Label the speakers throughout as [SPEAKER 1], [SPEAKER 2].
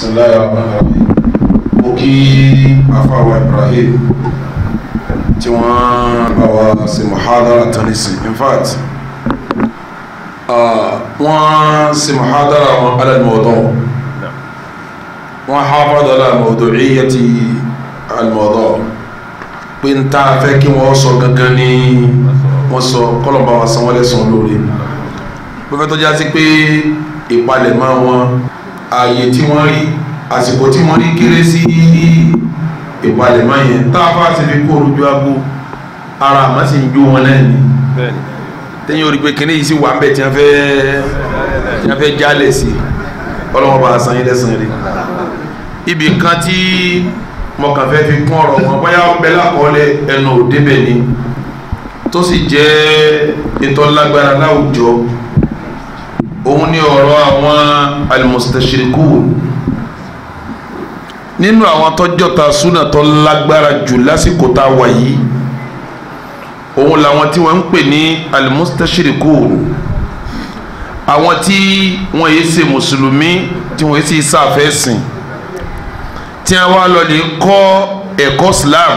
[SPEAKER 1] bisimilayi rahman rahim mo kí afáwa ibrahim tí wọ́n bá wa ṣe muhadara tanisi in fact wọ́n ṣe muhadara wọn alalmọ̀dọ́ wọ́n hafadà alalmọ̀dọ́ ìyẹ́tì alalmọ̀dọ́ pé n ta fẹ́ kí wọ́n sọ gangan ní wọ́n sọ kọ́lọ̀mbà wa sanwó-ẹlẹ́sàn lórí pẹ́fẹ́ tó já sí pé ìpalẹ̀mọ́ wọn ààyè tí wọ́n rí àsìkò tí wọ́n rí kéré sí ìpalẹ̀mọ́ yẹn tá a bá ti fi kó ojú agbó ara àmọ́ sì ń jó wọn lẹ́yìn tẹ́yìn orí pé kíní yìí sì wà ń bẹ̀ tí wọ́n fẹ́ tí wọ́n fẹ́ jálẹ̀ sí ọlọ́wọ́n bá a san yín lẹ́sàn rí ibì kan tí mo kàn fẹ́ fi kún ọ̀rọ̀ wọn bóyá ó bẹ́ẹ̀ lákọọ́lẹ̀ ẹnu òdebẹ̀ ni tó sì jẹ́ ìtọ́lágbára láwùjọ. La òun ni ọ̀rọ̀ àwọn al-mustashirikun nínú àwọn tọ́jọ́ta súnà tó lágbára jù lásìkò tá a wà yìí òun làwọn tí wọ́n ń pè ní al-mustashirikun àwọn tí wọ́n yìí ṣe mùsùlùmí tí wọ́n yìí ṣe sáfẹ́ sìn tí wọ́n wá lọ lè kọ́ ẹ̀kọ́ Islam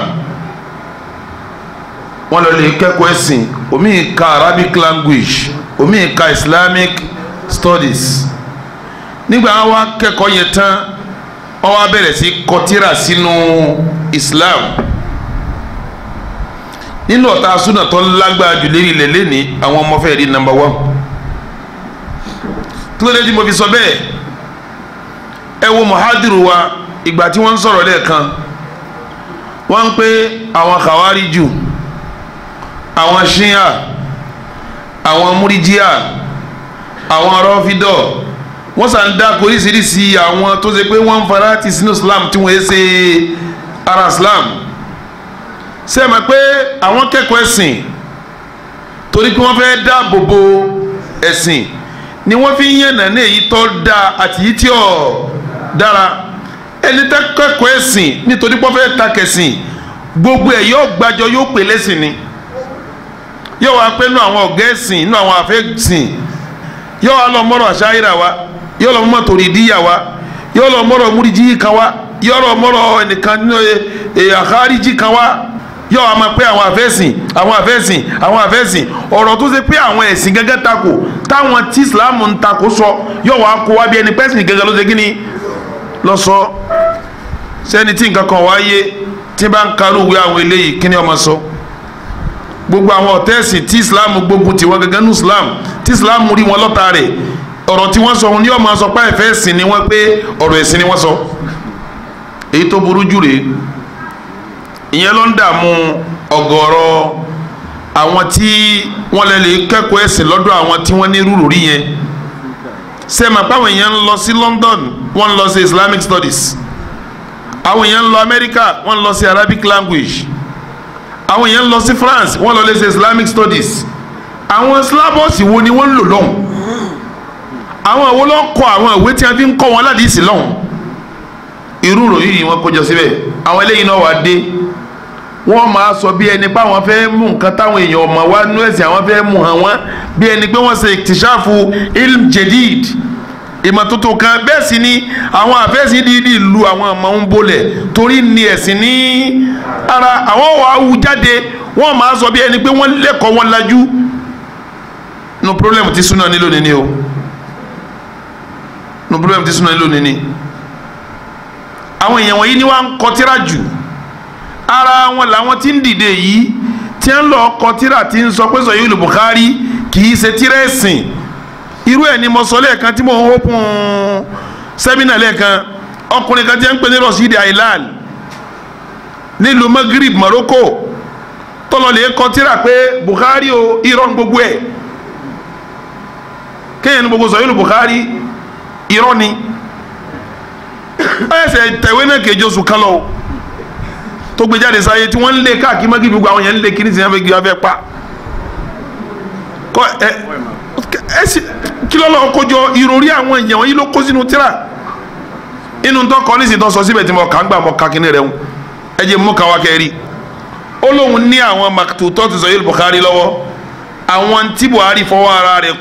[SPEAKER 1] wọ́n lọ lè kẹ́kọ̀ọ́ ẹ̀sìn omi ka Arabic language omi ka Islamic language studies nígbà wa kẹ́kọ̀ọ́ yẹn tán wọ́n wá bẹ̀rẹ̀ sí kọtíra sínú Islam nínú ọ̀tá súnà tó lágbára jù lérí ilẹ̀ lẹ́ni àwọn ọmọ fẹ́ẹ́ rí number one kí ló dé tí mo fi sọ bẹ́ẹ̀ ẹ wo muhadiru wa ìgbà tí wọ́n ń sọ̀rọ̀ lẹ́ẹ̀kan wọ́n ń pè àwọn kàwárí jù àwọn ṣíyà àwọn múríjíà àwọn rọ́fídọ̀ wọ́n sàn dá oríṣiríṣi àwọn tó ṣe pé wọ́n ń fara ti sínú islam tí wọ́n ṣe ara slam. ṣe é mọ̀ pé àwọn kẹ́kọ̀ọ́ ẹ̀sìn torí pé wọ́n fẹ́ dáàbò bo ẹ̀sìn ni wọ́n fi ń yànnà ní èyí tó dáa àti èyí tí ò dára ẹni tẹ́ kẹ́kọ̀ọ́ ẹ̀sìn nítorí pé wọ́n fẹ́ ta kẹ̀sìn gbogbo ẹ̀ yóò gbàjọ yóò pè lẹ́sìn ni yóò wá pé inú àwọn ọ̀gá ẹ̀sìn inú àwọn àfẹ́sìn yóò wá lọ mọ́rọ̀ àṣàyíra wa yóò lọ mọ́ torí díyà wa yóò lọ mọ́rọ̀ múríjì kan wa yóò lọ mọ́rọ̀ ẹnìkan nínú e, e, àkáríjì kan wa yóò wá máa pé àwọn àfẹ́sìn àwọn àfẹ́sìn àwọn àfẹ́sìn ọ̀rọ̀ tó ṣe pé àwọn ẹ̀sìn gẹ́gẹ́ takò táwọn tí Islam ń takò sọ yóò wá kó wá bí ẹni pẹ́sìn gẹ́gẹ́ ló ṣe kí ni lọ sọ sẹ́ni tí nǹkan kan wáyé tí bá ń karú ìwé àwọn eléyìí kí ni ọmọ sọ. So gbogbo àwọn ọ̀tẹ́ẹ̀sì tí islam gbógun tiwọn gẹ́gẹ́ ní islam tí islam rí wọn lọ́ta rẹ̀ ọ̀rọ̀ tí wọ́n sọ ní ọmọ sọ ẹ̀fẹ́ ẹ̀sìn ni wọ́n pé ọ̀rọ̀ ẹ̀sìn ni wọ́n sọ èyí tó burú jù rèé ìyẹn ló ń dààmú ọ̀gọ̀rọ̀ àwọn tí wọ́n lè lè kẹ́kọ̀ọ́ ẹ̀sìn lọ́dọ̀ àwọn tí wọ́n ní rúrò rí yẹn sẹ́mi àpáwọn èèyàn ń lọ sí London wọ́n ń lọ sí Islamic studies àwọn èèyàn ń lọ America wọ́n ń lọ sí Arabic language àwọn èèyàn lọ sí France wọ́n lọ lè ṣe Islamic studies àwọn slavos wo ni wọ́n ń lò lọ́hùn àwọn àwọn ló kọ àwọn ìwé tí a fi ń kọ́ wọn ládìísì lọ́hùn irú ìròyìn yìí wọ́n kó jọ síbẹ̀ àwọn eléyìí náà wà dé wọ́n máa sọ bí ẹni pé àwọn fẹ́ mú nǹkan táwọn èèyàn ọmọ wa nú ẹ̀sìn àwọn fẹ́ mú hàn wọ́n bí ẹni pé wọ́n ṣe ìtìṣàfù ilm jadid ìmọ̀tótó kan bẹ́ẹ̀ sì ni àwọn àfẹ́sí dídì lu àwọn àmọ́ ń bolẹ̀ torí ni ẹ̀sìn ní ara àwọn wà á wù jáde wọ́n máa sọ bí ẹni pé wọ́n lẹ́kọ̀ọ́ wọn lajú no problem ti súná nílò níní o no problem ti súná nílò níní àwọn èèyàn wọ̀nyí ni wọ́n á ń kọtíra jù ara wọn làwọn ti ń dìde yìí tí ń lọ kọtíra ti ń sọ pé sọ yìí olùbùkárí kì í ṣe tírẹ̀sìn irú ẹ̀ ni mo sọ lẹ́ẹ̀kan tí mo ń hópin sẹ́mínà lẹ́ẹ̀kan ọkùnrin kan tí ń pè ní Rashidi Ailal nílùú Maghrib Morocco tọ́lọ́lẹ̀ kọ tíra pé Bukhari o irọ́ ní gbogbo ẹ̀ kéèyàn ní gbogbo sọ̀yìn Bukhari irọ́ ni ẹsẹ̀ tẹ̀wé náà kejì oṣù kan lọ tó gbé jáde sáyé tí wọ́n ń lé káàkiri Maghrib gbogbo àwọn yẹn ń lé kiri tí wọ́n fẹ́ gbé wọ́n fẹ́ pa kọ́ ẹ. ẹsì kí lọ́lọ́ kójọ ìròrí àwọn èèyàn yìí ló kó sínú tíra inú tó kọ́ ní ìsìntàn sọ síbẹ̀ tí mo kà ń gbà mo ka kíní rẹ̀ ń ẹ jẹ́ mú ka wá kẹ́rì ó lóun ní àwọn maktutọ́ ti sọ yìí Bukhari lọ́wọ́ àwọn tí Buhari fọwọ́ ara rẹ̀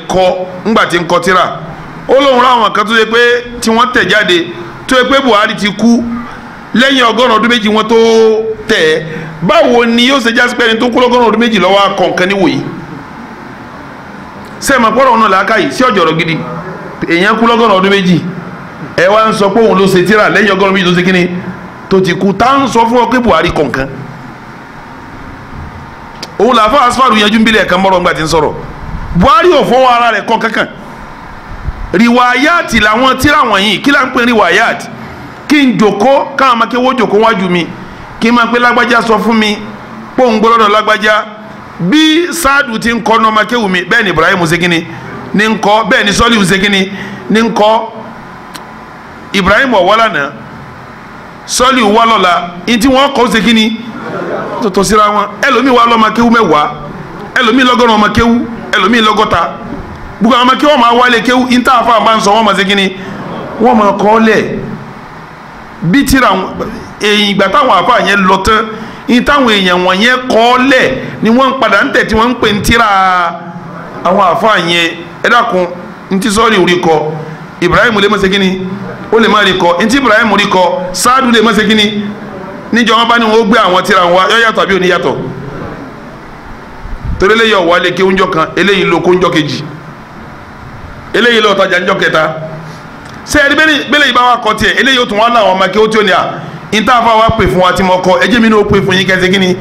[SPEAKER 1] ńgbà tí ń tíra ó lóun kan tó yẹ pé tí wọ́n tẹ̀ jáde tó yẹ pé lọ́wọ́ sẹ́ẹ̀mà pọ́rọ̀ ọ̀nà làákàyè sí ọ̀jọ̀rọ̀ gidi èèyàn kú lọ́gọ́rùn ọdún méjì ẹ wá ń sọ pé òun ló ṣe tíra lẹ́yìn ọgọ́rùn méjì tó ṣe kíni tó ti kú tá ń sọ fún ọ pé Buhari kọ̀ọ̀kan òun làáfà asfaru yanjú ń bílẹ̀ ẹ̀kan mọ́rọ̀ ńgbà tí ń sọ̀rọ̀ Buhari ò fọwọ́ ara rẹ̀ kọ́ kankan riwayati làwọn tíra wọ̀nyí kí là ń riwayati kí n jòkó káwọn akéwọ́ jòkó wájú mi kí n máa pé lágbájá sọ fún mi pé òun gbọ́dọ̀ lágbájá bí sadu ti ń kọ́ ní ọmọ kéwù mi bẹ́ẹ̀ ni ibrahim ni ń ni sọ́líù ṣe kíni ń kọ́ ibrahim ọ̀wọ́ lánàá sọ́líù wọ́ wọ́n kọ́ síra wọn ẹlòmíì wà lọ́mọ mẹ́wàá ẹlòmíì lọ́gọ́rùn ọmọ ẹlòmíì lọ́gọ́ta gbogbo àwọn máa wálé ń sọ wọ́n wọ́n máa kọ́ lẹ̀ yìí táwọn èèyàn wọ̀nyẹn kọ́ lẹ̀ ni wọ́n ń padà ń tẹ̀ tí wọ́n ń pè ń tíra àwọn àfáà yẹn ẹ dákun ntí sọ́ọ̀rì orí kọ Ibrahim lè má kínní ó lè má rí kọ ntí Ibrahim rí kọ Sáàdù lè má kínní níjọ wọn bá ní wọn ó gbé àwọn wọn yọ yàtọ̀ àbí oníyàtọ̀ torí eléyìí ọ̀wọ́ oúnjọ kan eléyìí lóko oúnjọ kejì eléyìí lọ́ọ̀tajà oúnjọ kẹta níta fà wá pè fún wa tí mo kọ ẹjẹ́ mi ní o pè fún yín kẹsẹ̀ kínní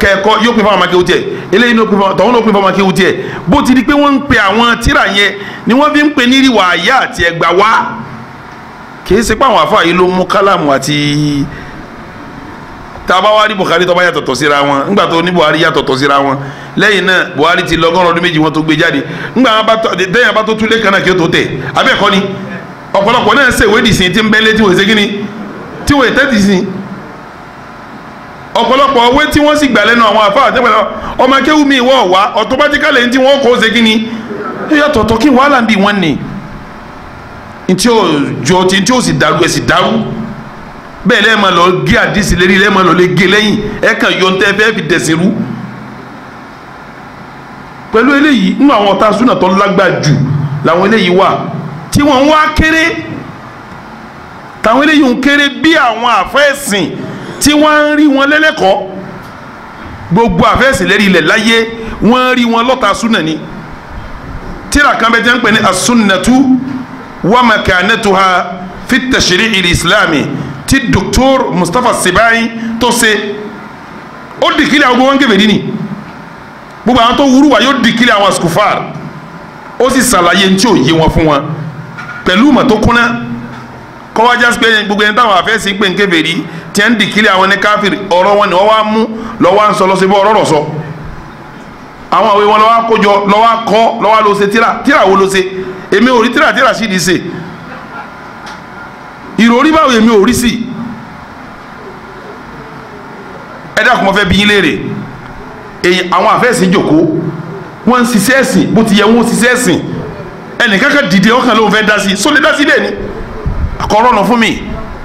[SPEAKER 1] kẹ́ẹ̀kọ́ yóò pè fún àwọn akéwù tiẹ̀ eléyìí ní o pè fún tọ̀hún ní o pè fún àwọn akéwù tiẹ̀ bó ti di pé wọ́n ń pe àwọn tíra yẹn ni wọ́n fi ń pe níri wàhálà àti ẹgbà wá kì í ṣe pé àwọn àfáà yìí ló mú kálámù àti tá a bá wá rí Buhari tó bá yàtọ̀tọ̀ síra wọn nígbà tó ní Buhari yàtọ̀tọ̀ síra wọn lẹ́yìn náà Buhari ti lọ́gọ́rùn ọdún méjì wọn tó gbé jáde nígbà tẹ́yìn abá tó túlé kan kí ó tó tẹ̀ abẹ́ẹ̀kọ́ ni ọ̀pọ̀lọpọ̀ náà ṣèwé dìsìn tí ń bẹ́lẹ́ tí wọ́n ṣe kí ni tí wọ́n tẹ́tí sí ọ̀pọ̀lọpọ̀ owó tí wọ́n sì gbà lẹ́nu àwọn àfáà àtẹ́pẹ̀lẹ́ ọmọ akéwù mi ìwọ́ ọ̀wá automatically ní tí wọ́n kó ṣe kíni ó yàtọ̀ tọ́ kí wàhálà ń bì wọ́n ni ntí ó jọ ti ntí ó sì dàrú ẹ̀ sì dàrú bẹ́ẹ̀ lẹ́ẹ̀ máa lọ gé àdísì lérí lẹ́ẹ̀ máa lọ lé gé lẹ́yìn ẹ̀ kàn yọ ntẹ́ fẹ́ fi dẹ̀sìn rú pẹ̀lú eléyìí nínú àwọn ọ̀tá súnà táwọn eléyìí ń kéré bí àwọn àfẹ́sìn tí wọ́n ń rí wọn lẹ́lẹ́kọ̀ọ́ gbogbo àfẹ́sìn lérí ilẹ̀ láyé wọ́n ń rí wọn lọ́ta súnà ni tíra kan bẹ jẹ́ ń pè ní asúnnàtú wàmàkànẹ́tuha fi tẹ̀sírí ìlì ìsìláàmì tí Dr. Mustapha Sibai tó ṣe ó dìkìlì àwọn gbogbo wọn kẹfẹ́ dínì gbogbo àwọn tó wúrú wa yóò dìkìlì àwọn asukufar ó sì ṣàlàyé ntí ò yé wọn fún wọn pẹ̀lú mọ̀ tó kúnná kọ́wá jásí pé gbogbo ẹni táwọn àfẹ́sí pé ń kèfèrí tiẹ̀ ń dìkírí àwọn ní káfíìrì ọ̀rọ̀ wọn ni wọ́n wá mú lọ́wọ́ ń sọ lọ́sẹ̀ bọ́ ọ̀rọ̀ rọ̀ sọ àwọn àwẹ̀ wọn lọ́wọ́ kójọ lọ́wọ́ kọ́ lọ́wọ́ ló ṣe tíra tíra wo ló ṣe èmi ò rí tíra tíra sì di ṣe ìròrí báwo èmi ò rí sí ẹ dákun mo fẹ́ bí yín léèrè èyí àwọn àfẹ́sí jòkó wọ́n ń ṣiṣẹ́ ni kọ́rọ́nù fún mi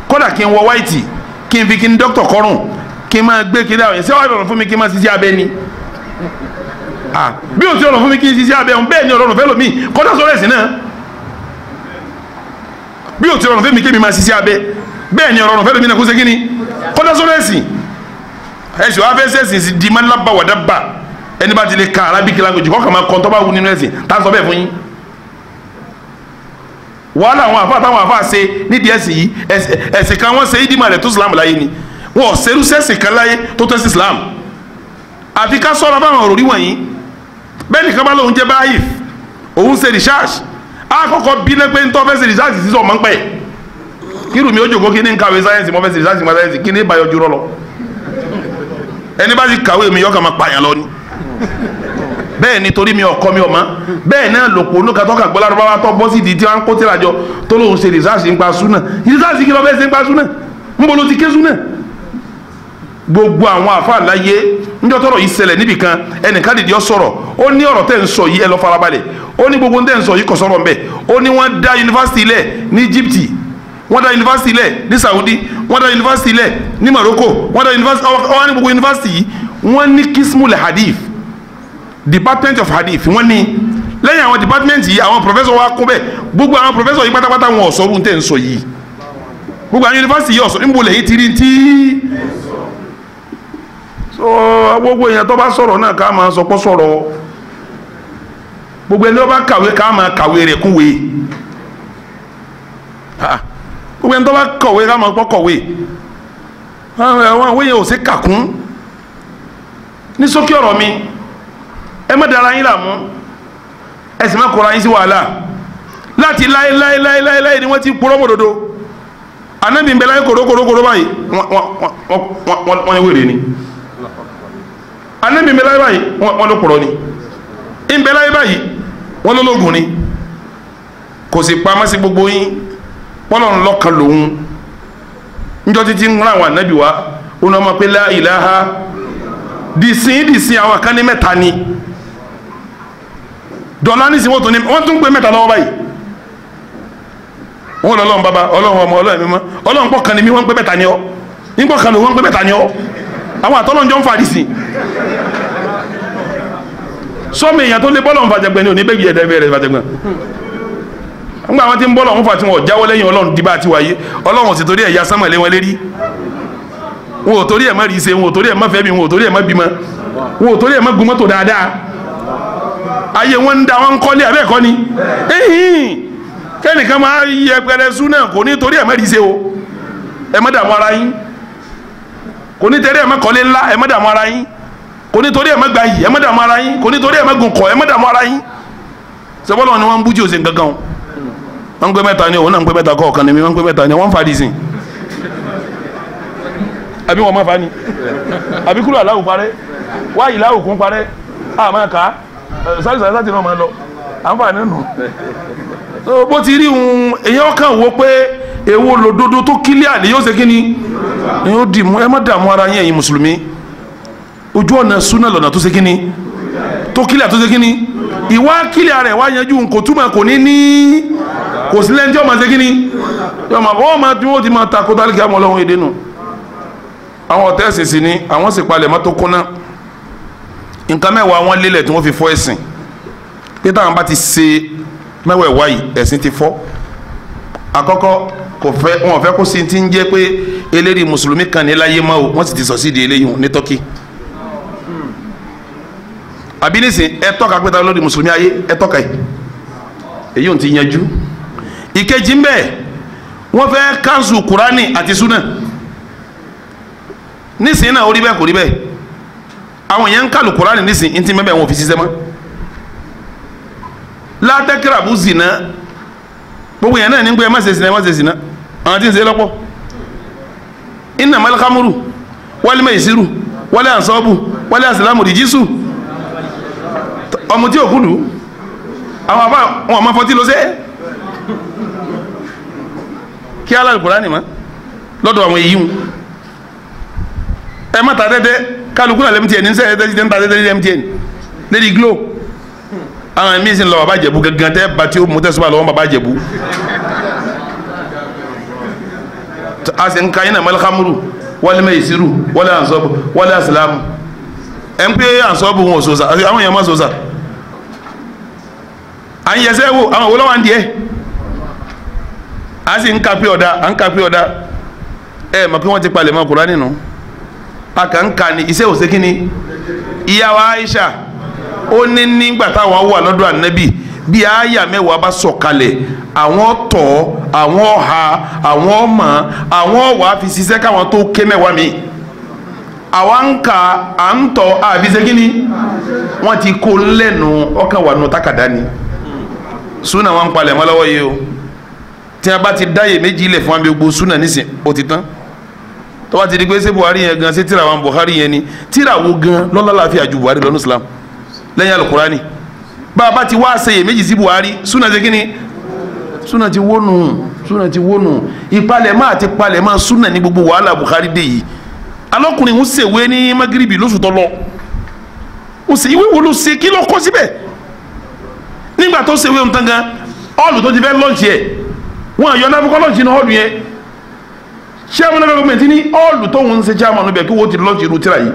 [SPEAKER 1] kódà kí n wọ wáìtì kí n fi kí n dókítà kọ́rùn kí n máa gbé kiri àwọn yẹn ṣé wàá rọrùn fún mi kí n máa ṣiṣẹ́ abẹ ni bí o ti rọrùn fún mi kí n ṣiṣẹ́ abẹ òun bẹ́ẹ̀ ni ọ̀rọ̀rùn fẹ́ lómi kódà sọ̀rọ̀ ẹ̀sìn náà bí o ti rọrùn fún mi kí mi máa ṣiṣẹ́ abẹ bẹ́ẹ̀ ni ọ̀rọ̀rùn fẹ́ lómi náà kó ṣe kí ni kódà sọ̀rọ̀ ẹ̀sìn ẹ̀sìn wàá fẹ́ sẹ́sìn di mọ́ ẹni bá ti lè ka arábíkì language kọ́kàn máa kọ́ tọ́ bá wù nínú ẹ̀sìn tá a sọ bẹ́ẹ̀ fún yín wàhálà àwọn àfa àtàwọn àfa ṣe nídìí ẹ̀sìn yìí ẹ̀sìn kan wọ́n ṣe ìdìmọ̀ rẹ̀ tó Islam láyé ni wọn ò ṣerúṣẹ́ ẹ̀sìn kan láyé tó tó ẹ̀sìn Islam àfi ká sọ̀rọ̀ fáwọn òròrí wọ̀nyí bẹ́ẹ̀ nìkan bá lóun jẹ́ báyìí òun ṣe research àkọ́kọ́ bí lẹ́pẹ́ ń tọ́ fẹ́ ṣe research sí sọ̀ mọ́pẹ́ kírù mi ó jòkó kí ní kàwé sáyẹ́nsì mo fẹ́ ṣe research mọ́ sáyẹ́nsì kí ní báyọ̀ jùlọ lọ ẹni bá ti kàwé mi yọ bẹ́ẹ̀ ni torí mi ọkọ mi ọmọ bẹ́ẹ̀ náà lòpò onúkà tọ́ka gbọ́lá rọ́bà wa tọ́ bọ́ sí di tí wọ́n kó tíra jọ tó lóun ṣe rìsáàsì nípa súnà rìsáàsì kí ló fẹ́ ṣe nípa súnà ńbọ ló ti ké súnà gbogbo àwọn àfáà láyé níjọ́ tọ́rọ̀ yìí ṣẹlẹ̀ níbìkan ẹnìkan dìde ọ sọ̀rọ̀ ó ní ọ̀rọ̀ tẹ́ ń sọ yìí ẹ lọ farabalẹ̀ ó ní gbogbo tẹ́ ń sọ yìí kò sọ̀rọ̀ ó ní wọ́n dá yunifásitì lẹ̀ ní Íjíbítì wọ́n dá yunifásitì lẹ̀ ní Saudi wọ́n dá yunifásitì lẹ̀ ní Morocco wọ́n dá yunifásitì ọwọ ní gbogbo yunifásitì yìí wọ́n ní kismul hadith department of hadith wọ́n ní lẹ́yìn àwọn department yìí àwọn professor wa kún bẹ́ẹ̀ gbogbo àwọn professor yìí pátápátá wọn ọ̀sọ́ ọdún tẹ̀ ń sọ yìí gbogbo àwọn yunifásitì yìí ọ̀sọ́ níbo lẹ́yìn tiri tí so gbogbo èèyàn tó bá sọ̀rọ̀ náà ká máa sọ pọ́ sọ̀rọ̀ gbogbo ẹni tó bá kàwé ká máa kàwé rẹ̀ kúwe gbogbo ẹni tó bá kọ̀wé ká máa pọ́ kọ̀wé àwọn àwọn àwọn èèyàn ò sí kàkún ní sókè ọ̀rọ̀ mi ẹ má dara yín làmú ẹ sì má kóra yín sí wàhálà láti láyé láyé láyé láyé láyé ni wọ́n ti kúrọ́ mọ̀dodo anabi ń bẹ láyé kòrókòrókòró báyìí wọ́n yẹ wèrè ni anabi ń bẹ láyé báyìí wọ́n ló kúrọ́ ni ń bẹ láyé báyìí wọ́n ló lóògùn ni kò sì pamọ́ sí gbogbo yín pọ́lọ́run lọ́kan lòun njọ́ títí ń rán àwọn anabi wa ó ní ọmọ pé la ilaha dìsín dìsín àwọn kan ní mẹ́ta ni dọ̀là nísìnyí wọ́n tún ní wọ́n tún gbé mẹ́ta lọ́wọ́ báyìí wọ́n lọ ọlọ́run bàbá ọlọ́run ọmọ ọlọ́run mímọ́ ọlọ́run pọ̀ kan ní mi wọ́n ń gbé mẹ́ta ní ọ́ nígbọ̀ kan ní wọ́n ń gbé mẹ́ta ní ọ́ àwọn àtọ́lọ́njọ́ ń fa àdìsí sọ́mi èèyàn tó lé bọ́ọ̀lù ń fàjẹgbẹ́ ni ò ní bẹ́ẹ̀ yẹ dẹ́gbẹ́ rẹ̀ fàjẹgbẹ́ ńgbà wọn ti ń bọ́ọ̀lù ń fà tí wọn ò jáwọ́ lẹ́yìn ọlọ́run dìbà àti wáyé ọlọ́run ò sì torí ẹ̀ ya sánmọ̀ lé wọn lérí wọn ò torí ẹ̀ má rí ṣe wọn ò torí ẹ̀ má fẹ́ mi wọn ò torí ẹ̀ má bímọ wọn ò torí ẹ̀ má gun mọ́tò dáadáa ayé wọn ń da wọn kọ́lé abẹ́ kọ́ ni kẹ́nìkan máa yẹ pẹrẹ súnà kò ní torí ẹ̀ má ríṣe o ẹ má dààmú ara yín kò ní torí ẹ̀ má kọ́lé ńlá ẹ má dààmú ara yín kò ní torí ẹ̀ má gbayì ẹ má dààmú ara yín kò ní torí ẹ̀ má gùn kọ́ ẹ má dààmú ara yín sọ́bọ́lọ́ ni wọ́n ń bújú òsè gangan wọ́n ń gbé mẹ́ta ni òun náà ń gbé mẹ́ta kọ́ ọ̀kan mi wọ́n ń gbé mẹ́ta ni wọ́n ń fa dìísìn àbí wọ́n máa fa ni àbí kúrò aláwò parẹ́ wáyìí láwò kún parẹ́ àmọ́ sáré sáré sátì náà máa lọ àǹfààní nù bó ti rí un èyí ọkàn wo pé èwo lòdodo tó kílíà ni yóò ṣe kí ni ni yóò dì mú ẹ má dààmú ara yín ẹ̀yin mùsùlùmí ojú ọ̀nà súnà lọ́nà tó ṣe kí ni tó kílíà tó ṣe kí ni ìwà kílíà rẹ̀ wá yanjú kò túmọ̀ kò ní ní kò sí lẹ́ni tí ọmọ ṣe kí ni ọmọ wọn máa tí wọn ti máa ta kótó àlìkí àmọ́ ọlọ́run èdè àwọn ọ̀tẹ́ ẹ̀sìn sí ni àwọn sì palẹ̀ mọ́tò kúnná nǹkan mẹ́wàá wọn lélẹ̀ tí wọ́n fi fọ́ ẹ̀sìn pé táwọn bá ti ṣe mẹ́wẹ̀ẹ̀wá yìí ẹ̀sìn ti fọ́ àkọ́kọ́ kò fẹ́ wọn ò fẹ́ kó sí ti ń jẹ́ pé eléyìí mùsùlùmí kan ní láyé mọ́ o wọ́n sì ti sọ sí di eléyìí ní tọ́kì àbí nísìn ẹ tọ́ka pé ta ló di mùsùlùmí ayé ẹ tọ́ka yìí èyí ò ti yanjú ìkejì ń bẹ wọ́n fẹ́ kánṣu kùránì àti súnà nísìnyí náà ó rí bẹ́ẹ̀ kò rí bẹ́ẹ̀ àwọn èèyàn ń kàlù kúránì nísìnyí ntí mẹ́bẹ̀ wọn fi ṣiṣẹ́ mọ́ látẹ́kẹ́rẹ́bù zìnà gbogbo yẹn náà ní gbé ẹ má ṣe zìnà ẹ má ṣe zìnà àwọn tí ń ṣe lọ́pọ̀ iná malakamuru wálé mẹ́yìsírù wálé ansọ́bù wálé asàlámù rìjísù ọmọ tí òkú lù àwọn àbá wọn ọmọ fọtí ló ṣe kí alákùránì mọ́ lọ́dọ̀ àwọn èyí wọn. ẹ má ta tẹ́tẹ́ kálukú náà lẹ́mìtì ẹni sẹ́yẹ tẹ́tẹ́ ń ta tẹ́tẹ́ lẹ́mìtì ẹni lẹ́dí glo àwọn ẹ̀mí sì ń lọ bàbá jẹ̀bú gangan tẹ́ ó mú lọ́wọ́ a sì ń ka yín náà mọ́lẹ́kámúrù wọ́lẹ́ mẹ́yìísírù wọ́lẹ́ ànsọ́bù wọ́lẹ́ àsìlámù ẹ̀ ń pé ànsọ́bù wọn ò àwọn èèyàn má à ń yẹsẹ́ wo àwọn a sì ń ka pé ọ̀dà à ń ka pé ọ̀dà ẹ̀ mọ̀ pé wọ́n ti palẹ̀ mọ́ nù. No? akànkà ni iṣẹ́ òsèké ni ìyàwó Aisha ó ní nígbà táwọn wà lọ́dọ̀ ànábì bí àyà mẹ́wàá bá sọ̀kalẹ̀ àwọn tọ̀ àwọn ọ̀ha àwọn ọmọ àwọn ọ̀wà fi ṣiṣẹ́ káwọn tó ké mẹ́wàá mi àwa ń à ń tọ̀ àfi ṣe kíni wọ́n ti kó lẹ́nu ọkàn wà nù tákàdá ni súnà wọn ń palẹ̀ mọ́ lọ́wọ́ yìí o tí a bá ti dáyè méjì ilẹ̀ fún wa bí gbogbo súnà ti tán tó bá ti di pé ṣé buhari yẹn gan ṣé tíra wa buhari yẹn ni tíra wo gan lọ́lá láàfin àjù buhari lọ́nu islam lẹ́yìn alukurani bàbá ti wá ṣe iyèméjì sí buhari súnà ṣe kíni súnà ti wónù súnà ti wónù ìpalẹ̀mọ́ àti palẹ̀mọ́ súnà ní gbogbo wàhálà buhari dé yìí alọ́kùnrin ń ṣèwé ní magiribi lóṣù tó lọ ń ṣe ìwé wo ló ṣe kí ló kọ́ síbẹ̀ nígbà tó ṣèwé ohun tán gan ọ́ọ̀lù tó ti fẹ́ lọ́ọ̀ṣì ẹ̀ wọ́n àyọ̀ náà fi kọ́ náà ọ́ọ̀lù yẹn chairman of government ní ọ́ọ̀lù tóun ń ṣe chairman bẹ̀ kí wọ́n ti lọ́ọ̀ṣì irú tíra yìí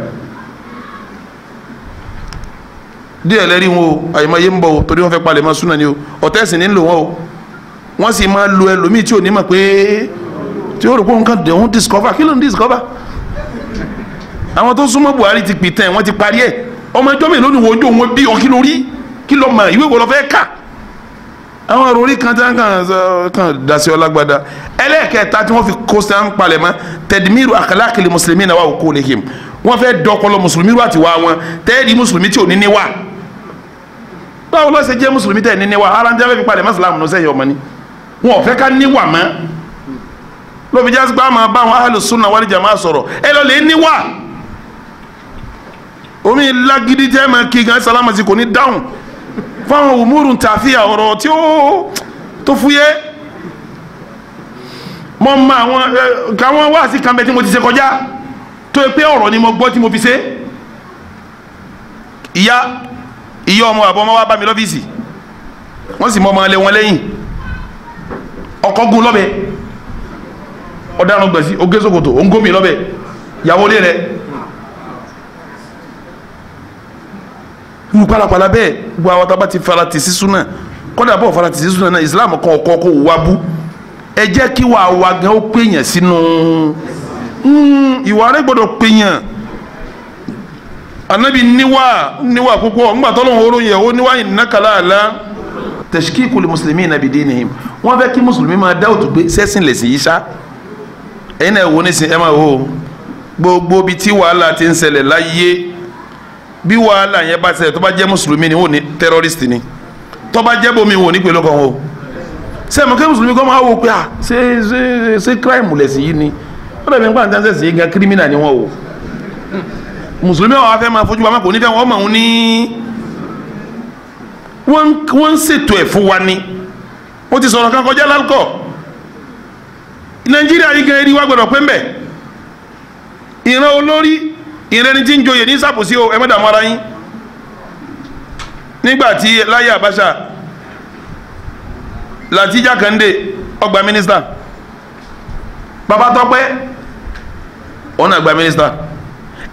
[SPEAKER 1] díẹ̀ lẹ́rí wọn o àyèmáyé ń bọ̀ o torí wọ́n fẹ́ palẹ̀ mọ́ súnà ni o ọ̀tẹ́sìn ní ń lò wọ́n o wọ́n sì máa lo ẹlòmíì tí ò ní mọ̀ pé tí ó rò pé òun kàn dé òun discover kí ló ń discover àwọn tó súnmọ́ Buhari ti pìtẹ́ wọ́n ti parí ẹ̀ ọmọ ẹjọ́ mi lónìí wo ojú òun bí ọ kí ló rí kí ló mọ̀ ìwé wo lọ àwọn òròrí kan tí wọ́n kàn dá sí ọlágbádá ẹlẹ́ẹ̀kẹta tí wọ́n fi kó sí à ń palẹ̀ mọ́ tẹ̀dímírù àkàlákìlì mùsùlùmí náà wà ó kó lè hìm wọ́n fẹ́ dọ́kọlọ mùsùlùmí wà tiwa wọn tẹ́ẹ̀dì mùsùlùmí tí ò ní níwà báwo ló ṣe jẹ́ mùsùlùmí tẹ̀ ní níwà ara ń jábẹ́ fi palẹ̀ mọ́sálàmù náà sẹ́yìn ọmọ ni wọn ò fẹ́ ká níwà mọ́ lóbi jásí pé a máa bá àwọn ahlùsùnà wal jamaa sọ̀rọ̀ ẹ lọ lè níwà omi fáwọn òmùrùn tàfíà ọ̀rọ̀ tí ó tó fúyẹ́ mọ́ ma àwọn káwọn wá sí kan bẹ tí mo ti ṣe kọjá tó yẹ pé ọ̀rọ̀ ni mo gbọ́ tí mo fi ṣe ìyá ìyá ọmọ àbọ̀ ọmọ wa bá mi lọ́fíìsì wọ́n sì mọ ọmọ alẹ́ wọn lẹ́yìn ọkọ̀ gun lọ́bẹ̀ ọ̀daràn gbèsè ogé ṣòkòtò òǹgómi lọ́bẹ̀ ìyàwó lé rẹ̀ irú pálapàla bẹ́ẹ̀ gbogbo àwọn tá a bá ti fara tì sí súnà kọ́dà bọ̀ fara tì sí súnà náà islam kan ọkọ kó wá bú ẹ jẹ́ kí wàá wá gan ó péyàn sínú hmm, ìwà rẹ gbọ́dọ̀ péyàn anabi níwà níwà púpọ̀ ńgbà tọ́lọ́hún oró yẹ ó níwà ìnákàlà àlá tashkiku li mùsùlùmí nàbì dinihim wọ́n fẹ́ kí mùsùlùmí máa dá òtún pé sẹ́sìn lẹ̀sìn yìí ṣá ẹ̀yin náà wò ó nísìnyí ẹ máa wò gbogbo bíi tí wàhálà ti ń ṣẹlẹ̀ láyé bí wàhálà yẹn bá ṣẹlẹ̀ tó bá jẹ́ mùsùlùmí ni wọ́n ní tẹ́rọ́rìstì ni tó bá jẹ́ bomi wọ́n ní pẹ̀lú kan o sẹ́mi kí mùsùlùmí kọ́ máa wò pé à ṣé ṣé ṣé crime lẹ̀sìn yìí ni ó dàbí nípa àti àṣẹṣe yìí gan criminal ni wọ́n o mùsùlùmí àwọn afẹ́ máa fojú wa máa kò ní fẹ́ wọ́n mọ̀ ọ́n ní wọ́n ń ṣètò ẹ̀ fún wa ni ó ti sọ̀rọ̀ kan kọjá lálùkọ̀ nàìjíríà yìí gan eri wa gbọ́dọ̀ pé ń ìran olórí ìrẹni tí ń joyè ní sàbòsí o ẹ má dààmú ara yín nígbà tí láyé Abacha Láti Jákàndé ó gba mínísítà Babátọ́pẹ́ òun náà gba mínísítà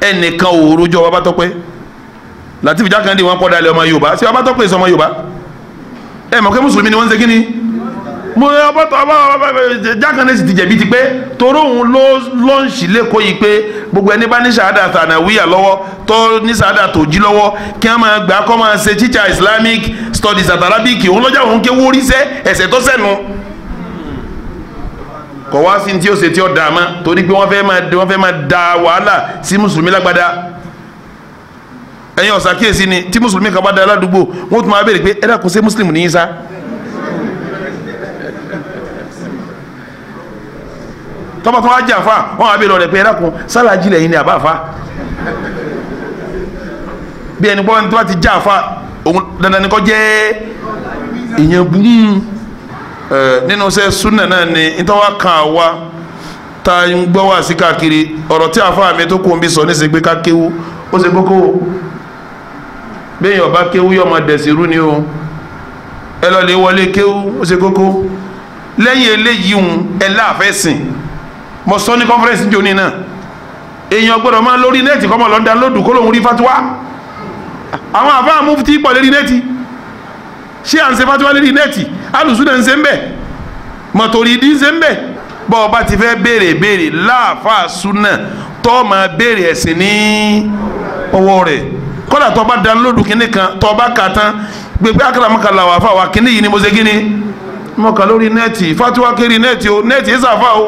[SPEAKER 1] ẹnìkan ò rojọ́ Babátọ́pẹ́ Láti Jákàndé wọn kọ́ dalẹ̀ ọmọ Yorùbá ṣé Babátọ́pẹ́ sọ Yorùbá ẹ mọ̀ pé mùsùlùmí ni wọ́n ń ṣe kí ni mo ọbọ tó ọbọ jákàndé sì ti jẹ̀bi ti pé torí òun ló lọ́ǹṣì lẹ́kọ̀ọ́ yìí pé gbogbo ẹni bá ní sàádà tànàwíyà lọ́wọ́ tó ní sàádà tó jí lọ́wọ́ kí wọ́n máa gbà kọ́ máa ṣe teacher Islamic studies àti Arabic òun lọ́jà òun ké wórí sẹ́ ẹ̀sẹ̀ tó sẹ́nu kọ̀ wá sí ní tí ó ṣe tí ó dà á mọ́ torí pé wọ́n fẹ́ máa da wàhálà sí mùsùlùmí lágbádá ẹ̀yin ọ̀sà kíyèsí ni tí mùsùlùmí kan bá da aládùúgbò wọ́n tún máa béèrè pé ẹ̀dá kò ṣe mùsùlùmí ní sá tọ́ba tó wá jà fa wọn àbí lọ́ọ́ rẹ̀ pé ẹ̀rọ kan sálàjì lẹ́yìn ni àbá fa bí ẹni pọ́ ẹni tó bá ti jà fa òun dandan ni kọ́ jẹ́ èèyàn bú nínú sẹ́ súnà náà ni nítorí wá kan àwa ta ń gbọ́ wá sí káàkiri ọ̀rọ̀ tí àfa mi tó kù bí sọ ní sẹ́ ká kéwú ó ṣe kókó bẹ́ẹ̀ ọba kéwú yọ ọmọ dẹ̀sí rú ni o ẹ lọ lè wọlé kéwú ó ṣe kókó lẹ́yìn eléyìí ń ẹ láàfẹ́ sìn mo sọ ní conference ní òní náà èèyàn gbọ́dọ̀ máa lórí nẹ́ẹ̀tì kọ́mọ lọ́ndà lódù kó lóun rí fatuwa àwọn àfáà mufti pọ̀ lérí nẹ́ẹ̀tì ṣé à ń ṣe fatuwa lérí nẹ́ẹ̀tì alùsùnà ń ṣe ń bẹ̀ mọ̀tòrídìí ń ṣe ń bẹ̀ bọ́ ọ bá ti fẹ́ béèrè béèrè láàfáà súnà tó máa béèrè ẹ̀sìn ní ọwọ́ rẹ̀ kódà tó bá kínní kan tó bá kà tán gbẹgbẹ́ wà kínní yìí ni mo ṣe kínní mọ̀kà lórí nẹ́ẹ̀tì fatuwa kiri nẹ́ẹ̀tì o nẹ́ẹ̀tì ìsàfà o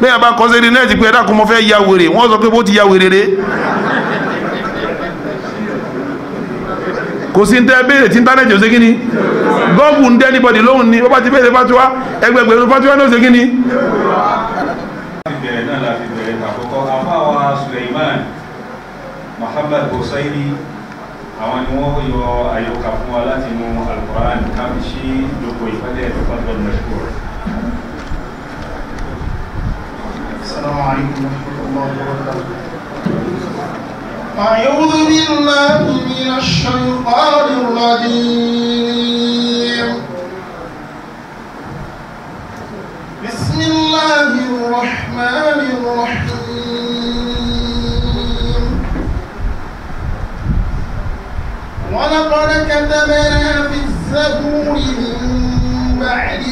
[SPEAKER 1] bẹ́ẹ̀ bá kọ́ sẹ́ni náà ti pé ẹ̀dá kan mo fẹ́ ya wèrè wọ́n sọ pé bó ti ya wèrè rè kò sí ní tẹ́ béèrè tí íńtánẹ́ẹ̀tì ò ṣe kí ni gọ́ọ̀gù ń dẹ́nibọ̀dì lóhùn ni bọ́bá ti béèrè fatiwa ẹgbẹ̀gbẹ̀rún fatiwa náà ṣe
[SPEAKER 2] ni. àwọn ni wọ́n yọ àyọkà fún wa láti mú Al-Qur'an káfíṣí lóko ìfẹ́lẹ́ ìfọ́gbọ̀n mẹ́ṣkúrò
[SPEAKER 3] السلام عليكم ورحمة الله وبركاته أعوذ بالله من الشيطان الرجيم بسم الله الرحمن الرحيم
[SPEAKER 2] ولقد كتبنا
[SPEAKER 3] في الزبور من بعد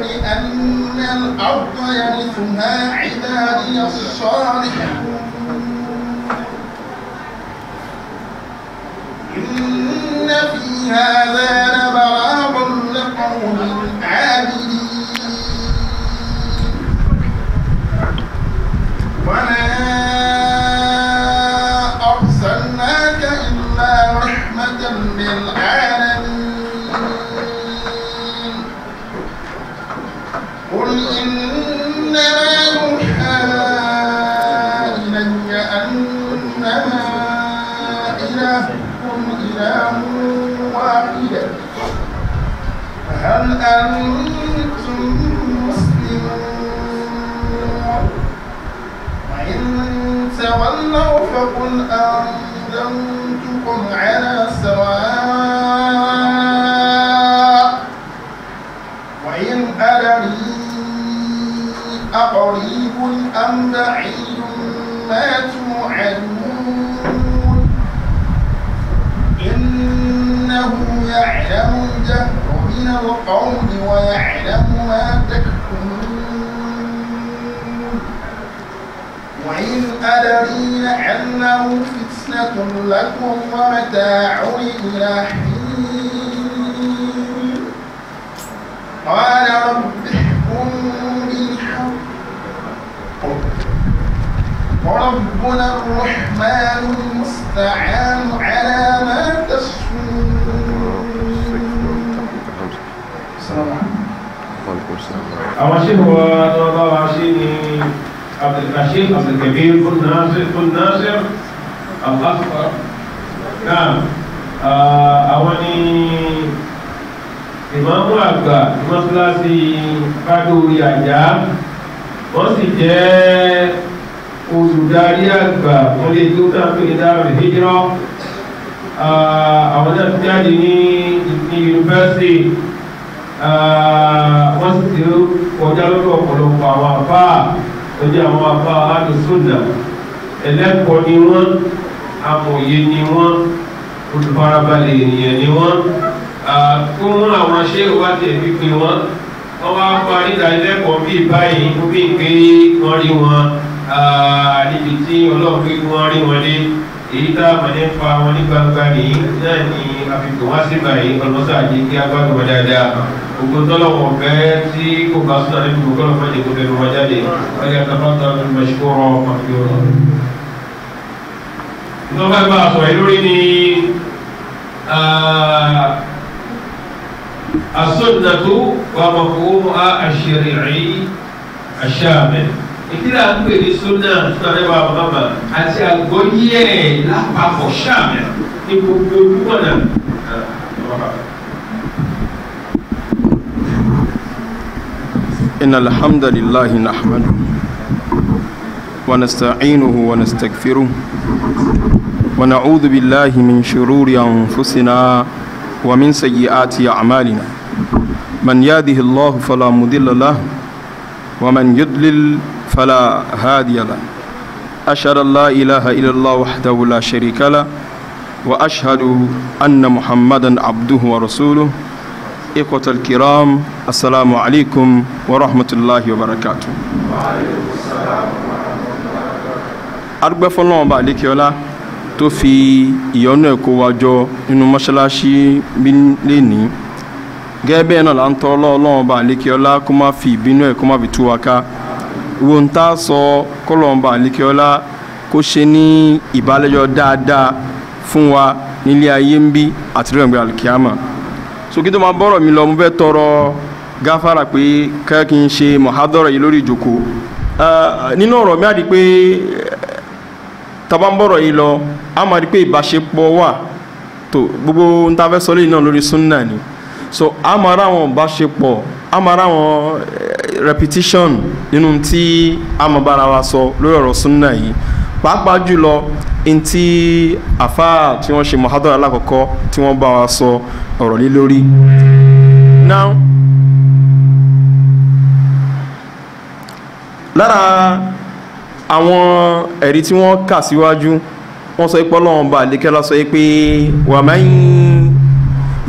[SPEAKER 3] لأن الأرض يرثها عبادي الصالحون إن في هذا لبلاغ لقوم عابدين وما أرسلناك إلا رحمة للعالمين أنتم مسلمون وإن تولوا فقل أنذرتكم على سواء وإن أدري أقريب أم بعيد ما توعدون إنه يعلم من القوم ويعلم ما تكتمون وإن أدري لعله فتنة لكم ومتاع إلى حين قال رب احكم بالحق وربنا الرحمن المستعان على ما تشاء àwọn ṣe wọ ọlọ́wọ́ wa ṣe ni
[SPEAKER 4] abdulkashif abdulkabir kun nasir kun nasir al-akbar náà àwọn ni ìmáàmù àgbà mọ́sálásí fádórí àjá wọ́n sì jẹ́ olùdarí àgbà wọ́n lè tó náà pé dáàbò hijira àwọn náà ti Ah, wọ́n sì ti kọjá lọ́dọ̀ ọ̀pọ̀lọpọ̀ àwọn àbá ojú àwọn àbá alùsùnà ẹlẹ́kọ̀ọ́ ni wọ́n amòye ni wọ́n olùfarabalẹ̀ ènìyàn ni wọ́n ah, fún àwọn ṣé ìwádìí ẹ̀bí pé wọ́n wọ́n wá pa nídàálẹ́kọ̀ọ́ bí báyìí bí pé wọ́n rí wọn ah, níbi tí ọlọ́run pé wọ́n rí wọn dé èyí tá a gbogbo tọ́lọ̀ wọ̀ bẹ́ẹ̀ tí kò bá sọ̀rọ̀ níbi gbogbo lọ́fọ́ ìdìbò bẹ̀rù wá jáde ọ̀yà tàbá tà ní mẹ́ṣíkọ́rọ̀ ọ̀pọ̀lọpọ̀ ọ̀rọ̀. ìtọ́fẹ́ bá a sọ̀rọ̀ lórí ni asọ́nàtò wà mọ̀kòwò àṣírí àṣàmẹ́ ìdílé àgbè ní sọ́nà sọ́nà wà mọ̀mọ́ àti àgbọ̀yé lápapọ̀ ṣàmẹ́
[SPEAKER 5] إن الحمد لله نحمده ونستعينه ونستغفره ونعوذ بالله من شرور أنفسنا ومن سيئات أعمالنا من يهده الله فلا مضل له ومن يضلل فلا هادي له أشهد أن لا إله إلا الله وحده لا شريك له وأشهد أن محمدا عبده ورسوله إخوة الكرام السلام عليكم ورحمة الله وبركاته arúgbẹ́ fọlọ́run ọba àlékiọlá tó fi ìyọ́nú ẹ̀kọ́ wa jọ nínú mọ́ṣáláṣí mi lénìí gẹ́gẹ́ bẹ́ẹ̀ náà là ń tọ́ ọlọ́run ọba àlékiọlá kó má fi ìbínú ẹ̀ kó má fi tú wa ká wo ń sọ kọ́lọ́run ọba kó ṣe ní ìbálẹ́jọ́ dáadáa fún wa nílé ayé ń bí àtìrẹ́gbẹ̀rẹ̀ àlùkìyàmà sókè tó máa bọ́rọ̀ mi lọ mo fẹ́ tọrọ gáfárà pé ká kí n ṣe mọ̀hádọ́rọ̀ yìí lórí ìjókòó nínú ọ̀rọ̀ mi àdí pé tábà ń yìí lọ a máa rí pé ìbáṣepọ̀ wà gbogbo ń ta fẹ́ sọ náà lórí sunna ni so a máa rá àwọn ìbáṣepọ̀ a máa eh, repetition nínú tí a máa bára wa sọ lórí ọ̀rọ̀ sunna yìí pàápàá jùlọ ntí àfáà tí wọ́n ṣe mahadum alákọ̀ọ́kọ́ tí wọ́n bá wa sọ ọ̀rọ̀ lé lórí. now lára àwọn ẹ̀rí tí wọ́n kà síwájú wọ́n sọ pé ọlọ́run bá àlékẹ́ lọ́sọ pé wa man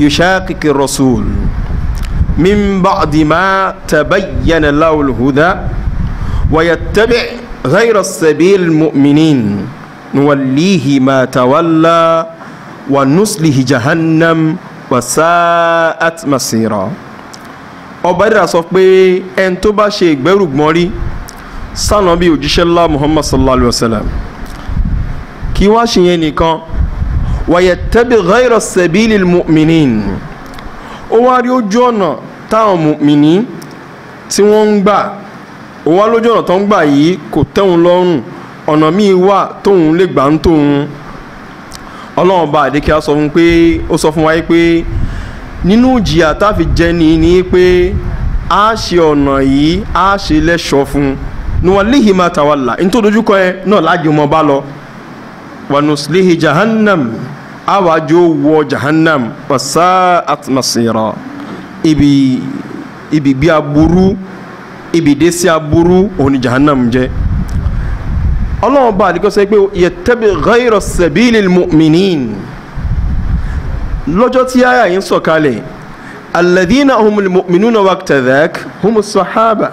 [SPEAKER 5] yushaqiqi rasul min ba'di ma tabayyana lahul huda wa yattabi'. غير السبيل المؤمنين نوليه ما تولى ونسله جهنم وساءت مصيرا ọba ìdá sọ pé ẹni tó bá ṣe ìgbẹ́rùgbọ́n rí sànà bíi òjíṣẹ́ ńlá muhammad sallallahu alayhi wa sallam kí wá ṣe yẹn nìkan wàyẹ̀ tẹ́bi ghayra sẹ́bílì mùmìnín ó wá rí ojú ọ̀nà táwọn mùmìnín tí wọ́n ń gbà òun wá lójú ọ̀nà tó ń gbà yìí kò tẹ́hun lọ́rùn ọ̀nà míì wà tóun lè gbà ń tóun ọlọ́run ọba àdékẹ́ sọ fún pé ó sọ fún wa pé nínú ìjìyà táfi jẹni ni pé a ṣe ọ̀nà yìí a ṣe lẹ́ṣọ́ fún nuwalihi ma tawalla nítorí dojúkọ ẹ náà láàjò mọ́ bá lọ wanuslihi jahannam awàjò wọ jahannam wasa atmasira ibi ibi bí aburú ibìdé sí aburú òun ni jahannam jẹ́ ọlọ́run bá àdìgbò sọ pé yattabi ghayra sabilil mu'minin lọ́jọ́ tí yáyà yìí ń sọ̀kalẹ̀ alladhina humul mu'minuna waqtadhak humus sahaba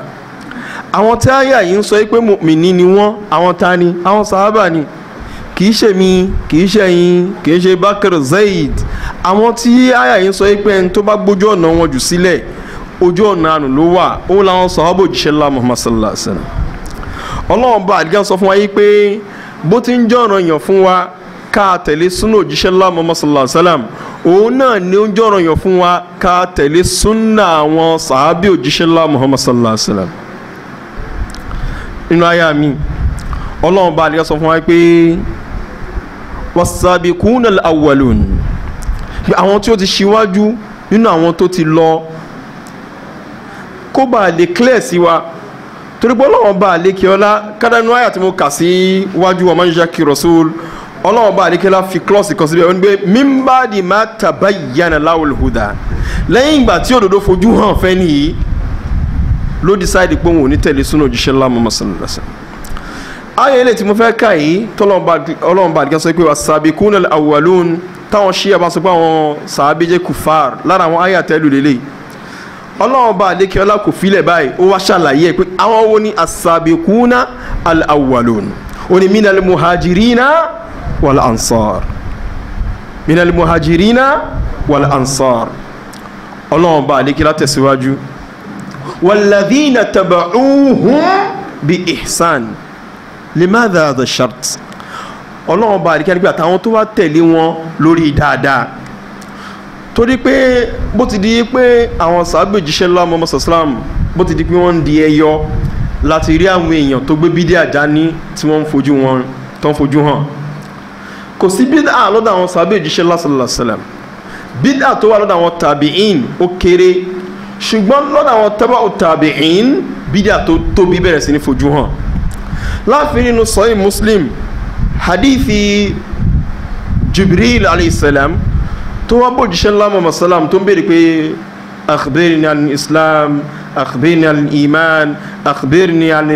[SPEAKER 5] àwọn tí yáyà yìí ń sọ pé mu'mini ni wọ́n àwọn ta ni àwọn sahaba ni kì ṣe mi kì ṣe yín kì ṣe Bakr Zaid àwọn tí yáyà yìí ń sọ pé ẹni tó bá gbójú ọ̀nà wọn jù sílẹ̀ ojú ọ̀nà àánú ló wà làwọn òjíṣẹ́ ńlá muhammad sallallahu alaihi wa sallam ọlọ́run bá àdìgá sọ fún wa pé bó ti ń yàn fún wa ká tẹ̀lé súnà sallallahu wa sallam òun náà ni ó ń jẹ́ yàn fún wa ká tẹ̀lé súnà àwọn sàhábà òjíṣẹ́ ńlá muhammad sallallahu wa sallam nínú àyà mi ọlọ́run bá àdìgá sọ fún wa pé wasabikunal awwalun àwọn tí ó ti ṣíwájú nínú kó bá lè clear sí wa torí pé ọlọ́wọ́n bá lè kí ọlá kádánù àyà tí mo kà sí wájú ọmọ níjà kí rasul ọlọ́wọ́n bá lè kí ọlá fi klọ́ọ̀sì kan síbẹ̀ wọ́n gbé mímbàdì má tabayyana láwùl huda lẹ́yìn ìgbà tí òdodo fojú hàn fẹ́ nìyí ló decide pé òun ò ní tẹ̀lé súnà òjíṣẹ́ ńlá mọ́mọ́ sàlùmọ́sà ayé ilé tí mo fẹ́ kà yìí tọ́lọ́wọ́n bá àdìgá sọ pé as-sabiqunal awwalun táwọn ṣíyà bá àwọn sàábẹ́jẹ́ kùfàr lára àwọn ayé àtẹ́lù lélẹ́yìí ọlọ́run bá adékè ọlá kò filẹ̀ báyìí ó wá ṣàlàyé pé àwọn wo ni asabikuna al-awwalun oni minal muhajirina wal ansar minal muhajirina wal ansar ọlọ́run bá adékè ọlá tẹ̀síwájú walladhina taba'uhum bi ihsan limadha hadha shart ọlọ́run bá adékè ọlá àtàwọn tó wá tẹ̀lé wọn lórí dáadáa torí pé bó ti di pé àwọn sàábè jíṣẹ́ ńlá mọ́mọ́ sàsílám bó ti di pé wọ́n ń di ẹyọ láti rí àwọn èèyàn tó gbé bídíà dání tí wọ́n ń fojú wọn tó ń fojú hàn kò sí bídà lọ́dọ̀ àwọn sàábè jíṣẹ́ ńlá sàlàsàlàm bídà tó wà lọ́dọ̀ àwọn tàbíìn ó kéré ṣùgbọ́n lọ́dọ̀ àwọn tábà ò tàbíìn bídà tó tóbi bẹ̀rẹ̀ sí ní fojú hàn láàfin nínú sọ́yìn muslim tó wá bójúṣẹ́ ńlá mọ̀mọ́ sálàm tó ń béèrè pé akhbirni an islam akhbirni an iman akhbirni an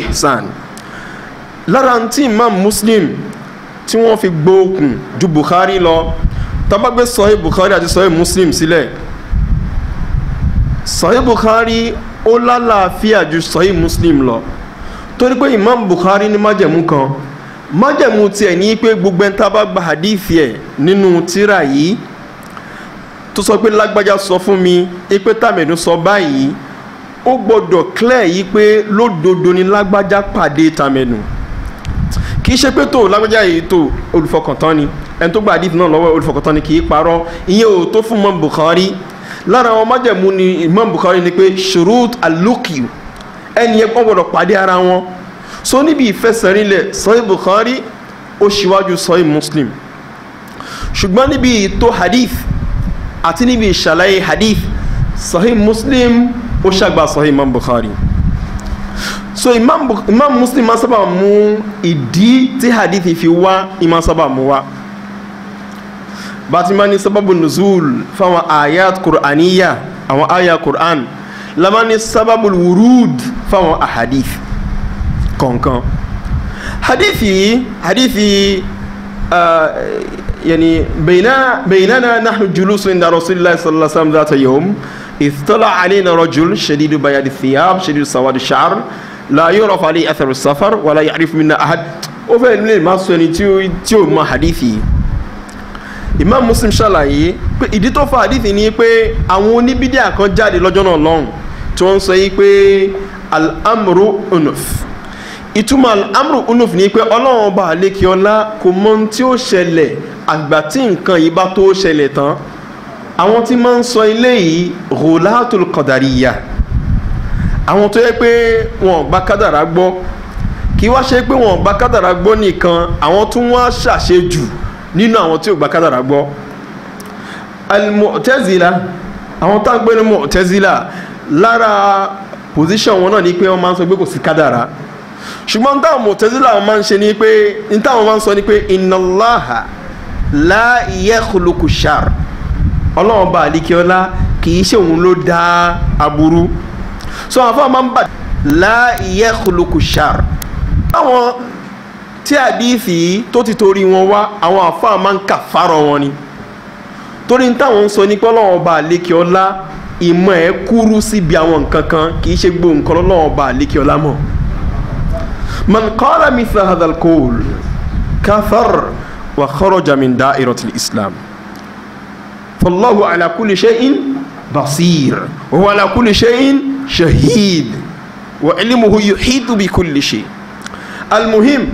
[SPEAKER 5] ihsan lára tí imam muslim tí wọ́n fi gbóòkùn ju bukhari lọ tabagbe sọ́hí bukhari àti sọ́hí muslim sílẹ̀ sọ́hí bukhari ó lálàáfíà ju sọ́hí muslim lọ torí pé imam bukhari ní májẹ̀mú kan májẹ̀mú tiẹ̀ ní pé gbogbo ẹni tá a bá gba hadith ẹ̀ nínú tíra yìí tó sọ pé lágbájá sọ fún mi pé tàmẹ̀dún sọ báyìí ó gbọ́dọ̀ clear yìí pé lódodo ni lágbájá pàdé tàmẹ̀dún kì í ṣe pé tó lágbájá yìí tó olùfọkàntán ni ẹni tó gba hadith náà lọ́wọ́ olùfọkàntán ni kì í parọ́ ìyẹn ò tó fún Imam lára àwọn májẹ̀mú ni Imam Bukhari ni pé shurut alukiu ẹni yẹn gbọ́dọ̀ pàdé ara wọn so níbi ìfẹsẹ̀rinlẹ̀ sọ́yìn bukhari ó ṣíwájú sọ́yìn muslim ṣùgbọ́n níbi ìtò hadith àti níbi ìṣàlàyé hadith sọ́yìn muslim ó ṣàgbà sọ́yìn imam bukhari so imam, imam muslim máa sábà mú ìdí tí hadith fi wá imam sábà mú wá bàtí máa ní sábàbù nùzúl fáwọn àyà kùránìyà àwọn àyà kùrán lamani sábàbù wùrúd fáwọn àhadith kọ̀ọ̀kan hadithi hadithi uh, yẹni baynana nahnu julusun inda rasulillahi sallallahu alaihi wasallam dhata yawm istala alayna rajul shadidu bayadi thiyab shadidu sawadi sha'r la yurafu alayhi atharu safar wala ya'rifu minna ahad ó fẹ́ lè má sọ ẹni tí ó mọ hadithi Imam Muslim ṣàlàyé pé ìdí tó fa hadithi ni pé àwọn oníbídíà kan jáde lọ́jọ́ náà lọ́hùn tí wọ́n sọ yìí pé al unuf ìtumọ̀ amru unuf ni pé ọlọ́run ọba àlékè ọlá kò mọ ohun tí ó ṣẹlẹ̀ àgbà tí nǹkan yìí bá tó ṣẹlẹ̀ tán àwọn tí máa ń sọ ilé yìí ghulatul qadariyya àwọn tó yẹ pé wọn gba kádàrá gbọ́ kí wá ṣe pé wọn gba kádàrá gbọ́ nìkan àwọn tún wá ṣàṣejù nínú àwọn tí ò gba kádàrá gbọ́ al àwọn tá à ń lára pòsíṣàn wọn náà ni pé wọ́n máa ń sọ pé kò sí kádàrá ṣùgbọ́n táwọn mọ̀tẹ́sílà máa ń ṣe ni pé táwọn máa ń sọ ni pé ìnáláha láyẹ̀kùlùkùṣàr ọlọ́run bá àlíkíọ́lá kì í ṣe òun ló dá aburú so àwọn afọ́ máa ń bà láyẹ̀kùlùkùṣàr àwọn tí àdìsí tó ti torí wọn wá àwọn afọ́ máa ń kà fárọ̀ wọn ni torí táwọn ń sọ ni pé ọlọ́run bá àlíkíọ́lá ìmọ̀ ẹ̀ kúrú síbi àwọn nǹkan kan kì í ṣe gbóhùn kan bá àlíkíọ́lá mọ̀ من قال مثل هذا القول كفر وخرج من دائرة الإسلام فالله على كل شيء بصير وهو على كل شيء شهيد وعلمه يحيط بكل شيء المهم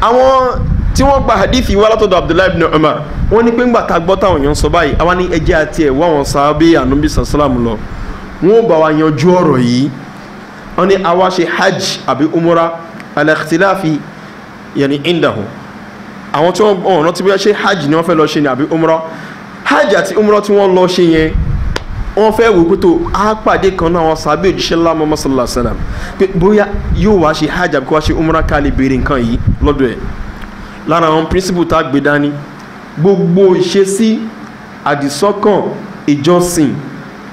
[SPEAKER 5] àwọn tí wọ́n gba hadithi wa látọ̀dọ̀ abdullahi ibn umar wọ́n ní pé ńgbà tá a gbọ́ táwọn èèyàn sọ báyìí àwa ní ẹjẹ́ àti ẹ̀wọ́ àwọn sàábé ànúbí sàlám lọ wọ́n bá wa yanjú ọ̀rọ̀ yìí wọ́n ní àwa ṣe hajj àbí umrah alaxtilafi yẹni indahun àwọn tí wọ́n rántí bí wọ́n ṣe hajj ni wọ́n fẹ́ lọ ṣe ni àbí umra hajj àti umra tí wọ́n lọ ṣe yẹn wọ́n fẹ́ wò pé tó á pàdé kan náà àwọn sábẹ́ òjíṣẹ́ ńlá mọ́mọ́ sallallahu alaihi wasallam pé bóyá yóò wá ṣe hajj àbí kó wá ṣe umra ká lè béèrè nǹkan yìí lọ́dọ̀ ẹ̀ lára àwọn píríncípù tá a gbé dání gbogbo ìṣesí àdìsọ́kàn ìjọsìn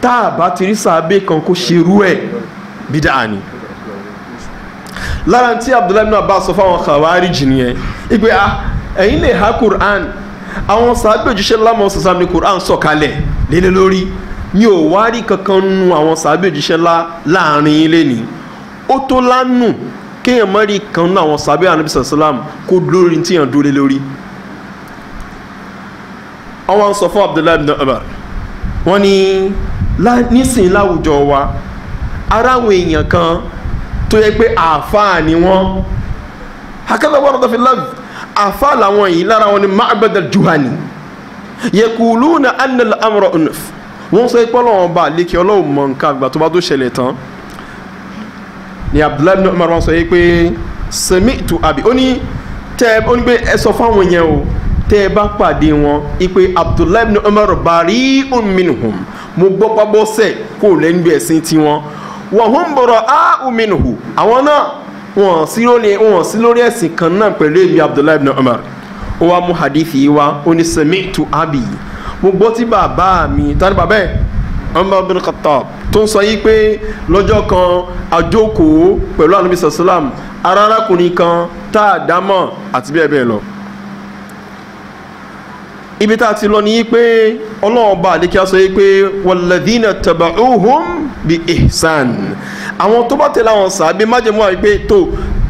[SPEAKER 5] tá a bá ti rí sábẹ́ kan kó ṣerú ẹ̀ bídà ni lára tí abdullahi náà bá sọ fáwọn khawarij nìyẹn ìgbé a ah, ẹ̀yin lè ha quran àwọn sàábẹ̀ òjíṣẹ́ lámọ̀ sàsàm ní quran sọ̀kalẹ̀ lélẹ́ lórí mi ò wá rí kankan nu àwọn sàábẹ̀ òjíṣẹ́ lá láàrin ilé ni ó tó lánù kéèyàn mọ́ kan nu àwọn sàábẹ̀ ànábì sàsàm kó lórí tí yàn dúró lé lórí àwọn sọ fún abdullahi ibn umar wọ́n ní nísìnyí láwùjọ wa ara àwọn èèyàn kan tó yẹ pé àáfàá ni wọ́n hakadha warada fi lafz àáfàá làwọn yìí lára wọn ni ma'bad juhani yaquluna anna al-amra unuf wọ́n sọ pé ọlọ́wọ́n bá lékè ọlọ́wọ́ mọ̀ nǹkan àgbà tó bá tó ṣẹlẹ̀ tán ni abdullahi ibn umar wọn sọ pé sami'tu abi ó ní tẹ́ ó ní pé ẹ sọ fáwọn yẹn o tẹ́ ẹ bá pàdé wọn ipe abdullahi ibn umar bari'un minhum mo gbọ́ pábọ́sẹ̀ kó lẹ́nu ẹ̀sìn tiwọn wọ̀hún bọ̀rọ̀ áhùn minhu àwọn náà wọn sí lórí wọn sí lórí ẹ̀sìn kan náà pẹ̀lú èmi abdullahi ibn umar ó wá mú hadithi tu abi mo gbọ́ tí bàbá mi tani bàbá ẹ̀ umar bin khattab tó ń sọ yìí pé lọ́jọ́ kan àjókòó pẹ̀lú anabi sàlám arákùnrin kan tá a dámọ̀ àti bẹ́ẹ̀ bẹ́ẹ̀ lọ ibi tá a ti lọ ni pé ọlọ́run bá àdékí aṣọ yìí pé wàlẹ́dínà taba'uhum bi ihsan àwọn tó bá tẹ̀lé àwọn sàbí májèmú àwọn pé tó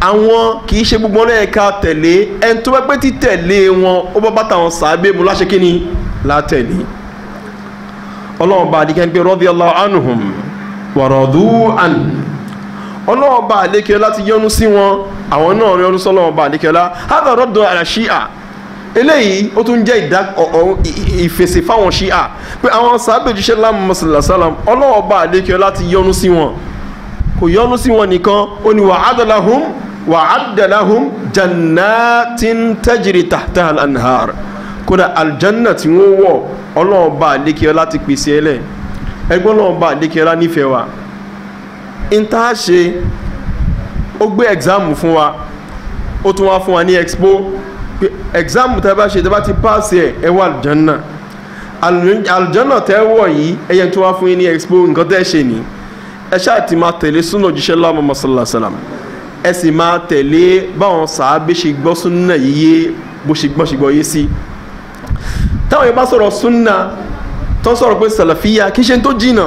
[SPEAKER 5] àwọn kì í ṣe gbogbo ọlọ́yẹ̀ ká tẹ̀lé ẹni tó bá pẹ́ ti tẹ̀lé wọn ó bá bàtà àwọn sàbí mu láṣẹ kí ni látẹ̀lé ọlọ́run bá àdékí pé radiyallahu anhum wa radu an ọlọ́run láti yọ́nú sí wọn àwọn náà yọ́nú sọ́lọ́run bá àdékí lá eléyìí ó tún jẹ́ ìdá ìfèsì fáwọn ṣíà pé àwọn sábẹ́júṣe lámùmọ́sálàsálàm ọlọ́wọ́ bá àdékẹ́ láti yọ́nú sí wọn kò yọ́nú sí wọn nìkan ó ní wàhádàláhùn wàhádàláhùn jannatin tajiri tahta al-anhar kódà aljanna tí wọ́n wọ̀ ọlọ́wọ́ bá àdékẹ́ láti pèsè ẹlẹ́ ẹgbọ́n ọlọ́wọ́ bá àdékẹ́ nífẹ̀ẹ́ wa ìta ṣe ó gbé ẹ̀gzáàmù fún wa ó tún wá fún wa ní expo pé exam tẹ́ bá ṣe tẹ́ bá ti pass ẹ̀ ẹ wà àlùjánà àlùjánà tẹ́ wọ̀ yìí ẹ̀yẹ tó wá fún yín ní expo nǹkan tẹ́ ṣe ni ẹ ṣáà ti máa tẹ̀lé súnà jíṣẹ́ lọ́mọ mọ́sálásálàm ẹ sì máa tẹ̀lé báwọn sàábé ṣe gbọ́ súnà yíyé bó ṣe gbọ́ ṣe gbọ́ yé sí táwọn yẹn bá sọ̀rọ̀ súnà tó sọ̀rọ̀ pé sàlàfíà kì í ṣe tó jìnnà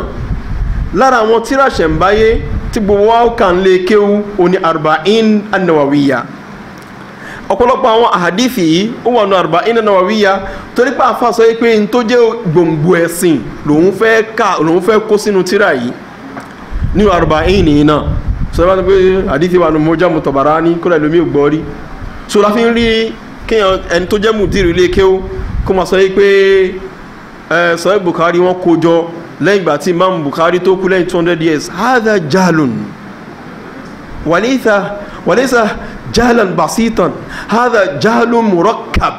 [SPEAKER 5] lára àwọn tíráṣẹ̀ ń báyé tí gbogbo wa kàn lè kéwu òní arba'in an-nawawiya ọ̀pọ̀lọpọ̀ àwọn àhàdífì yìí ó wà nù àrùbá iná náà wíyá torí pé àfa sọ pé n tó jẹ́ gbòǹgbò ẹ̀sìn lòun fẹ́ ká lòun fẹ́ kó sínú tíra yìí ní àrùbá iná nìyí náà sọ wá pé àdífì wà nù mọ́jà mọ́tọ̀bàrà ní kó lẹ́nu mi ò gbọ́ rí so la fi ń rí kéèyàn ẹni tó jẹ́ mùdírì ilé kéwú kó máa sọ pé ẹ sọ Bukhari wọn kó jọ lẹ́yìn ìgbà tí imam Bukhari tó kú lẹ́yìn two hundred years جهلا بسيطا هذا جهل مركب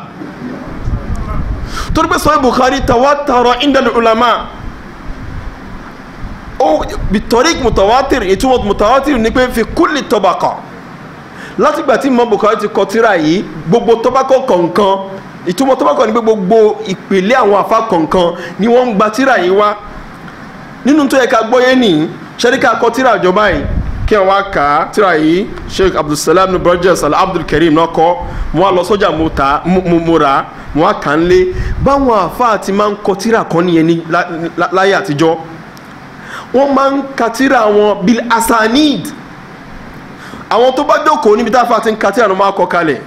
[SPEAKER 5] torí pé sọ́yìn bukhari tawatara indal ulama ó bitorik mutawatir ìtumọ̀ mutawatir ni pé fi kulli tabaqa látìgbà tí mọ bukhari ti kọ tírà yìí gbogbo tọ́bákọ̀ kọ̀ọ̀kan ìtumọ̀ tọ́bákọ̀ ni pé gbogbo ìpele àwọn afá kọ̀ọ̀kan ni wọ́n ń gba tírà yìí wá nínú tó yẹ ká gbọ́yé nìyí ṣẹ́ríkà kọ tírà ìjọba yìí kí wọn wá kà á tíra yìí sheikh abdulsalam nubrojus alabdulkareem náà kọ mo wá lọ sọjà mo ta mo ra mo wá kà á lé báwọn àáfàá ti máa ń kọ tíra kan nìyẹn ní láyé àtijọ́ wọ́n máa ń ka tíra wọn bil asanid àwọn tó bá jókòó níbi táfà ti ń ka tíra ló máa kọ kalẹ̀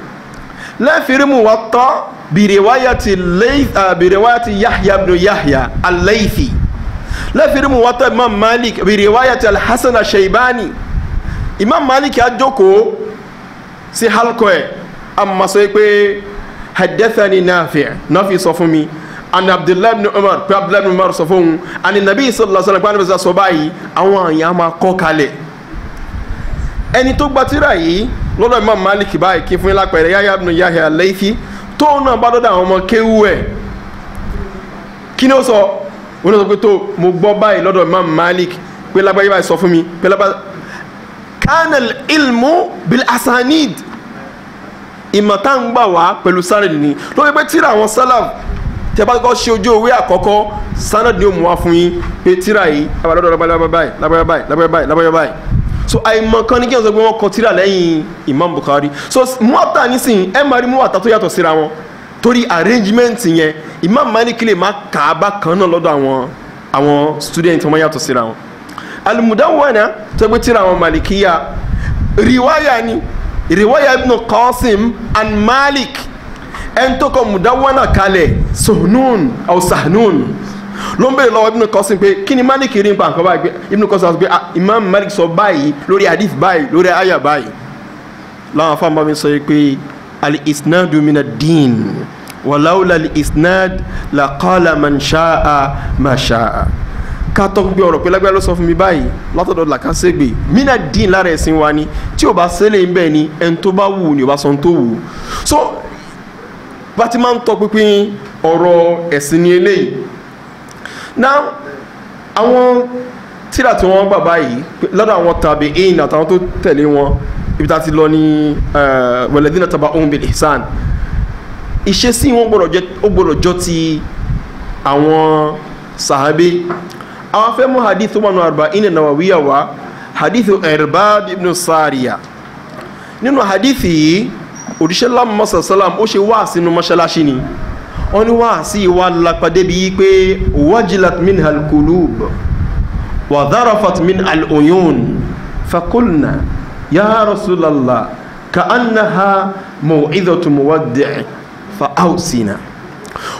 [SPEAKER 5] lẹ́ẹ̀fẹ̀rẹ̀ mu tọ́ bìrìwáyàtì yahya ibn yahya al-laythi lẹ́ẹ̀fẹ̀rẹ̀ mu wá tọ́ imam malik bìrìwáyàtì alhassan al-shaybani. Al imam malik ajoko sí halkọ ẹ̀ amma sọ pé hadathani nafi nafi sọ fún mi an abdullahi ibn umar pé abdullahi ibn umar sọ fún ani nabi sallallahu alaihi wasallam pé anabi sọ báyìí àwọn èèyàn máa kọ́ kalẹ̀ ẹni tó gba tírà yìí lọ́dọ̀ imam malik báyìí kí fún yín lápẹ̀rẹ̀ yahya ibn yahya al-laythi tóun náà bá dọ́dọ̀ àwọn ọmọ kéwú ẹ̀ kí ni ó sọ wọn náà sọ pé tó mo gbọ́ báyìí lọ́dọ̀ imam malik pé lágbáyé báyìí sọ fún mi pé lágbáyé kánà ilmu bil asanid ìmọ̀ tá ń gbà wá pẹ̀lú sanad ni lórí pé tíra àwọn salaf tí a bá kọ́ ṣe ojú òwe àkọ́kọ́ sanad ni ó mú wá fún yín pé tíra yìí abalọ́dọ̀ lábáyá báyìí lábáyá báyìí so àìmọ̀ kan ní kí wọ́n sọ pé wọ́n kọ tíra lẹ́yìn Imam bukari so muwata nísìnyí ẹ máa rí muwata tó yàtọ̀ síra wọn torí arrangement yẹn Imam Malik lè má kà á bá kan náà lọ́dọ̀ àwọn àwọn student wọn yàtọ̀ síra wọn alimudawana tó gbé tíra àwọn malikiya riwaya ni riwaya ibn qasim and malik ẹn tó kọ mudawana kalẹ̀ sohnun aw sahnun ló ń bèrè lọ́wọ́ ibn qasim pé kí ni malik rí nípa nǹkan báyìí ibn qasim sọ pé ah, imam malik sọ báyìí lórí hadith báyìí lórí aya báyìí láwọn afáàmọ́ mi sọ pé al-isnadu min din walaula al-isnad laqala man sha'a ma ká tọ́ gbé ọ̀rọ̀ pé lágbára ló sọ fún mi báyìí látọ̀dọ̀ làkàṣègbè mina dín lára ẹ̀sìn wa ni tí ò bá ṣẹlẹ̀ ń bẹ̀ ni ẹni bá wù ni ò bá sọ wù so bá ti máa ń tọ́ pínpín ọ̀rọ̀ ẹ̀sìn ni eléyìí now àwọn tíra tí wọ́n gbà báyìí lọ́dọ̀ àwọn tàbí in àtàwọn tó tẹ̀lé wọn ibi tá a ti lọ ní eh, walladhina taba'uhum bil ihsan ìṣesí wọn gbọ́dọ̀ jọ ti àwọn sàhábé awafemu hadithu wanu arbaini nawawiya wa hadithu irbad ibn sariya nínú hadithi yìí òdíṣẹ́ lámọ́sà sálám ó ṣe wá sínú mọ́ṣáláṣí ni wọ́n ní wá sí ìwà lápàdé bí i pé wajilat min alkulub wa zarafat min al'oyun fakulna ya rasulallah ka annaha maw'izatu muwaddi' fa ausina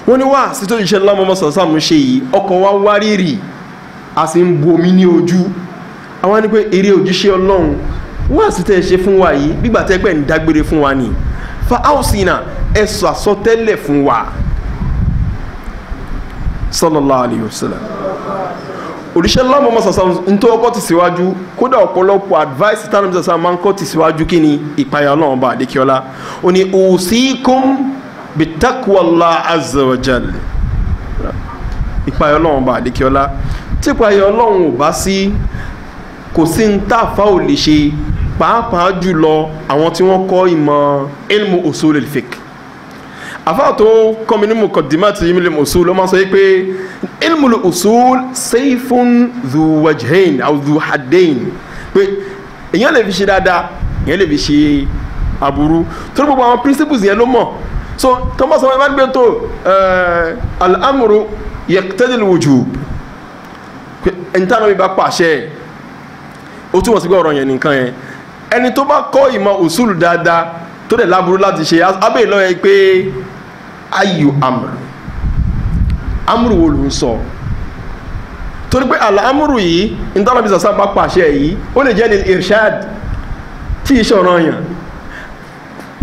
[SPEAKER 5] wọ́n ní wá sí tó òdíṣẹ́ lámọ́sà sálám ṣe yìí ọkọ̀ wa wárìrì a sì ń bu omi ní ojú àwọn ni pé eré òjíṣẹ́ ọlọ́run wọ́n àti tẹ́ ẹ ṣe fún wa yìí gbígbà tẹ́ pẹ́ ń dágbére fún wa ni fa ausina ẹ sọ àsọtẹ́lẹ̀ fún wa sallallahu alayhi wa sallam òjíṣẹ́ lọ́mọ ọmọ sàṣà ntọ́ ọkọ̀ ti síwájú kódà ọ̀pọ̀lọpọ̀ advice tánà mi sàṣà máa ń kọ́ ti síwájú kí ni ìpayà ọlọ́run bá adékíọ́lá ó ní usikum bitakwallah azza wa jal ìpayà ọlọ́run bá adékíọ́lá típayọ ọlọ́run ò bá sí kò sí ní tàfà ò lè ṣe pàápàá jùlọ àwọn tí wọ́n kọ́ ìmọ̀ ilmu usul al-fiqh àfáà tó kọ́mi ní muqaddimati ilmu usul ló máa sọ pé ilmu usul sayfun dhu wajhain aw dhu pé èèyàn lè fi ṣe dáadáa èèyàn lè fi ṣe aburú tó gbogbo àwọn principles yẹn ló mọ̀ so tó bá sọ wọn bá gbé tó eh, al-amru yaqtadi al ẹni táwọn mi bá pàṣẹ ó túmọ̀ sí pé ọ̀rọ̀ yẹn nìkan yẹn ẹni tó bá kọ́ ìmọ̀ òṣùlù dáadáa tó dẹ̀ láburú láti ṣe abẹ́ ìlọ́yẹ pé ayò amúrù amúrù wo ló ń sọ torí pé àlà amúrù yìí nítorí bí sàṣà bá pàṣẹ yìí ó lè jẹ́ ní irshad tí iṣẹ́ ọ̀ràn yàn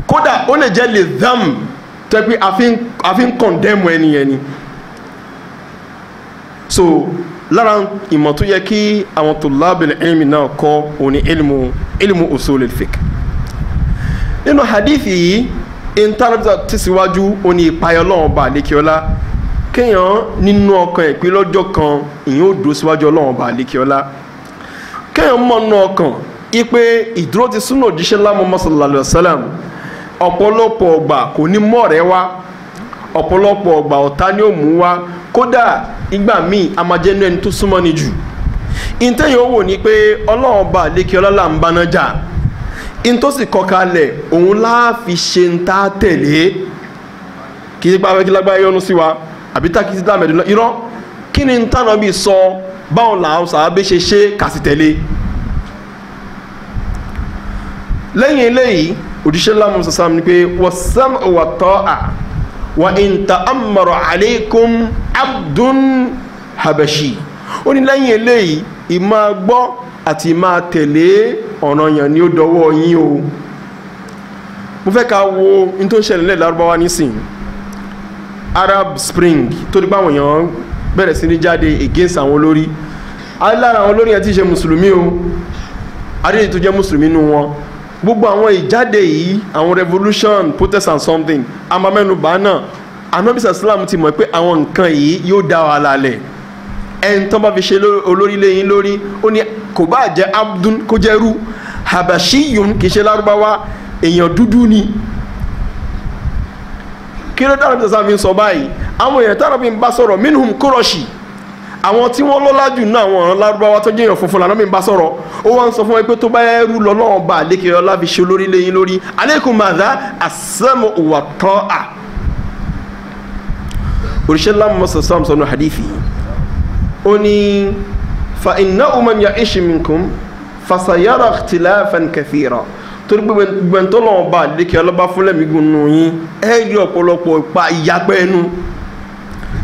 [SPEAKER 5] kódà ó lè jẹ́ lè dam tó yẹ pé àfi ń kọ̀ndẹ́mù ẹni ni so lára ìmọ̀ tó yẹ kí àwọn tullabul ilmi náà kọ́ òní ilmu ilmu usulil fiqh nínú hadithi yìí intanẹ́tì ti síwájú òní ìpayọ̀ lọ́wọ́ bá àlékiọ́lá kéèyàn nínú ọkàn ìpè lọ́jọ́ kan ìyẹn ò dúró síwájú ọlọ́wọ́ bá àlékiọ́lá kéèyàn mọ̀ nínú ọkàn ipe ìdúró ti súnà òjíṣẹ́ ńlá Muhammad sallallahu alaihi wasallam ọ̀pọ̀lọpọ̀ ọgbà kò ní mọ́ ọ̀rẹ́ wá ọ̀pọ̀lọpọ̀ ọgbà ọ̀tá ni ó mú wá kódà ìgbà mi a máa jẹ́ inú ẹni tó súnmọ́ ni jù ìtẹ́yìn ó wò ní pé ọlọ́run bá lékè ọlọ́lá ń báná jà in tó sì kọkalẹ̀ òun láàfi ṣe ń tá tẹ̀lé kì í pa afẹ́kí lágbára yọnu sí wa àbí táàkì sí dàmẹ́dùn náà irọ́ kí ni tánà bí sọ báwọn làwọn sàábé ṣe ṣe kà tẹ̀lé lẹ́yìn eléyìí òjíṣẹ́ lámùsọ̀sám ni pé wọ́n sẹ́m ìwà tọ́ à wa in ta'ammara alaykum abdun habashi ó ní lẹ́yìn eléyìí ìmáa gbọ́ àti ìmáa tẹ̀lé ọ̀ranyàn ni ó dọwọ́ yín o mo fẹ́ ka wo n tó ń ṣẹlẹ̀ lẹ́ẹ̀ lárúbáwá nísìn Arab Spring tó di báwọn èèyàn bẹ̀rẹ̀ sí ní jáde against àwọn olórí alára àwọn olórí yẹn ti ṣe mùsùlùmí o adéyẹ tó jẹ́ mùsùlùmí nù wọn gbogbo àwọn ìjáde yìí àwọn revolution protest and something amamẹnubá náà anabisa islam ti mọ̀ pé àwọn nǹkan yìí yóò dá wa lálẹ́ ẹni tán bá fi ṣe olórí lẹ́yìn lórí ó ní kò bá jẹ́ abdul kó habashiyun kì ṣe lárúbáwá èèyàn dúdú ni kí ló dára bí sàmì sọ báyìí àwọn èèyàn tára bí n bá sọ̀rọ̀ minhum kúrọ̀ṣì àwọn tí wọ́n lọ́lá jù náà àwọn ọ̀ràn lárúbáwá tó jẹ́yàn funfun lànà mi ń bá sọ̀rọ̀ ó wá ń sọ fún ẹ pé tó bá ẹrú lọ lọ́wọ́n bá àlékè ọlá fi ṣe olórí lẹ́yìn lórí aleikum madha asẹ́mu wà tọ́ à. òrìṣẹ́ lámọ́ sàsàm sọnù hadithi ó ní fa iná umar ya ishi minkum fasayara tilafan kẹfìrà torí pé gbẹ̀ntọ́ lọ́wọ́n bá àlékè ọlọ́ba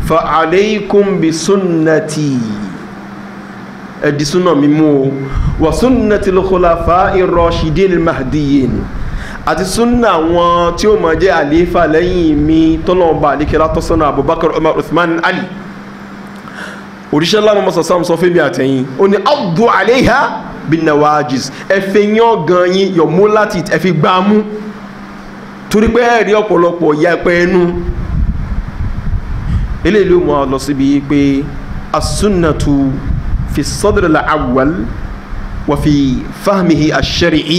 [SPEAKER 5] فعليكم بسنتي، bi sunnati ẹdi sunna mi mú o wa sunnati lukulafa irọṣidin mahdiyin àti sunna wọn tí ó máa jẹ́ àlééfà lẹ́yìn mi tọ́lọ́mọba àdékẹ́lá tọ́sánà abubakar umar usman ali òrìṣẹ́ lánàá mọ́sán sáà sọ fún mi àtẹ̀yìn ó ní abdu aleiha bin nawajis ẹ̀fẹ̀ yán gan yín your molar teeth torí pé ẹ̀rí ọ̀pọ̀lọpọ̀ ya ẹ̀pẹ́ ẹnu eléyìí ló mọ ọ lọ síbi pé asúnnàtú fi sọdọdọlà awal wà fi fahmihi aṣẹ́rìí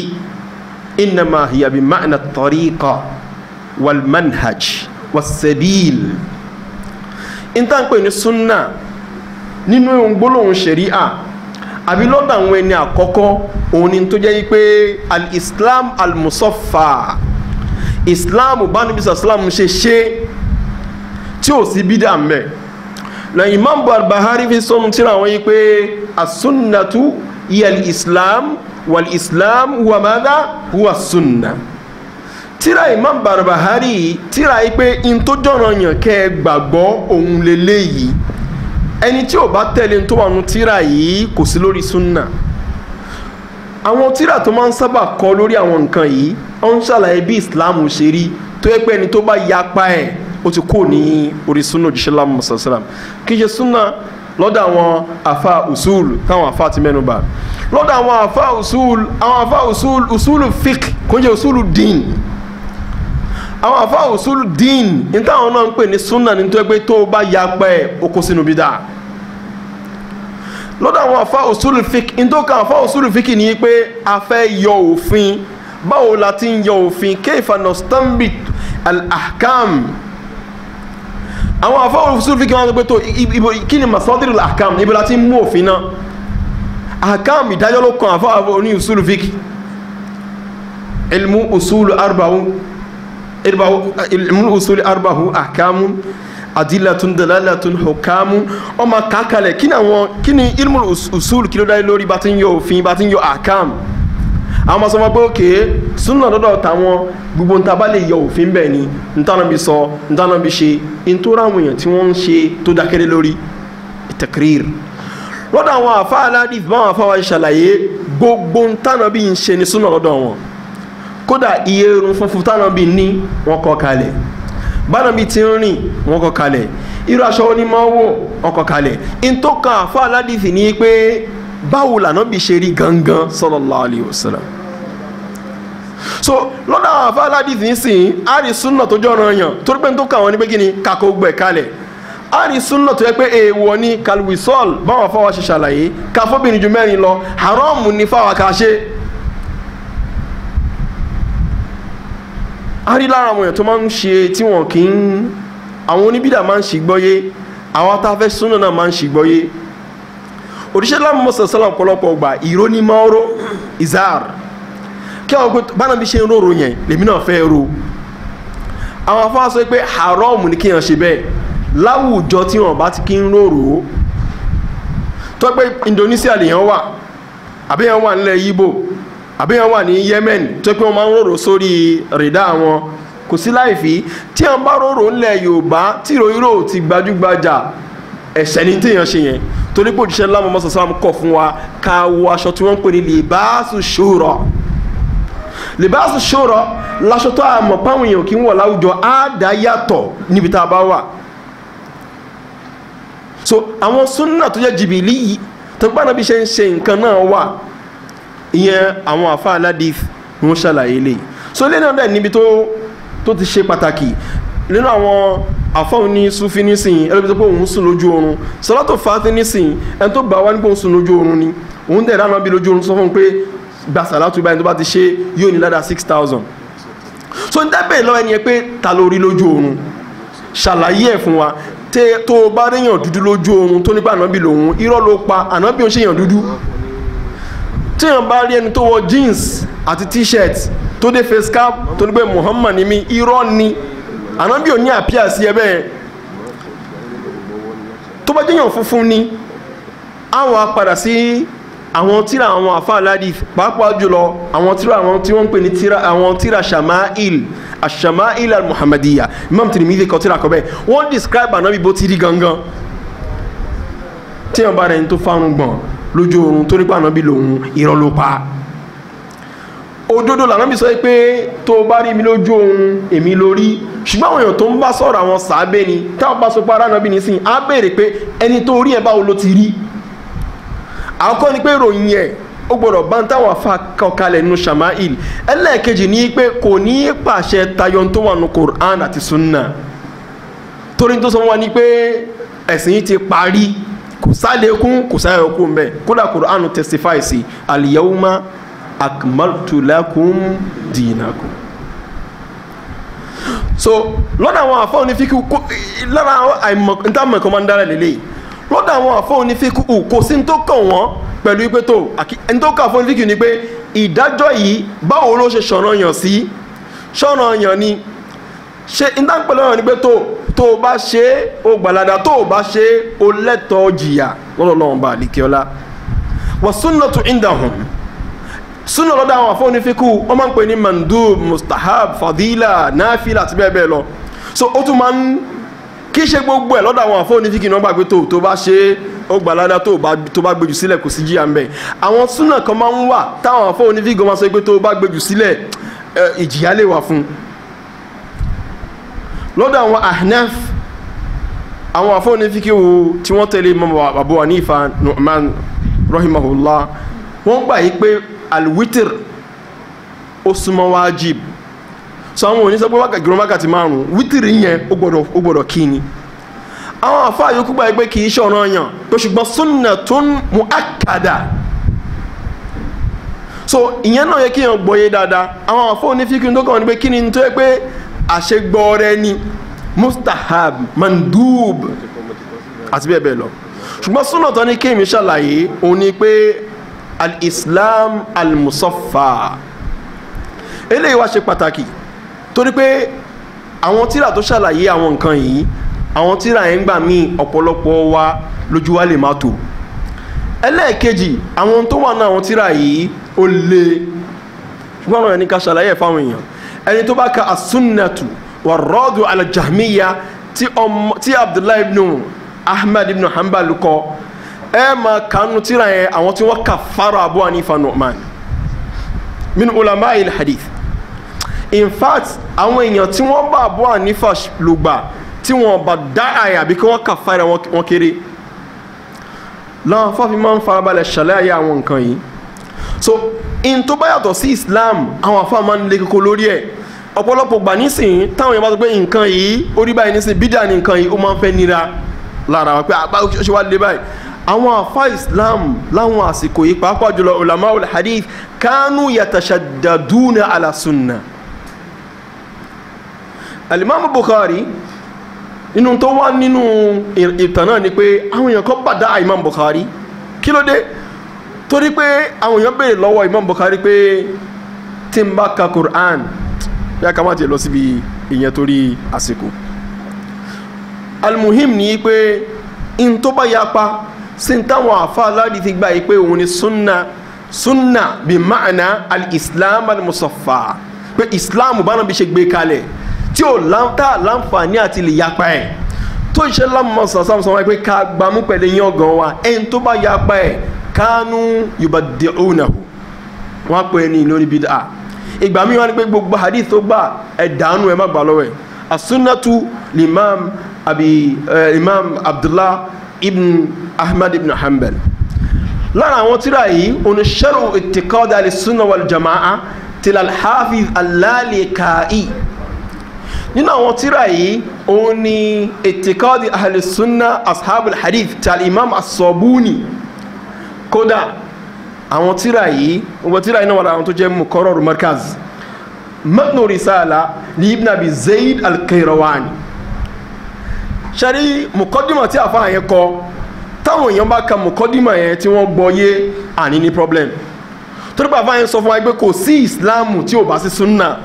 [SPEAKER 5] innama hiya bi ma'na tariqa wal manhaj wal sabil intan pè ní sunna nínú ohun gbólóhùn ṣẹ̀ríà àbí lọ́dọ̀ àwọn ẹni àkọ́kọ́ òun ni tó jẹ́ pé al-islam al-musaffa islam bá níbi sàlám ṣe ṣe tí ò sí bídà mẹ́ na imam barbahari fi sọ́n tíra wọ́n yí pé asúnnàtú yẹl islam wal islam huwa mada huwa sunna tíra imam barbahari tíra yí pé in tó jọ̀rọ̀ yàn kẹ́ ẹ gbàgbọ́ ohun lélẹ́yìí ẹni tí ò bá tẹ̀lé tó wà nù tíra yìí kò sí lórí sunna àwọn tíra tó máa ń sábà kọ lórí àwọn nǹkan yìí ó ṣàlàyé bí islam ṣe rí tó yẹ pé ẹni tó bá yapa ẹ̀ ó ti kó ní orí súnà òjíṣẹ́ lámù mọ̀sálásálàm kì í ṣe súnà lọ́dọ̀ àwọn àfa usul táwọn àfa ti mẹ́nu bà lọ́dọ̀ àwọn àfa usul àwọn àfa usul usul fiqh kò ń jẹ́ usul dín àwọn àfa usul dín ní táwọn náà ń pè ní súnà ní tó yẹ pé tó o bá yapẹ́ o kó sínú bídà lọ́dọ̀ àwọn àfa òsúlù fíkì ndóka àfa òsúlù fíkì ni pé a fẹ́ yọ òfin báwo la ti ń yọ òfin kéfà nostambit al-ahkam àwọn àfọwọ́ usul fiqh wọn pé tó ibo kí ni masọ́dìrì àkàm níbi láti mú òfin náà àkàm ìdájọ́ ló kan àfọwọ́ oní usul fiqh ilmu usul arba'u ilmu usul arba'u àkàmù adilatun dalalatun hukamu ọmọ kàkàlẹ̀ kí ni àwọn kí ni ilmu usul kí ló dá lórí bá ti ń yọ òfin bá ti ń yọ àkàmù. àwọn sọ wọn pé òkè súnà lọ́dọ̀ táwọn gbogbo ń tabá lè yọ òfin bẹ́ẹ̀ ni ntànàbí sọ ntànàbí ṣe ìtura àwọn èèyàn tí wọ́n ń ṣe tó dákẹ́lẹ́ lórí takrir lọ́dọ̀ àwọn àfa aládìf báwọn wa ṣàlàyé gbogbo ntànàbí ń ṣe ni súnà lọ́dọ̀ wọn kódà iye irun funfun tànàbí ní wọn kọ kalẹ̀ bánàbí ti ń rìn wọn kọ kalẹ̀ irú aṣọ onímọ̀ wò wọn kọ kalẹ̀ báwo lànàbí ṣe rí gangan sallallahu alayhi wa so lọ́dọ̀ àwọn afá aládìsí nísìnyí àrí súnà tó jọ̀ràn èèyàn torí pé n tó kà ní pé kí ni kàkó gbẹ̀ kalẹ̀ àrí súnà tó yẹ pé èèwọ̀ ni kalwisol báwọn afáwa ṣe ṣàlàyé káfóbìnrin ju mẹ́rin lọ haramu ni fáwa kà ṣe. a rí lára àwọn èèyàn tó máa ń ṣe tí wọn kì í àwọn oníbìdà máa ń ṣègbọ́yé àwọn tá a fẹ́ súnà náà máa ń ṣègbọ́yé òṣìṣẹ́lá mọ́sànsánlá ọ̀pọ̀lọpọ̀ gbà ìró ní máa ń ró izar kí àwọn pé bá nàbí ṣe ń róró yẹn lèmi náà fẹ́ ro àwọn afáà sọ pé haram ni kéèyàn ṣe bẹ́ẹ̀ láwùjọ tí wọn bá ti kí ń róró tó pé Indonesia lèèyàn wà àbíyàn wà nílẹ̀ Yíbò àbíyàn wà ní Yemen tó pé wọ́n máa ń róró sórí rìdá wọn kò sí láìfí tí wọn bá róró ńlẹ̀ Yorùbá tí ìròyìn rò ti gbajúgbajà ẹ̀ṣẹ̀ ni téèyàn ṣe yẹn torí pé òjíṣẹ́ ńlá mọ́mọ́ sọ̀sọ́ kọ̀ fún wa ká wọ aṣọ tí wọ́n ń pè ní libasu shura libasu shura laṣọ tó àmọ̀ páwọn èèyàn kì í wọ̀ láwùjọ á dá yàtọ̀ níbi tá a bá wà so àwọn súnà tó jẹ́ jìbìlì yìí tó ń pàdánù bí ṣe ń ṣe nǹkan náà wà ìyẹn àwọn àfa aládìí wọn ṣàlàyé lè so lẹ́nu ọ̀dà níbi tó ti ṣe pàtàkì nínú àwọn àfọ̀hún ní sufi nísìnyí ẹlẹ́bi tó pé òun sùn lójú oorun sọlátò fàátì nísìnyí ẹni tó gbà wá nípa òun sùn lójú oorun ni òun tẹ̀ dáná bí lójú oorun sọ fún pé gba sàlátù báyìí tó bá ti ṣe yóò ní ládàá six thousand so ní tẹ́bẹ̀ lọ́wọ́ ẹni yẹn pé ta ló rí lójú oorun ṣàlàyé ẹ̀ fún wa tẹ tó o bá ríyàn dúdú lójú oorun tó nípa ànábì lòun irọ́ ló pa ànábì òun ṣèyàn dúdú tíyàn bá rí t-shirt tó dé cap tó ní pé Muhammad ni ni ànábì ò ní àpíà sí ẹ bẹ́ẹ̀ tó bá jẹ́yàn funfun ni a wà padà sí àwọn tíra àwọn àfáàládì pàápàá jùlọ àwọn tíra àwọn tí wọ́n ń pè ní tíra àwọn tíra shama'il ashama'il al-muhammadiyya imam tirimidi kọ tíra kọ bẹ́ẹ̀ wọ́n describe ànábì bó ti rí gangan tí wọ́n bá rẹ̀ ń tó fárun gbọ̀n lójú oorun tó nípa ànábì lòun irọ́ òdodo làwọn bí sọ pé tó o bá rí mi lójú ohun èmi lórí ṣùgbọ́n àwọn èèyàn tó ń bá sọ̀rọ̀ àwọn sàábẹ́ ni táwọn bá sọ pé aráàlọ́bì ní sìn á béèrè pé ẹni tó rí ẹ̀ báwo ló ti rí àkọ́kọ́ ni pé ròyìn ẹ̀ ó gbọ́dọ̀ bá ń táwọn afa kọkalẹ̀ nínú shama'il ẹlẹ́ẹ̀kejì ní pé kò ní pàṣẹ tayọ tó wà nù Qur'an àti sunna torí tó sọ wọn ni pé ẹ̀sìn yìí ti parí kò sálékún kò sáyẹ̀kún bẹ́ẹ̀ kódà Qur'an testify sí al-yawma akmaltu lakum dinakum so lọ́dọ̀ àwọn àfọ́ onífíkú lára àìmọ̀ntàmọ̀ kan máa ń dára lélẹ̀ lọ́dọ̀ àwọn àfọ́ onífíkú kò sí ní tó kàn wọ́n pẹ̀lú pé tó ẹni tó kàn fún onífíkú ni pé ìdájọ́ yìí báwo ló ṣe ṣọ̀rọ̀ yàn sí ṣọ̀rọ̀ yàn ni ṣe ìdánpẹ̀lẹ̀ yàn ni pé tó tó o bá ṣe é o gbàládà tó o bá ṣe é o lẹ́tọ̀ọ́ jìyà lọ́dọ̀ lọ́wọ́n bá àlìkẹ́ọ́lá wàsúnà tó ń dà hàn súnà lọ́dọ̀ àwọn àfọ́ onífíkù wọ́n máa ń pè ní mandub mustahab fadila nafila àti bẹ́ẹ̀ bẹ́ẹ̀ lọ so ó tún máa ń kí ṣe gbogbo ẹ̀ lọ́dọ̀ àwọn àfọ́ onífíkù náà gbàgbé tó tó bá ṣe ó gbà ládá tó bá gbèjù sílẹ̀ kò sí jíà ń bẹ̀ àwọn súnà kan máa ń wà táwọn àfọ́ onífíkù máa sọ pé tó bá gbèjù sílẹ̀ ìjìyà lè wà fún lọ́dọ̀ àwọn ahnaf àwọn àfọ́ onífíkù tí wọ́n tẹ̀lé Abu Hanifa Nu'man rahimahullah wọ́n gbà yí pé alwitr ó súnmọ́ wájib so àwọn òní sọ pé wákàtí gírọ́ wákàtí márùn-ún wítìr yẹn ó gbọ́dọ̀ ó gbọ́dọ̀ kí ni àwọn àfáà yòókù gbà pé kì í ṣe ọ̀ranyàn pé ṣùgbọ́n sunnatun muakkada so ìyẹn náà yẹ kí èèyàn gbọ́yé dáadáa àwọn àfáà onífíkún tó kàn ní pé kí ni tó yẹ pé àṣegbọ́ rẹ ni mustahab mandub àti bẹ́ẹ̀ bẹ́ẹ̀ lọ ṣùgbọ́n súnà tán ní kéèmí ṣàlàyé òun pé al-islam al-musaffa eléyìí wá ṣe pàtàkì torí pé àwọn tíra tó ṣàlàyé àwọn nǹkan yìí àwọn tíra yẹn ń gbà míì ọ̀pọ̀lọpọ̀ wa lójú wa lè má tó ẹlẹ́ẹ̀kejì àwọn tó wà náà àwọn tíra yìí ó lé ṣùgbọ́n àwọn ẹni ká ṣàlàyé fáwọn èèyàn ẹni tó bá ka asúnnàtù wà rọ́ọ̀dù alàjàmíyà tí abdullahi ibn ahmed ibn hanbal kọ ẹ máa kanu tíra yẹn àwọn tí wọ́n kà fara Abu Hanifa Nu'man min ulama il hadith in fact àwọn èèyàn tí wọ́n bá Abu Hanifa lùgbà tí wọ́n bá dá àyà bí kí wọ́n kà fara wọn kéré láwọn fáfin máa ń farabalẹ̀ ṣàlàyé àwọn nǹkan yìí so in tó bá yàtọ̀ sí Islam àwọn afá máa ń le koko lórí ẹ̀ ọ̀pọ̀lọpọ̀ gbà nísìnyí táwọn èèyàn bá sọ pé nǹkan yìí orí báyìí nísìnyí bídà ni nǹkan yìí ó máa ń fẹ́ nira lára wọn pé àbá ṣe wá lé báyìí àwọn àfa islam láwọn àsìkò yìí pàápàá jùlọ ulama al-hadith kánú yàtàṣàdàdúnà ala sunna alimami bukhari inú tó wà nínú ìtàn náà ni pé àwọn èèyàn kan bàdá imam bukhari kí ló dé torí pé àwọn èèyàn béèrè lọ́wọ́ imam bukhari pé tí n bá ka quran yá ká má ti lọ síbi ìyẹn torí àsìkò almuhim ni pé n tó bá yapa sí ní táwọn àfa aládìí ti gbà yìí pé òun ni sunna sunna bí ma'ana al-islam al-musaffa pé islam báwọn bí ṣe gbé kalẹ̀ tí ò tá láǹfààní àti lè yapa ẹ̀ tó ṣe lámọ̀ sàṣàm sọ wọn pé ká gbámú pẹ̀lú yangàn wa ẹni tó bá yapa ẹ̀ kánú yubaddi'unahu wọn pè é ní lórí bid'a ìgbà mi wá ní pé gbogbo hadith tó gbà ẹ̀ dànù ẹ̀ má gbà lọ́wọ́ ẹ̀ limam abi eh, imam abdullah ibn ahmad ibn hanbal lára àwọn tíra yìí oníṣẹ́rù ìtìkọ́dà lè súnà wal jama'a tilal hafiz alálẹ́kàáì nínú àwọn tíra yìí òun ni ìtìkọ́dì ahli sunna ashabul hadith tal imam as-sabuni kódà àwọn tíra yìí gbogbo tíra yìí náà wà láwọn tó jẹ́ mukọ́rọ̀rù markaz matnu risala ní ibn abi zayd al-kairawani ṣẹ́rí mùkọ́dìmọ̀ tí àfa yẹn kọ táwọn èèyàn bá ka mùkọ́dìmọ̀ yẹn tí wọ́n gbọ́ yé àní ní problem torí bàbá yẹn sọ fún wa pé kò sí islam tí ò bá sí sunna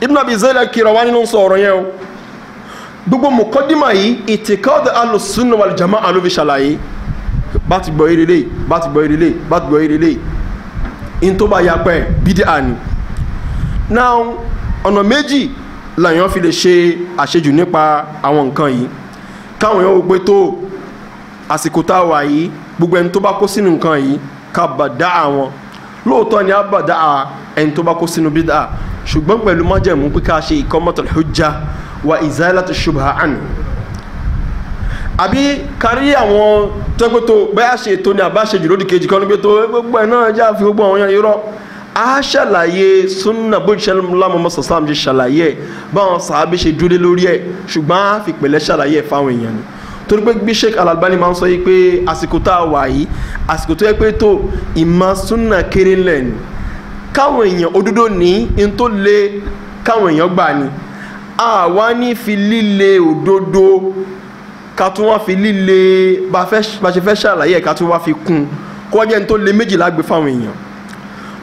[SPEAKER 5] ibn abi zayla kira wa nínú sọ ọ̀rọ̀ yẹn o gbogbo mùkọ́dìmọ̀ yìí ìtìkọ́d alùsùnà wal jamaa ló fi ṣàlàyé bá ti gbọ́ eré lé bá ti gbọ́ eré bá ti gbọ́ eré in tó bá yapẹ́ bídí àní now ọ̀nà méjì làyàn fi lè ṣe àṣejù nípa àwọn nǹkan yìí káwọn èèyàn wò pé tó àsìkò tá a wà yìí gbogbo ẹni tó bá kó sínú nǹkan yìí ká bàdá àwọn lóòótọ́ ni a bàdá ẹni tó bá kó sínú bídà ṣùgbọ́n pẹ̀lú májẹ̀mú pé ká ṣe iqamatul hujja wa izalatu shubha an àbí kárí àwọn tẹ́gbẹ́tò bẹ́ẹ̀ ṣe ètò ni àbá ṣe jù lódì kejì kan ní pé gbogbo ẹ̀ náà já fi gbogbo àwọn yẹn irọ́ a ṣàlàyé sunna bó ṣe lámọ mọ́sán sáà ṣe ṣàlàyé ẹ̀ báwọn sàábé ṣe dúró lórí ẹ̀ ṣùgbọ́n a fi pẹ̀lẹ́ ṣàlàyé ẹ̀ fáwọn èèyàn ni torí pé bí Sheikh Al-Albani máa ń sọ yìí pé àsìkò tá a wà yìí àsìkò tó yẹ pé tó ìmọ̀ sunna kéré lẹ̀ ni káwọn èèyàn òdodo ní in tó le káwọn èèyàn gbà ni àwa ní fi líle òdodo ká tún wá fi líle bá ṣe fẹ́ ṣàlàyé ẹ̀ ká tún wá fi kún kó wá jẹ́ in tó le méjìlá gbé fáwọn èèyàn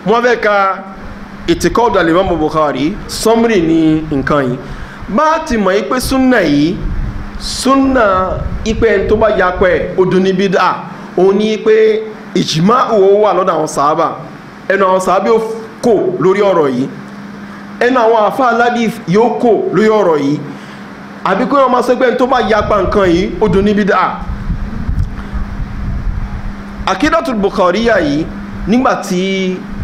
[SPEAKER 5] wọ́n fẹ́ ka ìtìkọ́dọ̀ alimami Bukhari sọ́mùrì ní nǹkan yìí bá ti mọ̀ pé súnà yìí súnà ipe ẹni tó bá yapẹ̀ odun níbi dà òun ní pé ìjìmá òwò wà lọ́dọ̀ àwọn sàábà ẹnu àwọn sàábà yóò kò lórí ọ̀rọ̀ yìí ẹnu àwọn àfa aládìf yóò kò lórí ọ̀rọ̀ yìí àbí kí wọ́n máa sọ pé ẹni tó bá yapa nǹkan yìí odun níbi dà Bukhari yà yìí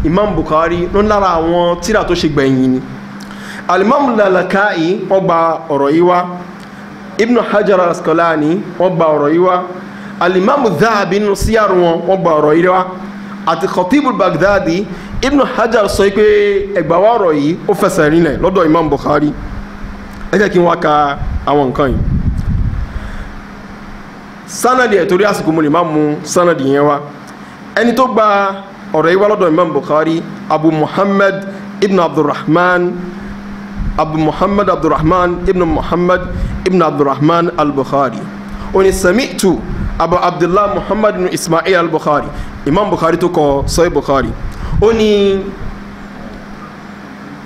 [SPEAKER 5] imam bukhari ló ń lára àwọn tíra tó ṣe gbẹ̀yìn ni alimam lalaka'i wọ́n gba ọ̀rọ̀ yìí wá ibn hajar al-asqalani wọ́n gba ọ̀rọ̀ yìí wá alimam dhahabi nínú síyàrù wọn wọ́n gba ọ̀rọ̀ yìí wá àti khatibu baghdadi ibn hajar sọ pé ẹgbà wa ọ̀rọ̀ yìí ó fẹsẹ̀ rinlẹ̀ lọ́dọ̀ imam bukhari ẹ kí n ka àwọn nǹkan yìí sanadi ẹ̀ torí àsìkò mo lè má mú sanadi yẹn wá ẹni tó gba ọ̀rọ̀ yìí wá lọ́dọ̀ imam bukhari abu muhammad ibn abdulrahman abu muhammad abdulrahman ibn muhammad ibn abdulrahman al-bukhari oni sami'tu abu abdullah muhammad ibn ismail al-bukhari imam bukhari tó kọ sọ́yì bukhari oni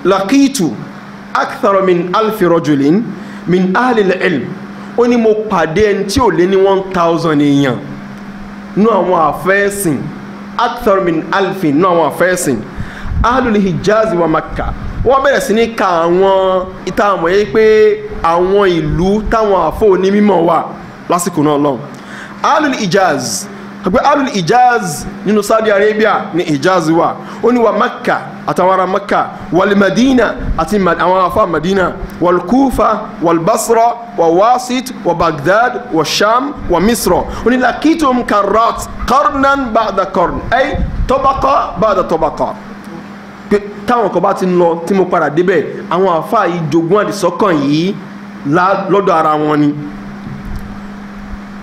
[SPEAKER 5] lakitu akthara min alfi rojulin min ahli al-ilm oni mo pàdé ẹni tí ò lé ní one thousand èèyàn nú àwọn àfẹ́sìn akthar min alfin náà àwọn àfẹ́sìn ahlul hijaz wa makka wọ́n bẹ̀rẹ̀ sí ní ka àwọn ìta àmọ̀ yìí pé àwọn ìlú táwọn àfọ̀ onímọ̀ wà lásìkò náà lọ́hùn ahlul hijaz àgbẹ̀ alul ijaz nínú saudi arabia ní ijaz wà ó ní wa makka àtàwọn makka wal madina àti àwọn afa madina wal kufa wal basra wa wasit wa baghdad wa sham wa misra ó ní lakitum karat qarnan ba'da qarn ay tabaqa ba'da tabaqa táwọn kan bá ti lọ tí mo padà débẹ̀ àwọn afa yìí jogún àdìsọ́kàn yìí lọ́dọ̀ ara wọn ni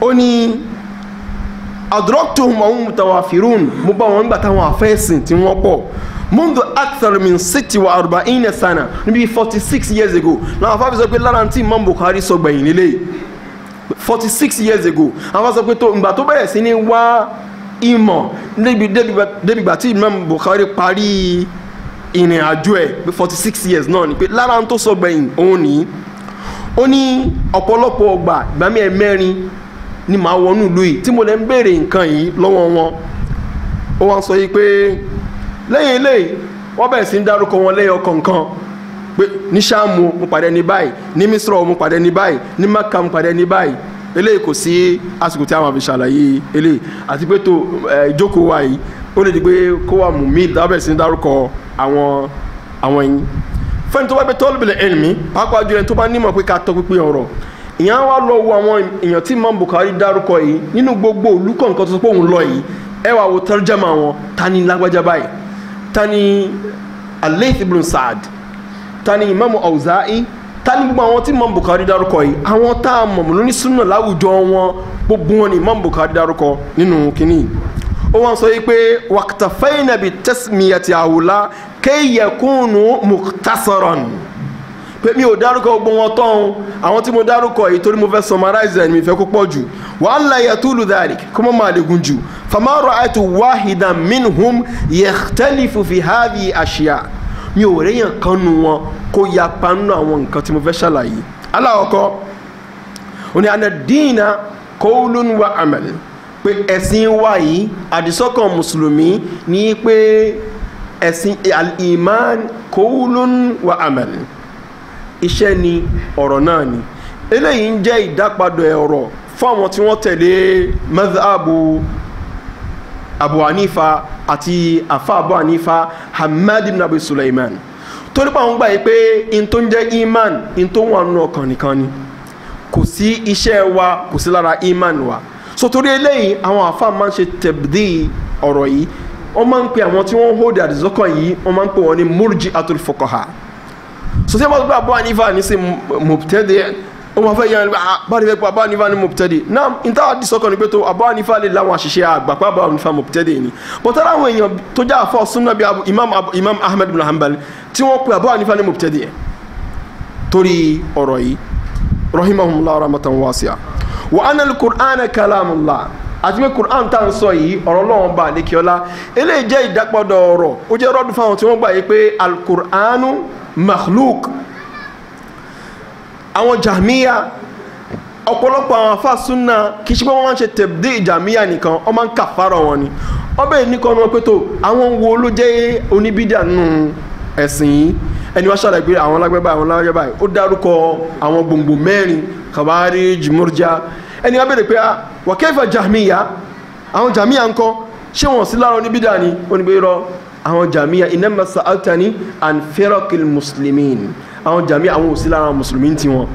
[SPEAKER 5] ó ní adraktuhum wa hum mutawafirun mo bá wọn gbà táwọn àfẹ́sìn tí wọ́n pọ̀ mundu akthar min siti wa arba'ina sana níbi forty six years ago làwọn afáfi sọ pé lára tí imam bukhari sọ gbẹ̀yìn nílé forty six years ago àwọn afáfi sọ pé tó ìgbà tó bẹ̀rẹ̀ sí ní wá ìmọ̀ débi débìgbà tí imam bukhari parí ìrìn àjò ẹ̀ forty six years náà ni pé lára tó sọ gbẹ̀yìn òun ni ó ní ọ̀pọ̀lọpọ̀ ọgbà ìgbà mẹ́rin ni màá wọnú ìlú yìí tí mo lè ń béèrè nǹkan yìí lọ́wọ́ wọn ó wá sọ yìí pé lẹ́yìn eléyìí wọ́n bẹ̀rẹ̀ sí ń dárúkọ wọn lẹ́yọ kọ̀ọ̀kan pé ní sàmù mo pàdé ní báyìí ní misrọ̀ mo pàdé ní báyìí ní maka mo pàdé ní báyìí eléyìí kò sí àsìkò tí a máa fi ṣàlàyé eléyìí àti pé tó ìjókòó wa yìí ó lè di pé kó wà mú mi dábẹ̀ sí ń dárúkọ àwọn àwọn yìí fẹ́ni tó bá bẹ tọ́lùbìlẹ̀ ẹ̀mí pàápàá ìyẹn wá lọ wo àwọn èèyàn tí Imam Bukhari dárúkọ yìí nínú gbogbo olùkọ́ nǹkan tó sọ pé òun lọ yìí ẹ wá wo tarjama wọn ta ni lágbájá báyìí ta ni Al-Layth ibn Sa'd ta ni Imam Awza'i ta ni gbogbo àwọn tí Imam Bukhari dárúkọ yìí àwọn tá a mọ̀ lóní súnà láwùjọ wọn gbogbo wọn ni Imam Bukhari dárúkọ nínú kínní ó wọ́n sọ yìí pé waqtafayna bi tasmiyati àwòlá kéèyàn kúnnù mukhtasaran pé mi ò dárúkọ gbogbo wọn tán o àwọn tí mo dárúkọ yìí torí mo fẹ́ summarize ẹ̀ mi fẹ́ kó pọ̀ jù wàhálà yàtúlù dhalik kó mọ́ máa lè gùn jù famaro àìtú wahida minhum yakhtalifu fi hadhi àṣìyà mi ò réyàn kan nu wọn kó yapa nínú àwọn nǹkan tí mo fẹ́ ṣàlàyé aláwọ̀kọ́ òní àná dínà qawlun wa amal pé ẹ̀sìn wa yìí àdìsọ́kàn mùsùlùmí ní pé ẹ̀sìn al-iman qawlun wa amal iṣẹ́ ni ọ̀rọ̀ náà ni eléyìí ń jẹ́ ìdápadà ọ̀rọ̀ fún àwọn tí wọ́n tẹ̀lé mazhabu abu hanifa àti afa abu hanifa hamad ibn abu sulaiman torí àwọn gbà yìí pé in tó ń jẹ́ iman in tó ń wà nínú ọkàn nìkan ni kò sí iṣẹ́ wa kò sí lára iman wa so torí eléyìí àwọn afa máa ń ṣe tẹ̀bdí ọ̀rọ̀ yìí wọ́n máa ń pe àwọn tí wọ́n ń hold àdìsọ́kàn yìí wọ́n máa ń pe wọn ní murji atul fuqaha so tí wọ́n bá bá nífà ní sí mọ̀tẹ́dẹ̀ ó máa fẹ́ yan bá ní fẹ́ pa bá nífà ní mọ̀tẹ́dẹ̀ náà níta àdìsọ́kàn ni pé tó àbá nífà lè láwọn àṣìṣe àgbàpá bá nífà mọ̀tẹ́dẹ̀ ni bọ́tà láwọn èèyàn tó já àfọ́ súnmọ́ bí imam ahmed bin hanbal tí wọ́n pe àbá ni ní mọ̀tẹ́dẹ̀ torí ọ̀rọ̀ yìí rahimahumullah rahmatan wasi'a wa anna al-qur'ana kalamullah àti pé quran tá à ń sọ yìí ọ̀rọ̀ ọlọ́run bá àlékiọ́lá eléyìí jẹ́ ìdápọ̀dọ̀ ọ̀rọ̀ ó jẹ́ rọ́dún fáwọn tí wọ́n gbà yìí pé al-qur'anu makhluk àwọn jahmiya ọ̀pọ̀lọpọ̀ àwọn afa sunna kì í ṣe pé wọ́n máa ń ṣe tẹ̀bdé jahmiya nìkan wọ́n máa ń kàfàrọ̀ wọn ni ọbẹ̀ nìkan ni wọ́n pé tó àwọn wo ló jẹ́ oníbídà nù ẹ̀sìn yìí ẹni wá ṣàlàyé pé àwọn lágbẹ́bá àwọn lágbẹ́bá ó dárúkọ àwọn gbòǹgbò mẹ́rin Khawarij Murja ẹni wá bèrè pé ah, wa kaifa jahmiya àwọn jahmiya ńkọ́ ṣé wọ́n sí lára oníbídà ni oníbẹ̀rọ àwọn jàmíyà inama sa'altani and ferakil muslimin àwọn jàmíyà àwọn òsì lára mùsùlùmí tí wọn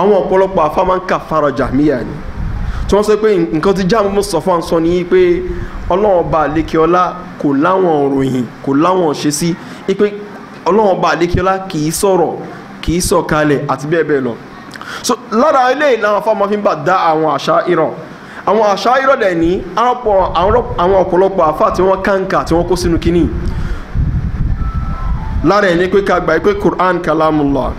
[SPEAKER 5] àwọn ọ̀pọ̀lọpọ̀ afáma ń kà fara jàmíyà ni tí wọ́n sọ pé nǹkan tí jáàmù mùsọ̀fà ń sọ ní pé ọlọ́run ọba àlékeọlá kò láwọn òròyìn kò láwọn ṣe sí pé ọlọ́run ọba àlékeọlá kì í sọ̀rọ̀ kì sọ̀kalẹ̀ àti bẹ́ẹ̀ bẹ́ẹ̀ lọ so lára eléyìí làwọn afáma fi ń bà dá àwọn àṣà ìràn àwọn àṣà ìrọ̀dẹ̀ ní àwọn ọ̀pọ̀lọpọ̀ àfà tí wọ́n kàǹkà tí wọ́n kó sínú kínní lára ẹ̀ ní pé ká gbà pé Qur'an kalamullah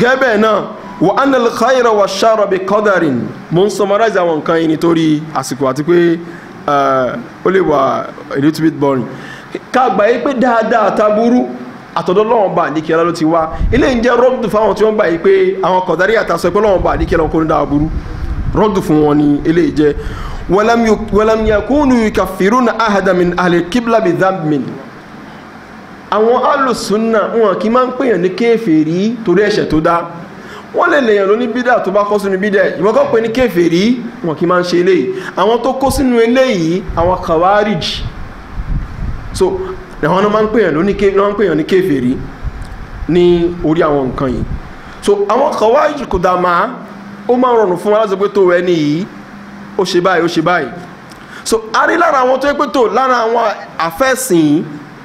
[SPEAKER 5] gẹ́bẹ̀ náà wa anna al-khayra wa sharra bi qadarin mo ń summarize àwọn nǹkan yìí nítorí àsìkò àti pé eh, ó lè wà a little bit boring ká gbà yìí pé dáadáa taburú àtọ̀dọ̀ lọ́wọ́n bá àdíkẹ́ lọ́dún ti wá ilé ń jẹ́ rọ́bùtù fáwọn tí wọ́n gbà yìí pé àwọn kọ̀dárí àtàsọ pé lọ́wọ́n bá àdíkẹ́ lọ́wọ́n kó ń dá aburú rọ́dù fún wọn ni eléyìí jẹ́ wàlám yakunu yukafiruna ahada min ahlil kibla bi dhanbin àwọn alùsùnà wọn kì í máa ń pèèyàn ní kéfèrí torí ẹ̀ṣẹ̀ tó dá wọ́n lè lèèyàn ló ní bídà tó bá kó sínú bídà ìwọ́n pé ní kéfèrí wọn kì máa ń ṣe eléyìí àwọn tó kó sínú eléyìí àwọn kàwárìjì so àwọn náà máa ń pèèyàn ló ní kéfèrí ní orí àwọn nǹkan yìí so àwọn kàwárìjì kò dá máa ó máa rọrùn fún wa láti pé tó ẹni yìí ó ṣe báyìí ó ṣe báyìí so a rí lára àwọn tó yẹ pé tó lára àwọn àfẹ́sìn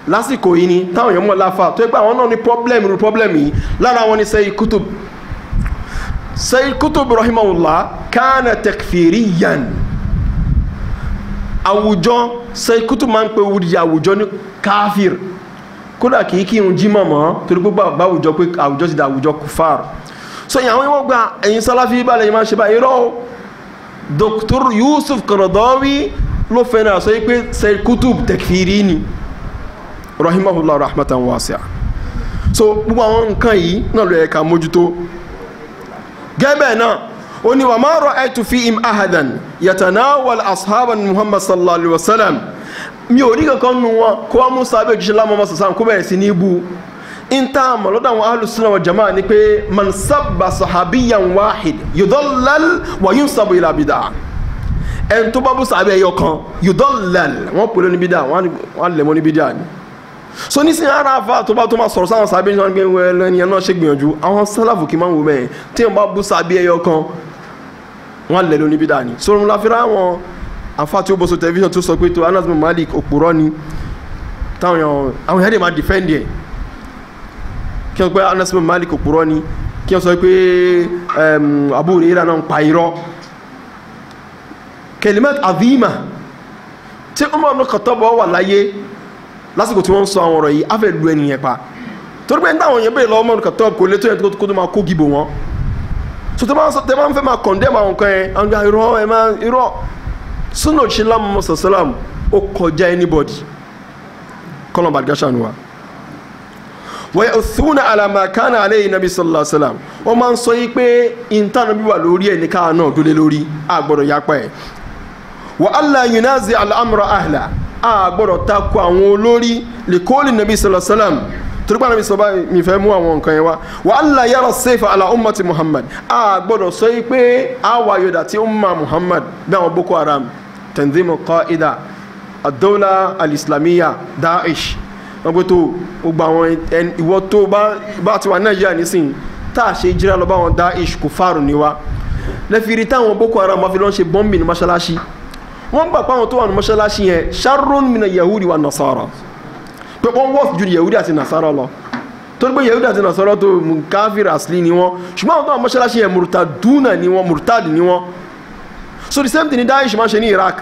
[SPEAKER 5] lásìkò yìí ni táwọn èèyàn mọ̀ láfa tó yẹ pé àwọn náà ní problem irú problem yìí lára àwọn ni sẹ́yìn kútùb sẹ́yìn kútùb rahimahullah kánà takfiriyan àwùjọ sẹ́yìn kútùb máa ń pe wùdí àwùjọ ní káfíìr kódà kì í kírun jímọ̀ mọ́ torí gbogbo àwùjọ pé àwùjọ ti dà àwùjọ kùfàr so ìyàwó yìí wọ́n gba ẹ̀yin sálàfí balẹ̀ yìí máa ṣe báyìí rọ́ Dr. Yusuf Qaradawi ló fẹ́ràn àṣọ yìí pé Sayyid Qutb takfiri ni rahimahullah rahmatan wasi'a so gbogbo àwọn nǹkan yìí náà ló yẹ ká mójútó gẹ́bẹ̀ náà ó ní wa ma ra'aytu fihim ahadan yatanawal ashaban Muhammad sallallahu alayhi wa sallam mi ò rí kankan nu wọn kó wọn mú sábẹ́ òjíṣẹ́ lámọ́ mọ́ sàsán kó bẹ̀rẹ̀ sí ní ibú inta ma lọ́dọ̀ àwọn alùsùnà wa jama'a ni pé man sábà sahabiyan wahid yudolal wa yun sabu ila bida ẹn tó bá bú sàbí ẹyọ kan yudolal wọn pèlú ní bida wọn lẹmọ ní bida ni so nísìnyí ara afa tó bá tó máa sọ̀rọ̀ sáwọn sàbí ẹni wọ́n lẹ́nu ẹni náà ṣe gbìyànjú àwọn sálàfù kì í máa wò mẹ́ẹ̀ tí wọ́n bá bú sàbí ẹyọ kan wọn lẹ́nu ní bida ni so wọn la afa tí ó bọ́ so tẹlifíṣàn tó sọ pé tó Anas Malik òpùrọ́ ni táwọn yàn àwọn yàn dè máa dìfẹ́ǹdì ẹ̀ kí wọ́n pé Anas bin Malik òpùrọ́ ni kí wọ́n sọ pé Abu Huraira náà ń pa irọ́ kelimat azima tí Umar ibn Khattab wà láyé lásìkò tí wọ́n ń sọ àwọn ọ̀rọ̀ yìí á fẹ́ lu ẹnìyẹn pa torí pé táwọn èèyàn bèèrè lọ́wọ́ Umar ibn Khattab kò lè tó yẹn kó tó máa kó gìbò wọn so tẹ́ máa ń fẹ́ máa kọ̀ndẹ́mù àwọn kan yẹn àwọn irọ́ ẹ̀ máa irọ́ sunna òṣìṣẹ́ mọ́sàsálàmù ó kọjá anybody kọ́lọ̀ bàdìgáṣà wa wọ́n yẹ ọ̀sùn alamakana aleyhi nabi sallallahu alayhi wa sallam wọ́n máa ń sọ yìí pé ìtàn bí wà lórí ẹ̀ ní káà náà dúlé lórí àgbọ̀dọ̀ yapa ẹ̀ wà allah yunazi al'amura ahla àgbọ̀dọ̀ takò àwọn olórí likoli nabi sallallahu alayhi wa sallam torípa nabi sọ báyìí mi fẹ́ mú àwọn nǹkan yẹn wá wà allah yàrá sefa ala ummati muhammad àgbọ̀dọ̀ sọ yìí pé àwa yọ̀dà tí umma muhammad bí àwọn boko haram tanzimu qaida adawla al-islamiyya daesh wọ́n pé tó gbogbo àwọn ìwọ tó bá ti wà nàìjíríà nísìnyí tá a ṣe jíra lọ bá wọn dá iṣu kò fáàrù ni wa lẹ́fìrí táwọn boko haram bá fi lọ́n ṣe bọ́m̀bì ní mọ́ṣáláṣí wọ́n gbà páwọn tó wà ní mọ́ṣáláṣí yẹn sharon mina yahudi wa nasara pé wọ́n wọ́ọ̀sì ju yahudi àti nasara lọ torí pé yahudi àti nasara tó káfíìrì asli ni wọ́n ṣùgbọ́n àwọn tó wà mọ́ṣáláṣí yẹn murtaduna ni wọ́n murtad ni wọ́n so the same thing ni daesh máa ṣe ní iraq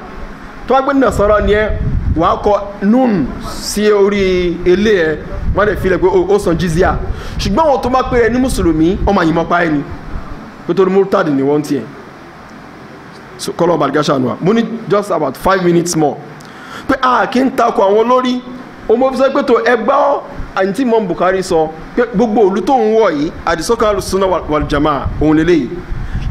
[SPEAKER 5] tó wá gbé nasara ni ẹ wà á kọ nun sí orí ilé ẹ wọ́n lè filẹ̀ pé ó san jizia ṣùgbọ́n àwọn tó bá pé ẹ ní mùsùlùmí ọmọ àyìnbọn pa ẹ ni nítorí murtad ni wọ́n tiẹ̀ so kọ́lọ́ balgasha nua mo ní just about five minutes more pé a kì í takò àwọn lórí o mo fi sọ pé tó ẹ gbọ́ àǹtí mọ́ Bukhari sọ pé gbogbo òlu tó ń wọ̀ yìí àdìsọ́kàn alùsùnà wàlùjàmá òun lélẹ́yìí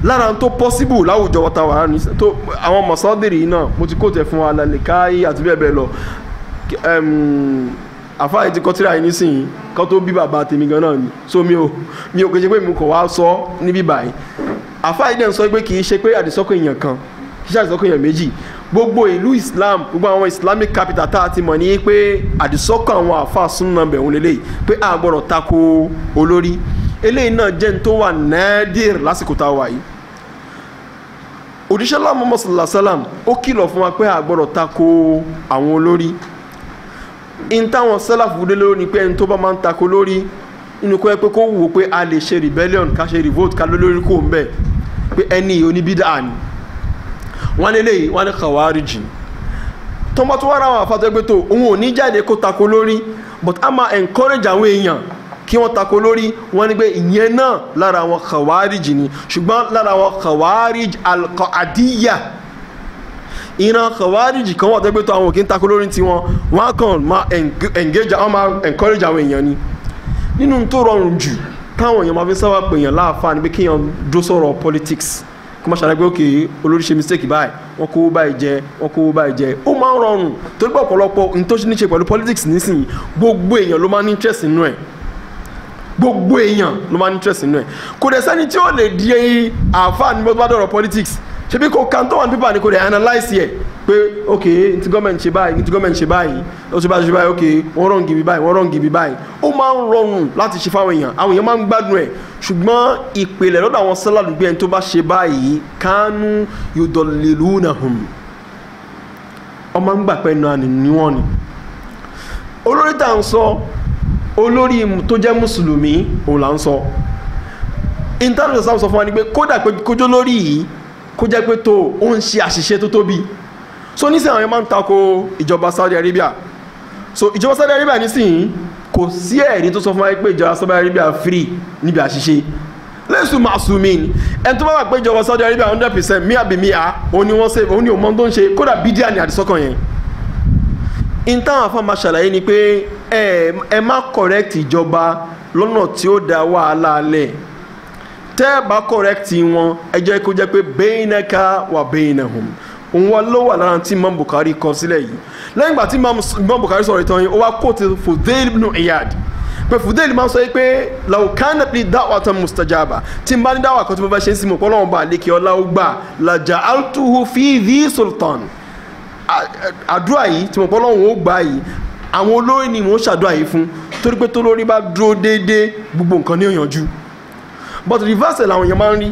[SPEAKER 5] lára tó pọ́síbù láwùjọ wọ́ta wà ní tó àwọn mọ̀sọ́dìrì náà mo ti kóòtù ẹ̀ fún alàlẹ́káyé àti bẹ́ẹ̀ bẹ́ẹ̀ lọ àfáà ti kọtíra yìí nísìnyí kọ́ tó bí bàbá tèmi gan náà ni so mi ò mi ò kéṣe pé mo kàn wá sọ ní bíbà yìí àfáà yìí dẹ̀ sọ pé kì í ṣe pé àdìsọ́kọ̀ èèyàn kan kì í ṣe àdìsọ́kọ̀ èèyàn méjì gbogbo ìlú Islam gbogbo àwọn Islamic capital tá a ti mọ̀ ní pé àdìsọ́kọ̀ àwọn àfáà súnmọ́ bẹ̀ òun lélẹ́yìí pé a gbọ́dọ̀ tako olórí eléyìí náà jẹ́ ní tó wà nẹ́ẹ́dìr lásìkò tá yìí òjíṣẹ́ láwọn mọ́sálà sálàm ó kìlọ̀ fún wa pé a gbọ́dọ̀ tako àwọn olórí in táwọn sálàfù dé lórí pé ẹni tó bá máa ń tako lórí inú kọ́ ẹ pé kó wò pé a lè ṣe rebellion ká ṣe revolt ká lórí kò ń bẹ̀ pé ẹni oníbídà ni wọ́n ní léyìí wọ́n ní kàwáríjì tọ́mọ́tò wà ra àwọn òun ò ní jáde kó tako lórí but a máa encourage àwọn èèyàn kí wọ́n tako lórí wọ́n ní pé ìyẹn náà lára àwọn khawarij ni ṣùgbọ́n lára àwọn khawarij alqaadiyya ìran khawarij kan wà tó tó àwọn òkè ń tako lórí tiwọn wọ́n kàn máa engage àwọn máa encourage àwọn èèyàn ni nínú tó rọrùn jù táwọn èèyàn máa fi sábà pè èèyàn láàfáà ni pé kéèyàn dó sọ̀rọ̀ politics kí wọ́n ṣàlàyé pé òkè olórí ṣe mistake báyìí wọ́n kó báyìí jẹ wọ́n kó báyìí jẹ ó máa ń rọrùn torí pé ọ̀pọ̀lọpọ̀ ní tó ní ṣe pẹ̀lú politics nísìnyí gbogbo èèyàn ló máa ń interest nínú ẹ̀ gbogbo èèyàn ló máa ń interest nínú ẹ̀ kò dẹ̀ sẹ́ni tí ó lè di àáfàá ní bá dọ̀rọ̀ politics ṣebí kò kan tó wà ní pípà ni kò dẹ̀ analyse yẹ pé ok ti gọ́ọ̀mẹ̀ntì ṣe báyìí ti gọ́ọ̀mẹ̀ntì ṣe báyìí ó ṣe báyìí ṣe báyìí ok wọ́n rọ̀ gìbì báyìí wọ́n rọ̀ gìbì báyìí ó máa ń rọrùn láti ṣe fáwọn èèyàn àwọn èèyàn máa ń gbádùn ẹ̀ ṣùgbọ́n ìpìlẹ̀ lọ́dọ̀ àwọn sálàdù bí ẹni tó bá ṣe báyìí kánú yudallilunahum ọmọ ń gbà pẹ́ nu àná ni wọ́n ni olórí tá à ń sọ olórí tó jẹ́ mùsùlùmí òun là ń sọ intanet islam sọ fún wa ni pé kódà pé kójó lórí yìí kó jẹ́ pé tó ó ń ṣe àṣìṣe tó tóbi so nísìnyí àwọn yẹn máa ń tako ìjọba Saudi Arabia so ìjọba Saudi Arabia nísìnyí kò sí ẹ̀rí tó sọ fún wa pé ìjọba Saudi Arabia free níbi àṣìṣe lẹ́sùn màsùmín ẹni tó bá wà pé ìjọba Saudi Arabia 100% percent míàbí míà òun ni wọ́n ṣe òun ni òun mọ́ tó ń ṣe kódà bídíà ni àdìsọ́kàn yẹn in táwọn afá máa ṣàlàyé ni pé ẹ má correct ìjọba lọ́nà tí ó da wàhálà alẹ́ tẹ́ ẹ bá correct wọn ẹ jẹ́ kó jẹ́ pé bainaka wa bainahum òun wa ló wà lára tí Imam Bukhari kọ sílẹ̀ yìí lẹ́yìn ìgbà tí Imam Bukhari sọ̀rọ̀ ìtàn yìí ó wá kó ti Fudayl ibn pé Fudayl máa ń sọ yìí pé laukana bi da'watan mustajaba tí n bá ní dáwà kan tí mo bá ṣe é sí mo pọ́ lọ́wọ́ bá lékè ọlá ó gbà laja altuhu fi dhi sultan àdúrà yìí tí mo pọ́ lọ́hùn ó gbà yìí àwọn olórí ni mò ń ṣàdúrà yìí fún torí pé tólórí bá dúró déédéé gbogbo nǹkan ní òyànjú but reverse làwọn èèyàn máa ń rí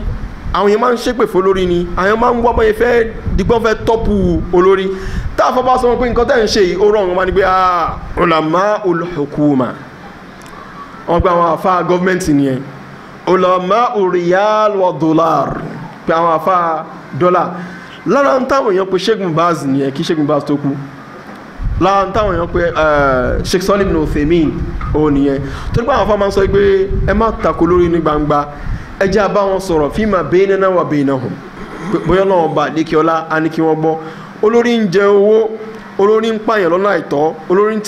[SPEAKER 5] àwọn èèyàn máa ń ṣépè fólórí ni àwọn èèyàn máa ń wá bọ́yẹn fẹ́ digbọ́n fẹ́ tọ́pù olórí tá a fọ́bá sọ wọn pé nǹkan tẹ́ ń ṣe yìí ó rọrùn wọn ni pé ọ̀làmá olùhùkùmà wọn gba àwọn àfa gọ́ọ̀mẹ̀ntì nìyẹn ọ̀làmá òrìyá lọ́dọ̀là pé àwọn àfa dọ́là lára ń táwọn èèyàn pé Sheikh Mubaz nìyẹn kí Sheikh Mubaz tó kú lára ń táwọn èèyàn pé Sheikh Salim ibn Uthaymeen nìyẹn àwọn afọ máa ń sọ pé ẹ má tako lórí ní gbangba ẹ jẹ́ àbá wọn sọ̀rọ̀ fíìmà baynana wa baynahum bóyá náà ọba àdékíọlá á ní kí wọ́n gbọ́ olórí ń jẹ owó olórí ń pààyàn lọ́nà àìtọ́ olórí ń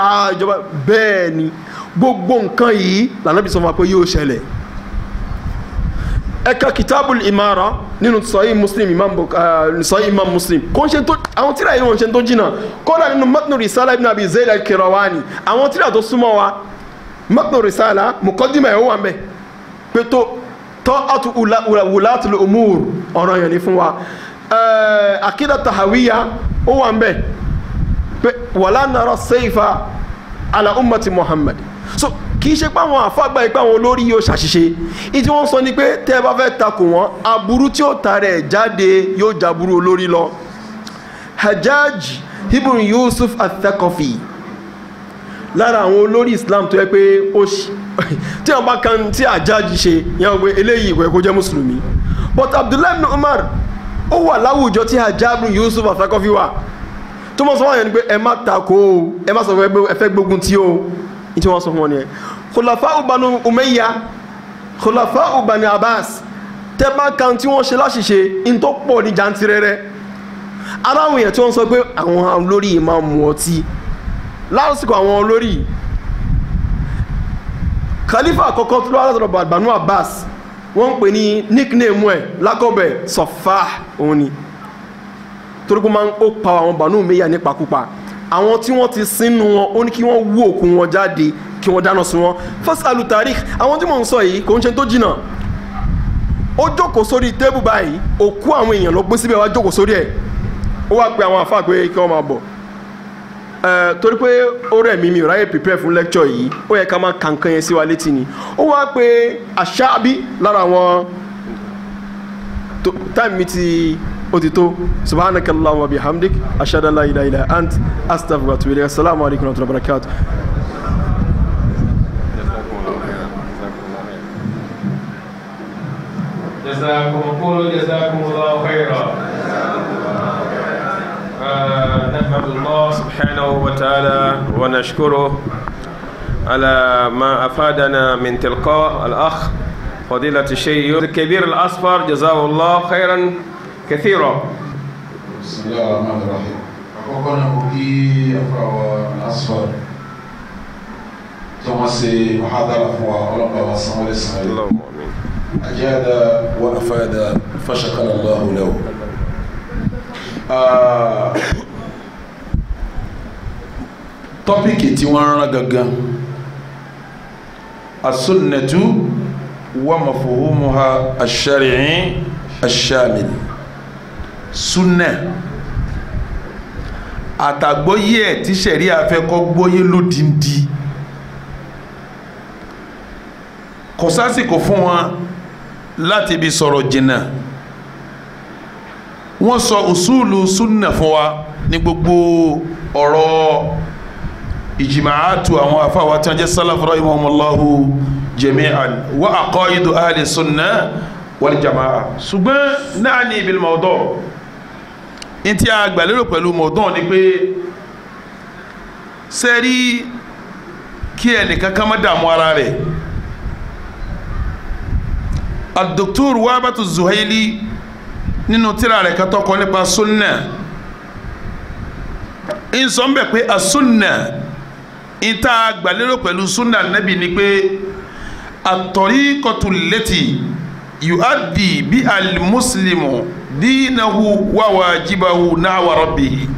[SPEAKER 5] ah, bẹ́ẹ̀ ni gbogbo nǹkan ẹ̀ka kitabul imara nínú sọ́yìn muslim imam ah, sọ́yìn imam muslim kò ń ṣe tó àwọn tíra yìí wọ́n ṣe tó jìnnà kódà nínú matnu risala ibn abi zayd al-kirawani àwọn tíra tó súnmọ́ wa matnu risala muqaddima ẹ̀ wà ń pé tó tọ́ àtú wùlátùl umur ọ̀rọ̀ yẹn ni fún wa eh, akida tahawiya ó wà ń pé wàlá nara seifa ala ummati muhammad so kì í ṣe pé àwọn àfàgbà ipá wọn lórí yóò ṣàṣìṣe ìtí wọ́n sọ ni pé tẹ́ ẹ bá fẹ́ takò wọ́n aburú tí ó ta rẹ̀ jáde yóò jaburú olórí lọ Hajjaj ibn Yusuf al-Thaqafi lára àwọn olórí Islam tó yẹ pé ó tí wọ́n bá kan tí Hajjaj ṣe yẹn wọ́n pé eléyìí ìwẹ̀ kó jẹ́ mùsùlùmí but Abdullahi ibn Umar ó wà láwùjọ tí Hajjaj ibn Yusuf al-Thaqafi wà tó mọ̀ sọ wọ́n yẹn ni pé ẹ má takò ẹ má sọ fún ẹ fẹ́ gbógun tí ó ní tí sọ fún wọn ni ẹ khulafa'u banu umayya khulafa'u banu abas, tẹ́bá kan tí wọ́n ṣe láṣìṣe in tó pọ̀ ní jantirẹrẹ aláwọn èèyàn tí wọ́n sọ pé àwọn olórí máa mu ọtí lásìkò àwọn olórí khalifa àkọ́kọ́ tó lọ́wọ́ látọ̀dọ̀ banu abbas wọ́n ń pè ní nickname ẹ̀ lákọ̀bẹ̀ sọ̀fà òun ni torí pé ó máa ń pa àwọn banu umayya nípakúpa àwọn tí wọ́n ti sínú wọn ó ní kí wọ́n wú òkú wọn jáde kí wọ́n dáná sun wọn fasalu tarikh àwọn tí mò ń sọ yìí kò ń ṣe tó jìnnà ó jókòó sórí tébù báyìí òkú àwọn èèyàn ló gbé síbẹ̀ wá jókòó sórí ẹ̀ ó wá pe àwọn àfáà pé kí wọ́n máa bọ̀ torí pé ó rẹ̀ mí ráyè prepare fún lecture yìí ó yẹ ká máa kàǹkan yẹn sí wa létí ni ó wá pé àṣà bí lára àwọn táìmì mi ti. أوديتو سبحانك اللهم وبحمدك أشهد أن لا إله إلا أنت أستغفرك وأتوب إليك السلام عليكم ورحمة الله وبركاته
[SPEAKER 4] جزاكم كل جزاكم الله خيرا آه، نحمد الله سبحانه وتعالى ونشكره على ما أفادنا من تلقاء الأخ فضيلة الشيخ الكبير الأصفر جزاه الله خيرا كثيرة
[SPEAKER 1] بسم الله الرحمن الرحيم أنا بكي أفراوى الأصفر ثم سيحضر أفوى ربما صلى الله عليه اللهم أمين أجاد وأفاد فشكر الله له آه، topic ti wọn rán gangan asunnetu wa mafuhumuha ashari'in ashamin súnà àtàgbóyé ẹ̀ tí sẹ̀rí afẹ́kọ́ gbóyé lódìndí kò sásìkò fún wọn láti ibi sọ̀rọ̀ jìnnà wọ́n sọ òṣùlù súnà fún wa ní gbogbo ọ̀rọ̀ ìjìmáàtù àwọn afáwà tí wọ́n jẹ́ sálàfù rahimahumullahu jami'an wa aqaidu ahli súnà wal jama'a ṣùgbọ́n náà ní ibil mawdu' ntí a gbàlérò pẹ̀lú mọ̀dán ni pé sẹ́rí kí ẹnìkan kan má dààmú ara rẹ̀ Al-Doktor Wabatu Zuhaili nínú tírà rẹ̀ kan tó kọ nípa sunna nsọ ń bẹ pé asunna nta gbàlérò pẹ̀lú sunna nabi ni pé at-tariqatu allati yu'addi biha al-muslimu dínahu wa wajibahu náwa rabbihi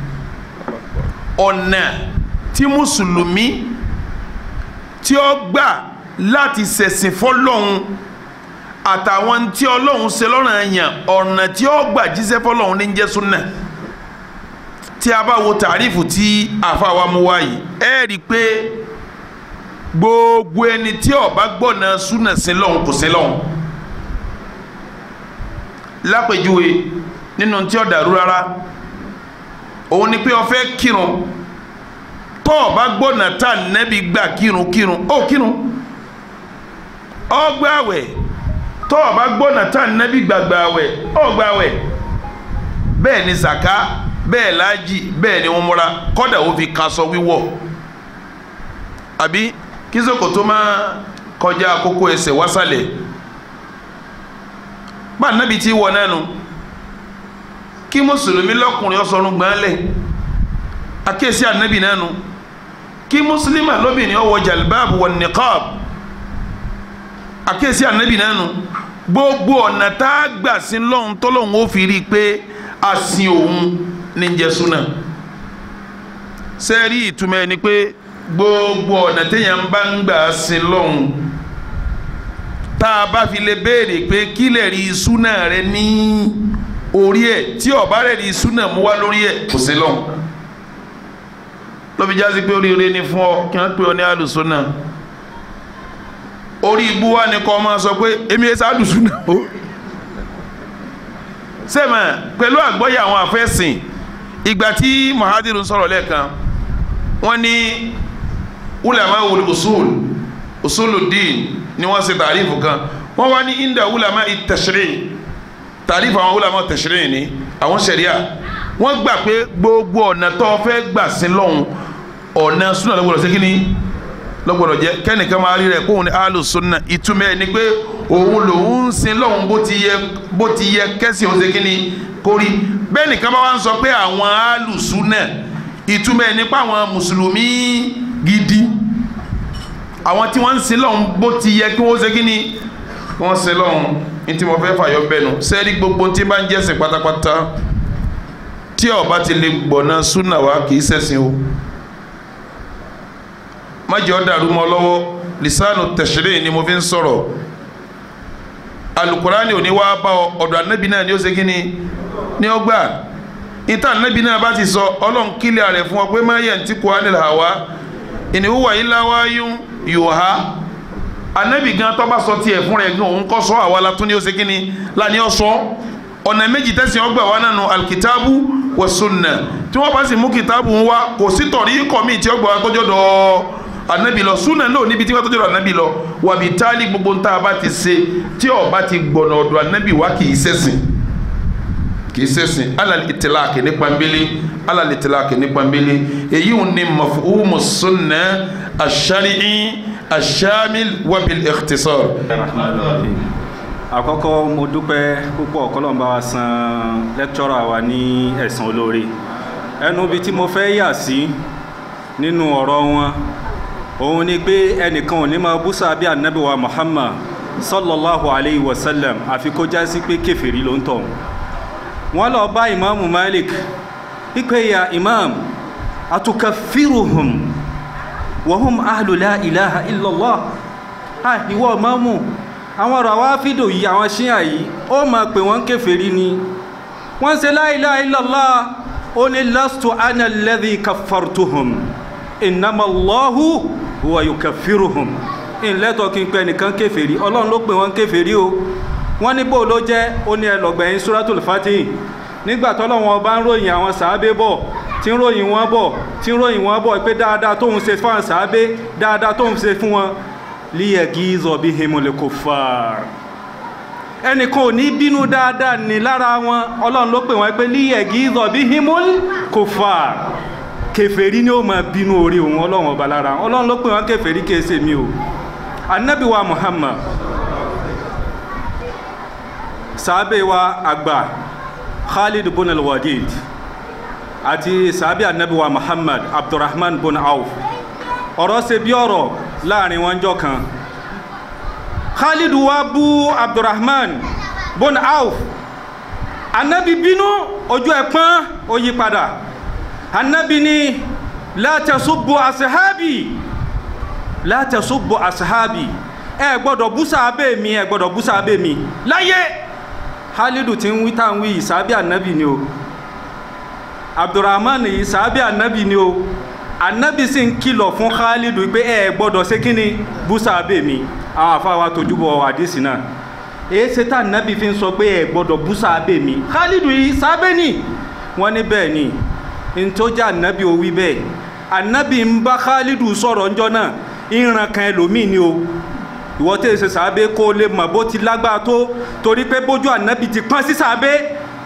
[SPEAKER 1] ọ̀nà tí mùsùlùmí tí ó gbà láti ṣẹ̀sìn fọlọ́hún àtàwọn tí ọlọ́hún ṣe lọ́rùn àyàn ọ̀nà tí ó gbà jíṣẹ́ fọlọ́hún ní jẹ́ súnà tí a bá wo tàrífù tí àfa wa mú wáyé ẹ rí i pé gbogbo ẹni tí ó bá gbọ́nà súnà sí lọ́hún kò sí lọ́hún. lápèjúwe nínú tí ọ dàrú rárá òun ni pé ọ fẹ́ kírun tó o bá gbọ́nà tá nẹ́bí gbà kírun kírun ó kírun ó gbààwẹ̀ tó o bá gbọ́nà tá nẹ́bí gbàgbà bẹ́ẹ̀ ni zaka bẹ́ẹ̀ bẹ́ẹ̀ ni kọ́dà ó fi kaṣọ àbí kí máa kọjá àkókò bá nàbí tí wọ nánu kí mùsùlùmí lọ́kùnrin ọ̀sọ̀rùn gbọ́nlẹ̀ àkíyèsí ànábì nánu kí mùsùlùmí lóbìnrin ọwọ́ jalibab wọ niqab àkíyèsí ànábì nánu gbogbo ọ̀nà tá a gbà sí lọ́hún tọ́lọ́hún ó fi rí i pé a sin òun ní jésù náà sẹ́ẹ̀rí ìtumọ̀ ẹni pé gbogbo ọ̀nà téèyàn bá ń gbà sí lọ́hún tá a bá fi lè béèrè pé kí lè rí súnà rẹ ní orí ẹ̀ tí ọba rẹ rí súnà mú wá lórí ẹ̀ kò sí lọ́hùn lóbi jásí pé oríire ni fún ọ kí wọ́n pè ọ ní alùsùnà orí ibú wa ni kọ́ ọ máa sọ pé èmi ẹ̀ sálùsùnà o sẹ́mà pẹ̀lú àgbọ́yé àwọn àfẹ́sìn ìgbà tí muhadiru sọ̀rọ̀ lẹ́ẹ̀kan wọ́n ní ulama wul usul usuludin ni wọ́n ṣe tàrífù kan wọ́n wá ní inda ulama tashri' tàrífù àwọn ulama tashri' ni àwọn ṣẹ̀ríà wọ́n gbà pé gbogbo ọ̀nà tó fẹ́ gbà sí lọ́hùn ọ̀nà súnà lọ́gbọ̀dọ̀ sí kíni lọ́gbọ̀dọ̀ jẹ́ kẹ́nìkan máa rí rẹ̀ kóhun ní alu sunna ìtumọ̀ ni pé òun lòun ń sin lọ́hùn bó ti yẹ kẹ́sì òun ṣe kíni kórí bẹ́ẹ̀ nìkan bá wá ń sọ pé àwọn alu sunna ìtumọ̀ nípa àwọn mùsùlùmí gidi àwọn tí wọ́n ń sin lọ́hún bó ti yẹ kí wọ́n ṣe kí ni wọ́n sin lọ́hún ní tí mo fẹ́ fàyọ bẹ́nu sẹ́ẹ̀rí gbogbo tí bá ń jẹ́sìn pátápátá tí ó ti lè gbọ̀nà súnà wa kì í ṣẹ̀sìn o má jẹ́ dàrú mọ́ lọ́wọ́ lisanu tẹ̀sírẹ́ ni mo fi ń sọ̀rọ̀ alukurani ò ní wá bá ọ̀dọ̀ anabi náà ni ó ṣe kí ni ní ọgbà ìta anabi náà bá ti sọ ọlọ́run kílẹ̀ rẹ̀ fún ọ pé má yẹ̀ ń tí kò á wá ìníwúwà yìí láwáyún yòóhá anabi gan tó bá sọ tiẹ̀ fúnra ẹ̀ gan òun kọ́ sọ àwa la tún ní ó ṣe kíni lani ó sọ ọ̀nà méjì tẹ̀sí ọgbà wa nánu alkitabu wa sunna tí wọ́n bá sì mú kitabu wa kò sí tọ̀rí kọ́ mi tí ọgbà wa tọ́jọ́ dọ̀ anabi lọ sunna náà níbi tí wọ́n tọ́jọ́ dọ̀ anabi lọ wàbí táálí gbogbo ń ti ṣe tí ó ti gbọ̀nà ọ̀dọ̀ anabi wa kì í ṣẹ̀sìn kì í ṣẹ̀sìn alali itilaki ní pọ́nbélé alali itilaki ní pọ́nbélé èyí ò ní mafhumu sunna ash-shar'i
[SPEAKER 2] ash-shamil wa bil ikhtisar. àkọ́kọ́ mo dúpẹ́ púpọ̀ kọ́lọ́mbà wa san lẹ́kítọ́rà wa ní ẹ̀sán olóore ẹnu bíi tí mo fẹ́ yà sí nínú ọ̀rọ̀ wọn òun ni pé ẹnìkan ò ní máa bú sábẹ́ ànábì Muhammad sallallahu alayhi wa sallam àfi kó jásí pé kèfèrí ló ń tọ̀hún wọ́n lọ bá ìmáàmù Malik ipe ya imam atukaffiruhum wa hum ahlu la ilaha illallah ha ìwọ ìmáàmù àwọn Rawafido yìí àwọn Ṣíà yìí ó máa pè wọ́n kèfèrí ni wọ́n ṣe la ilaha illallah ó ní lastu ana alladhi kaffartuhum innama Allahu huwa yukaffiruhum ìlẹ́tọ̀ kí n pẹ́ nìkan kèfèrí ọlọ́run ló pè wọ́n kèfèrí o. wọ́n ní bó ló jẹ́ ó ní ẹlọ́gbẹ̀yìn suratul fatih nígbà tọ́lọ́wọ́n bá ń ròyìn àwọn sàábé bọ̀ tí ń ròyìn wọn bọ̀ tí ń ròyìn wọn bọ̀ pé dáadáa ṣe sàábé dáadáa ń ṣe fún wọn ẹnìkan wọn ọlọ́run ló pè wọ́n pé bínú orí òun ọlọ́run ọba lára ọlọ́run ló pè wọ́n mi o sàábẹ̀ wa àgbà khalid bin al-walid àti sàábẹ̀ anabi wa muhammad abdulrahman bin auf ọ̀rọ̀ ṣe bí ọ̀rọ̀ láàrin wọn jọ kan khalid wa bú abdulrahman bin auf anabi bínú ojú ẹ̀ pọ́n ó yí padà anabi ní la tasubbu ashabi la tasubbu ashabi ẹ gbọ́dọ̀ bú sàábẹ̀ mi ẹ gbọ́dọ̀ bú sàábẹ̀ mi láyé. Khalidu ti ń wí tá à ń wí yìí sàábì ànábì ni o Abdulrahman yìí sàábì ànábì ni o ànábì sì ń kìlọ̀ fún Khalidu pé ẹ gbọ́dọ̀ ṣe kí ni búṣà abẹ́ mi àwọn àfáwà tójú bọ àdìsí náà èyí ṣe tá ànábì fi ń sọ pé ẹ gbọ́dọ̀ búṣà abẹ́ mi Khalidu yìí sàábẹ́ ni wọ́n ní bẹ́ẹ̀ ni ntọ́jà ànábì ò wí bẹ́ẹ̀ ànábì ń bá Khalidu sọ̀rọ̀ ńjọ́ náà ìrànkan ẹlòmíì ni o ìwọ tẹ́ ṣe sàábé kó o lè mọ̀ bó ti lágbára tó torí pé bójú ànábì ti pọ́n sí sàábé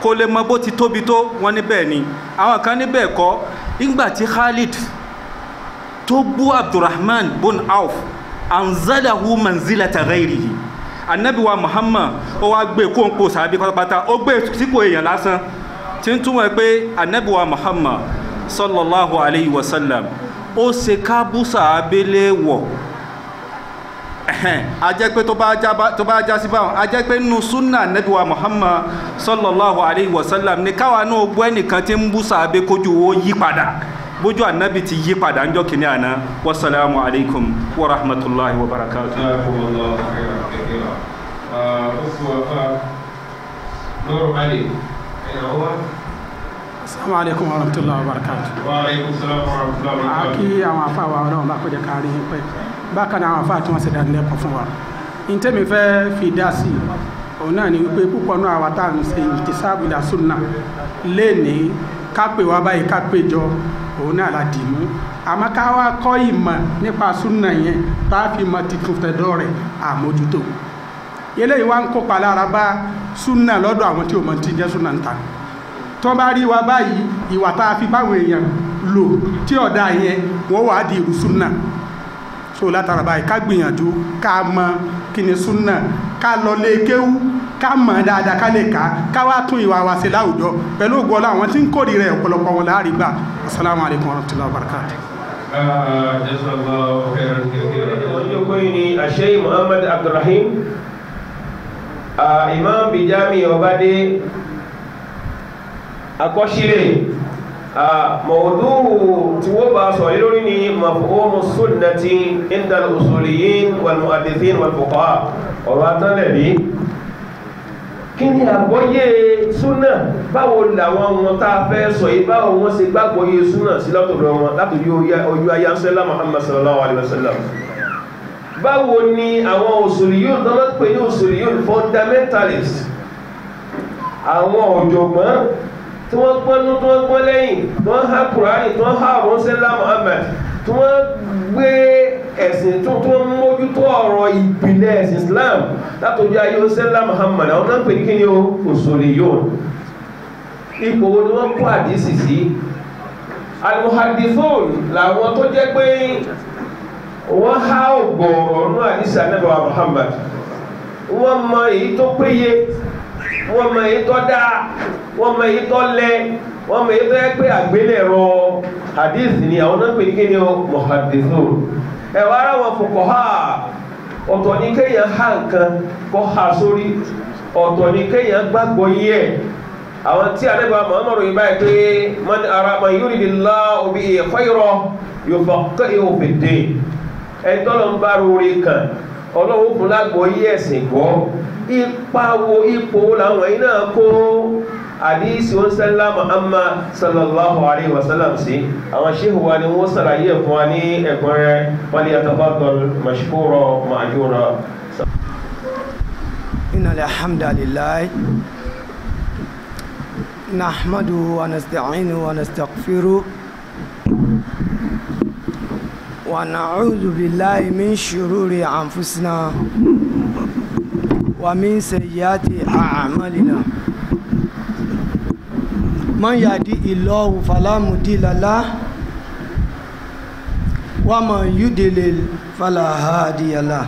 [SPEAKER 2] kó o lè mọ̀ bó ti tóbi tó wọ́n níbẹ̀ ni àwọn kan níbẹ̀ kọ́ ìgbà tí Khalid tó bú Abdurrahman bun Auf hu manzila tagayiri ànábì wa Muhammad ó wá gbé kó n kó sàábé pátápátá ó gbé sípò èèyàn lásán tí ń túmọ̀ pé ànábì wa Muhammad sallallahu alayhi wa sallam ó ṣe kábùsà abẹ́lé wọ̀ a jẹ́ pé tó bá já sí báwọn a jẹ́ pé nínú súnà nẹ́bíwá muhammad sallallahu alayhi wa sallam ní káwa náà gbọ́ ẹnìkan tí ń bú sàbẹ́ kójú wo yí padà bójú ànábì ti yí padà ń jọ́ kìíní àná wasalaamu alaykum wa rahmatulahi wa barakatu.
[SPEAKER 4] ó fún wa fún a lọ́rọ̀ alẹ́ ẹ̀yàwó wa. Assalamu alaikum warahmatullahi wabarakatuh. Wa alaikum salam warahmatullahi wabarakatuh. a kí àwọn
[SPEAKER 5] afa wa ọlọ́run bá kọjá kárí yín pẹ́ bákan náà àwọn afa tí wọ́n ṣe dánilẹ́kọ̀ọ́ fún wa n tẹ́mi fẹ́ fi dá sí i òun náà ni wípé púpọ̀ náà àwa
[SPEAKER 2] tá à ń ṣe ìtìsáàbù ìlà sunna léèní kápẹ́ wa báyìí kápẹ́ jọ òun náà la dì mú àmọ́ ká wá sunna yẹn tá a fi mọ
[SPEAKER 5] titun tẹ̀dọ́ rẹ̀ àmójútó eléyìí wá ń kópa lára sunna lọ́dọ̀ àwọn tí ò mọ̀ ti tó bá rí wa báyìí ìwà tá a fi báwọn èèyàn lò tí ọ̀dà yẹn wọ́n wà á di ìrù súnà so látara báyìí ká gbìyànjú ká mọ kí ni súnà ká lọ lé kéwú ká mọ̀ dáadáa ká lè kà á ká wá tún ìwà wa ṣe láwùjọ pẹ̀lú ògo ọlá àwọn tí ń kórè rẹ̀ ọ̀pọ̀lọpọ̀ wọn láàrin gbà asalaamu
[SPEAKER 4] alaykum wa rahmatulahi wa barakatu. ọjọ́ uh, kọ́yìn ni àṣẹ muhammad abdulrahim uh, imam bijami ọbadé àkọsílẹ̀ mọ̀wòdúwò tí wọ́n bá sọ lórí ni mafhumu sunnati indal usuliyin wal muhaddithin wal fuqaha ọ̀rọ̀ atánlẹ̀bí kí ni àgbọ́yé súnà báwo làwọn wọn tá a fẹ́ sọ yìí báwo wọn ṣe gbàgbọ́yé súnà sí látọ̀dọ̀ wọn látọ̀dọ̀ ojú ayé ansẹ́lá muhammad sallallahu alayhi wa sallam báwo ni àwọn usuliyun tọ́lọ́pẹ̀ ní usuliyun fundamentalist àwọn ọ̀jọ̀gbọ́n tí wọ́n gbọ́nú tí wọ́n gbọ́ lẹ́yìn tí wọ́n há kùránì tí wọ́n há àrùnsẹ́lá Muhammad tí wọ́n gbé ẹ̀sìn tó tó ń mójútó ọ̀rọ̀ ìpìlẹ̀ ẹ̀sìn Islam látọjú ayé ọ̀sẹ́lá Muhammad àwọn náà pè ní kí ni o òṣòlè yóò ipò wo ni wọ́n kó àdísì sí al-muhaddithun làwọn tó jẹ́ pé wọ́n há ọ̀gbọ̀ọ̀rọ̀ nínú àdísì anábàá Muhammad wọ́n mọ èyí tó péye wọ́n mọ èyí tó dáa wọ́n mọ èyí tó lẹ wọ́n mọ èyí tó yẹ pé àgbélẹ̀rọ hadith ni àwọn náà pè kéde mọ̀hàdìsó ẹ̀wọ̀n ara wọn fòkọ̀ ha ọ̀tọ̀ ni kéèyàn ha nǹkan kọ́ sórí ọ̀tọ̀ ni kéèyàn gbàgbọ́ yí ẹ̀ àwọn tí àdébà Muhammadu yìí báyìí pé man ara man yuridillahu bihi khayran yóò fọ́ kéèyàn òfin dé ẹ̀ tọ́lọ́ ń bá rúurí kan ọlọ́run fún lágbọ́yé ẹ̀sìn gbọ́ ipa wo ipò làwọn yìí náà kó àdísì oníṣẹ́lá Muhammad sallallahu alayhi wa sallam sí àwọn ṣéhù wa ni wọ́n sàlàyé ẹ̀fún wa ní ẹ̀kúnrẹ́ wọ́n ní yatafaddal mashkura ma'jura. innal hamdalillahi
[SPEAKER 6] nahmadu wa nasta'inu wa nastaghfiru. ونعوذ بالله من شرور أنفسنا ومن سيئات أعمالنا من يهدي الله فلا مضل له ومن يضلل فلا هادي له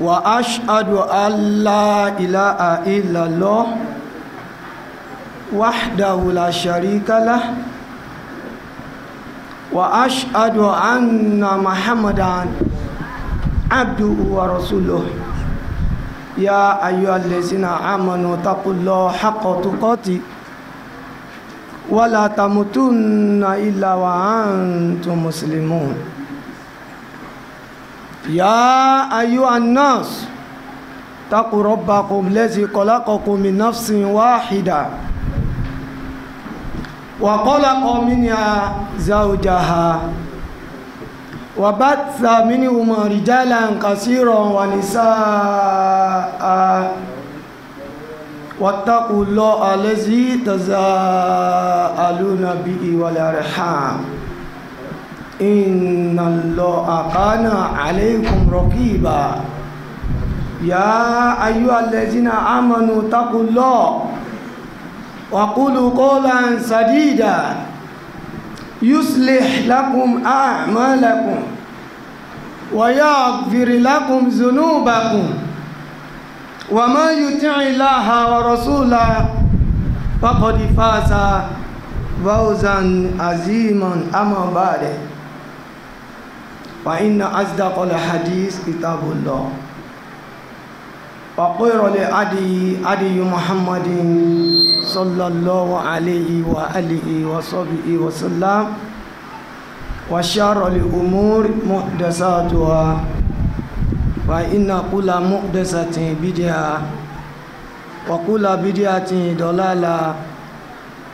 [SPEAKER 6] وأشهد أن لا إله إلا الله وحده لا شريك له واشهد ان محمدا عبده ورسوله يا ايها الذين امنوا اتقوا الله حق تقاته ولا تموتن الا وانتم مسلمون يا ايها الناس اتقوا ربكم الذي خلقكم من نفس واحده وخلق منها زَوْجَهَا وبث منهما رجالا كثيرا ونساء واتقوا الله الذي تساءلون به والارحام ان الله كان عليكم رقيبا يا ايها الذين امنوا اتقوا الله وقولوا قولا سديدا يصلح لكم أعمالكم ويغفر لكم ذنوبكم وما يطع الله ورسوله فقد فاز فوزا عظيما أما بعد فإن أصدق الحديث كتاب الله وخير لأدي أدي محمد صلى الله عليه وآله وصحبه وسلم وشر الأمور محدثاتها فإن كل محدثة بدعة وكل بدعة ضلالة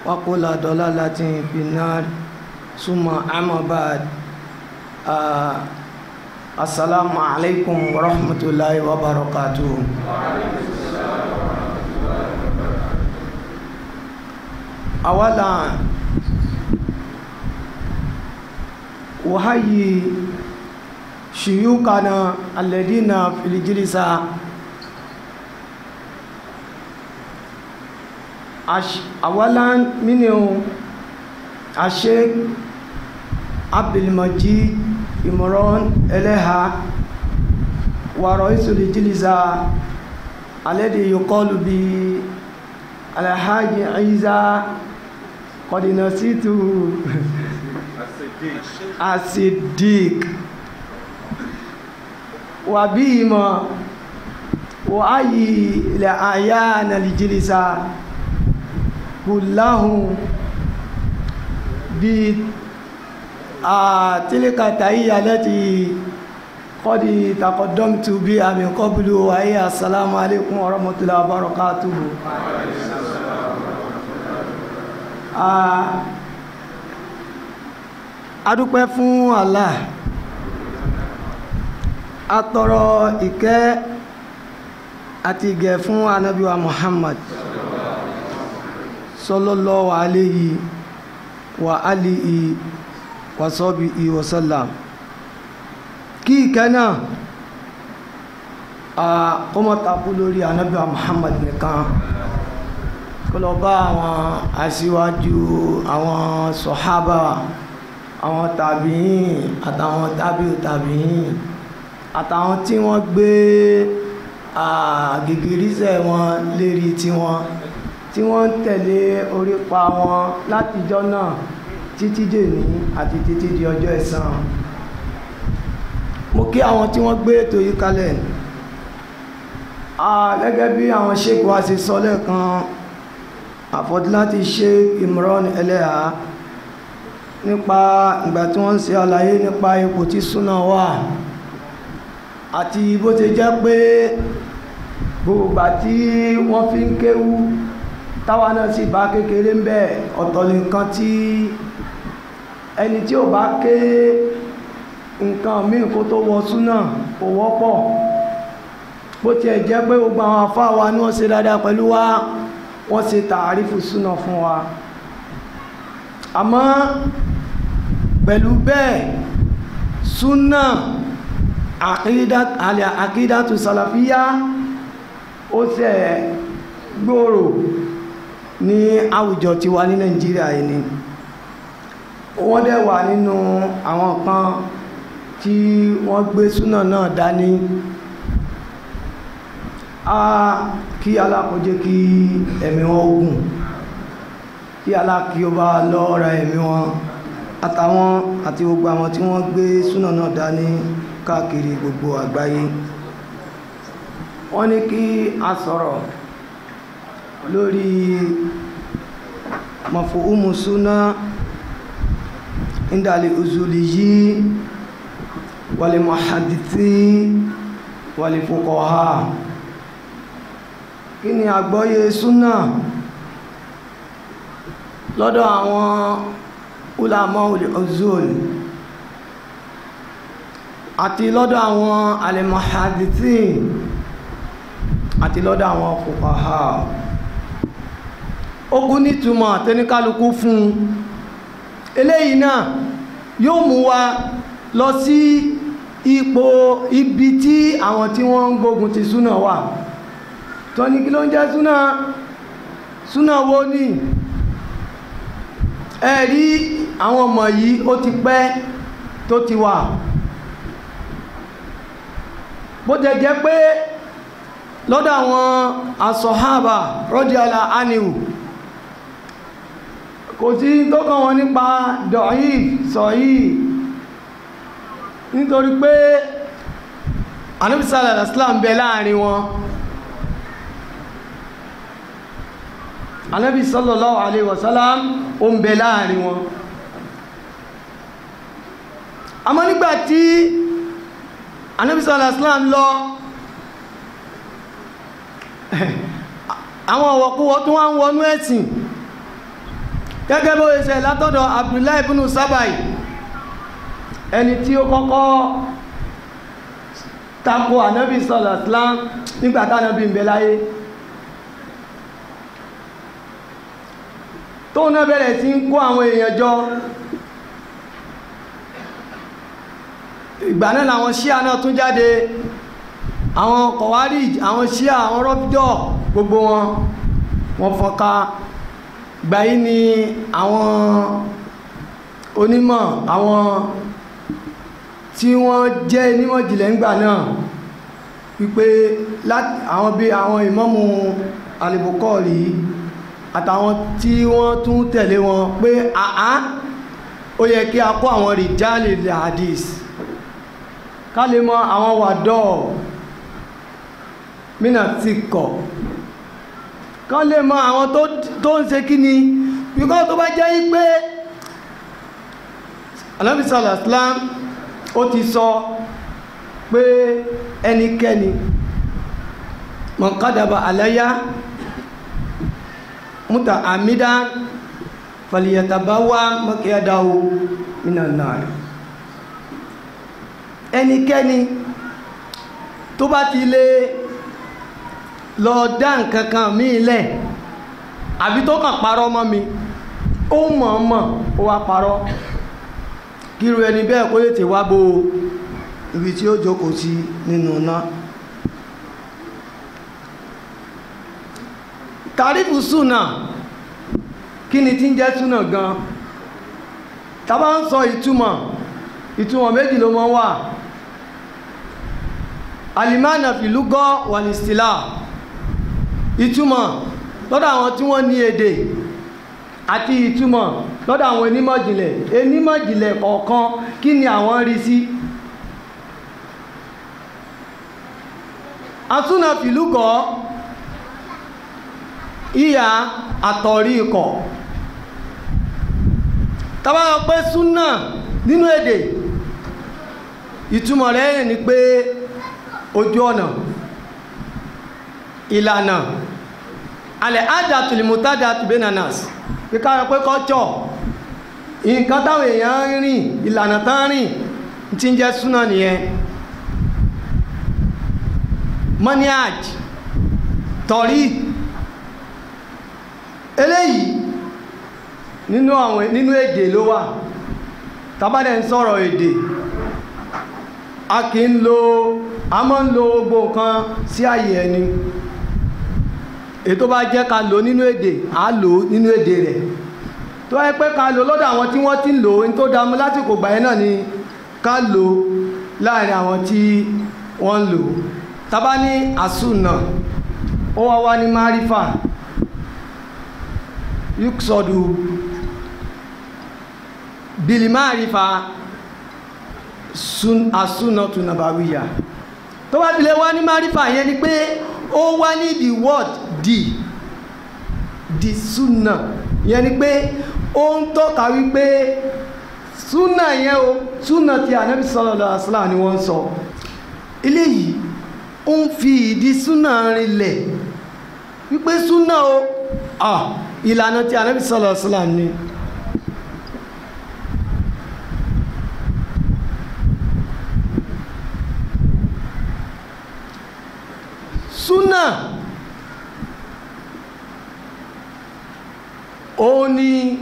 [SPEAKER 6] وكل ضلالة في النار ثم أما بعد آه asalaamu alaykum wa rahmatulahi wa barakatuhu. أولا وهي شيوخنا الذين في الجلسة أولا منه الشيخ عبد المجيد Imran Eleha wa raisul jiliza alladhi yuqalu bi Alhaji Isa qad nasitu asidik wa bima wa ayi la ayana lijilisa kullahum bi تلك التحية التي قد تقدمت بها من قبل وهي السلام عليكم ورحمة الله وبركاته adúpẹ́ fún Allah atọrọ ìkẹ́ àti ìgẹ̀ fún anabiwa Muhammad sallallahu alayhi wa alihi wasabi iwasalam kí ìkẹ́ náà kọ́mọ takú lórí anábíà Muhammad nìkan kọlọ bá àwọn aṣíwájú àwọn sọ̀hábà àwọn tàbíyìn àtàwọn tábíù tàbíyìn àtàwọn tí wọ́n gbé gègérísẹ̀ wọn lérí tiwọn tí wọ́n ń tẹ̀lé orípa wọn látijọ́ náà títí dè ní àti títí di ọjọ́ ẹ̀san mo kí àwọn tí wọ́n gbé ètò yìí kalẹ̀ gẹ́gẹ́ bí àwọn sheik wa ṣe sọ lẹ́ẹ̀kan àfọ̀dúláti sheik Imran Eleha nípa ìgbà tí wọ́n ń ṣe àlàyé nípa ipò tí súnà wà àti bó ti jẹ́ pé gbogbo àti wọ́n fi ń kéwú táwa náà sì bá kékeré ń bẹ ọ̀tọ̀ nìkan tí ẹni tí ò bá ké nǹkan míì kó tó wọ súnà kò wọ́pọ̀ bó tiẹ̀ jẹ́ pé gbogbo àwọn afáà wa ni wọ́n ṣe dáadáa pẹ̀lú wa wọ́n ṣe tààrífù súnà fún wa àmọ́ pẹ̀lú bẹ́ẹ̀ súnà àkídàtù sàlàfíyá ó ṣe gbòòrò ní àwùjọ tiwa ní nàìjíríà yìí ni. Nigeria, wọ́n dẹ̀ wà nínú àwọn kan tí wọ́n gbé súnà náà dání a kí alákòójé kí ẹ̀mí wọn ogun kí alákì ó bá lọ́ọ́ra ẹ̀mí wọn àtàwọn àti gbogbo àwọn tí wọ́n gbé súnà náà dání káàkiri gbogbo àgbáyé wọ́n ní kí a sọ̀rọ̀ lórí mọ̀fọ́ umu عند الأزوليين والمحدثين والفقهاء kí ni àgbọ́yé súnà lọ́dọ̀ àwọn ulama al-uzul àti lọ́dọ̀ àwọn al-muhadithin àti lọ́dọ̀ àwọn fuqaha ó kú nítumọ̀ tẹ́níkálukú fún un eléyìí náà yóò mú wa lọ sí ipò ibi tí àwọn tí wọ́n ń gbógun ti súnà wà tó ní kí ló ń jẹ́ súnà súnà wo ni ẹ̀rí àwọn ọmọ yìí ó ti pẹ́ tó ti wà bó tẹ̀ jẹ́ pé lọ́dọ̀ àwọn asọ̀hábà rọ́díàlà ánìwò kò sí tọ́kàn wọn nípa dọ̀yìn sọ̀yìn nítorí pé anúbísàlẹ̀ islam bẹ láàrin wọn anábì sallallahu alaihi wasallam o ń bẹ láàrin wọn àmọ́ nígbà tí anábì sallallahu alaihi wasallam lọ àwọn ọ̀wọ̀kúwọ́ tó wá ń wọnú ẹ̀sìn gẹ́gẹ́ bó ṣe látọ̀dọ̀ Abdullahi ibn Sabai ẹni tí ó kọ́kọ́ tako ànábì sọ̀lọ̀ islam nígbà tánábì ń bẹ láyé tóun náà bẹ̀rẹ̀ sí ń kó àwọn èèyàn jọ ìgbà náà làwọn ṣíà náà tún jáde àwọn kọ̀wárì àwọn ṣíà àwọn rọ́bìdọ̀ gbogbo wọn wọ́n fọ́nká gbàyí ni àwọn onímọ̀ àwọn tí wọ́n jẹ́ onímọ̀ jìnlẹ̀ ńgbà náà wípé àwọn bí àwọn ìmámù alìbùkọ́ọ̀lì àtàwọn tí wọ́n tún tẹ̀lé wọn pé àá ó yẹ kí a kó àwọn rìjálì hadis ká lè mọ àwọn wàdọ́ọ̀ mínà ti kọ̀ kán lè mọ àwọn tó ń ṣe kí ni bíkọ́ tó bá jẹ́ pé alábìsà islam ó ti sọ pé ẹnikẹ́ni mọ̀kádàbà àlẹ́yà múta àmìdá fàlìyàtàbáwá mọ́kíyàdáwó nínú náà ẹnikẹ́ni tó bá ti lè lọ dá nǹkan kan mí lẹ̀ àbí tó kàn parọ́ mọ́ mi ó mọ̀ mọ̀ ó wá parọ́ kíru ẹni bẹ́ẹ̀ kó lè tè wá bó ibi tí ó jókòó sí nínú náà tàrífù súnà kí ni tí ń jẹ́ súnà gan tàbá ń sọ ìtumọ̀ ìtumọ̀ méjì ló mọ́ wà alimánà fìlúgọ́ wàlìsílà ìtumọ̀ lọ́dọ̀ àwọn tí wọ́n ní èdè àti ìtumọ̀ lọ́dọ̀ àwọn onímọ̀jìnlẹ̀ onímọ̀jìnlẹ̀ kọ̀ọ̀kan kí ni àwọn rí sí asúnà fìlúkọ̀ ìyà àtọ̀rí ikọ̀ tàbá pé súnà nínú èdè ìtumọ̀ rẹ̀ ni pé ojú ọ̀nà ìlànà alẹ̀ alẹ́ àdàtúlìmọ́tàdà tùbẹ́nànàs pé ká pé kọ́jọ́ nǹkan táwọn èèyàn ń rìn ìlànà tán rìn tí ń jẹ́ súnà nìyẹn mọ́níàj tọ̀rí eléyìí nínú èdè ló wà tàbádẹ̀ ń sọ̀rọ̀ èdè a kì ń lo a máa ń lo gbogbo nǹkan sí àyè ẹni èyí tó bá jẹ́ ká lò nínú èdè á lò nínú èdè rẹ̀ tó yẹ pé ká lò lọ́dọ̀ àwọn tí wọ́n ti ń lò ó tó dá mu lásìkò gbà yẹn náà ni ká lò láàrin àwọn tí wọ́n ń lò ó tábà ní àsùnà ó wá wá ní márífà yuksọdù bìlì márífà àsùnà tùnàbàwìyà tó bá fi lè wá ní márífà yẹn ni pé ó wá ní the word di di sunna yẹn ni pé ó ń tọ́ka wípé sunna yẹn o sunna ti anabi sallallahu alaihi wasallam ni wọ́n ń sọ eléyìí ó ń fi ìdí súnà rinlẹ̀ wípé súnà o ìlànà tí anabi sallallahu alaihi wasallam ni. súnà ó ní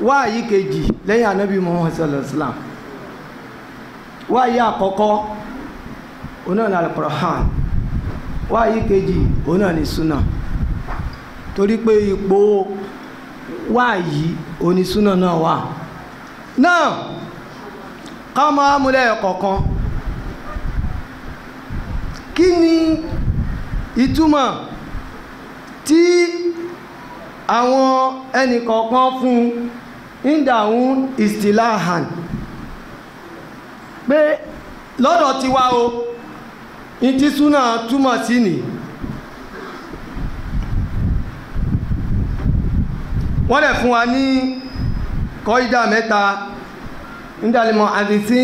[SPEAKER 6] wáàyí kejì lẹ́yìn anábì muhammad sallallahu alaihi wa sallam àkọ́kọ́ òun ní kejì òun ní súnà torí pé ipò wáàyí onísúnà náà wà náà ká máa múlẹ̀ kí ni ìtumọ̀ tí àwọn ẹnìkọ̀ọ̀kan fún ìdáhùn ìstìláhàn pé lọ́dọ̀ tiwa o ìtí túmọ̀ sí ni wọ́n lè fún wa ní kọ́ídà mẹ́ta nídàlímọ̀ àdìsí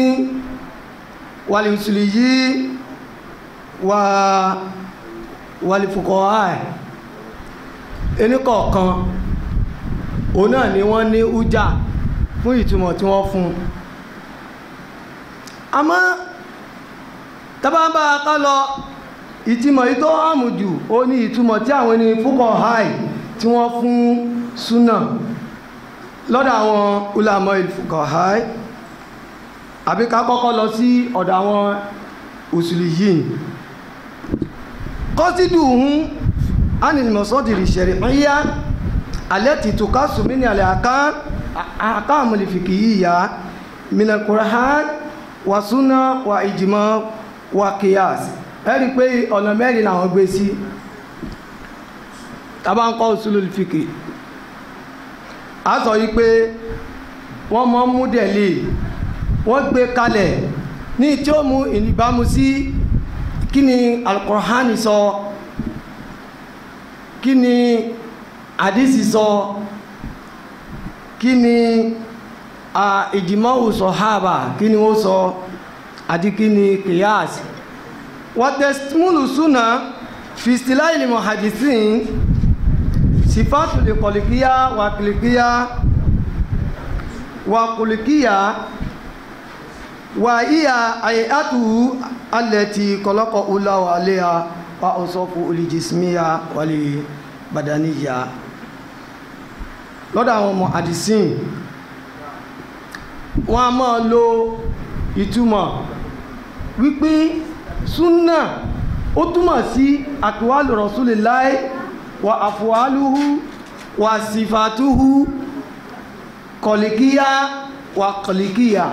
[SPEAKER 6] wàlìmùsùlì yìí wa wàlìfùkọ́há ẹ̀ eníkọ̀ọ̀kan òun náà ni wọ́n ní ujà fún ìtumọ̀ tí wọ́n fún un àmọ́ tábàbà ká lọ ìtumọ̀ yìí tó hàmù jù ó ní ìtumọ̀ tí àwọn ẹni fúkọ̀há ẹ̀ tí wọ́n fún súnà lọ́dọ̀ àwọn ulàmọ̀ ìfúkọ̀há ẹ̀ àbí kọ́kọ́ lọ sí ọ̀dọ̀ àwọn òsùlù yìí قصده عن المصادر الشرعية التي تقاس من الأحكام أحكام الفقهية من القرآن والسنة وإجماع وقياس ẹ rí i pé ọ̀nà mẹ́rin làwọn gbé sí tábà ń kọ́ usulul fiqh a sọ yìí pé wọ́n mọ̀ mú dẹ̀lì wọ́n gbé kalẹ̀ ní tí ó mú ìbámu sí kí ni alukur'ani sọ kí ni hadisi sọ kí ni ìjìmọ̀wò sọ̀hábà kí ni wọ́n sọ àti kí ni kìyàs wàtẹ̀símúlù súnà fìstílá ìlìmọ̀ hadisin sifatu lè kọ̀lìkíyà wà kìlìkíyà wà kọ̀lìkíyà wà ìyà àyè التي خلقه الله عليها وأوصافه الجسمية والبدنية lọ́dọ̀ àwọn ọmọ àdìsìn wọ́n a máa lo ìtumọ̀ wípé súnà ó túmọ̀ sí àkíwálò Rasulillahi wa àfùwálùhù wa sìfàtúhù kọ̀lìkíyà wa kọ̀lìkíyà.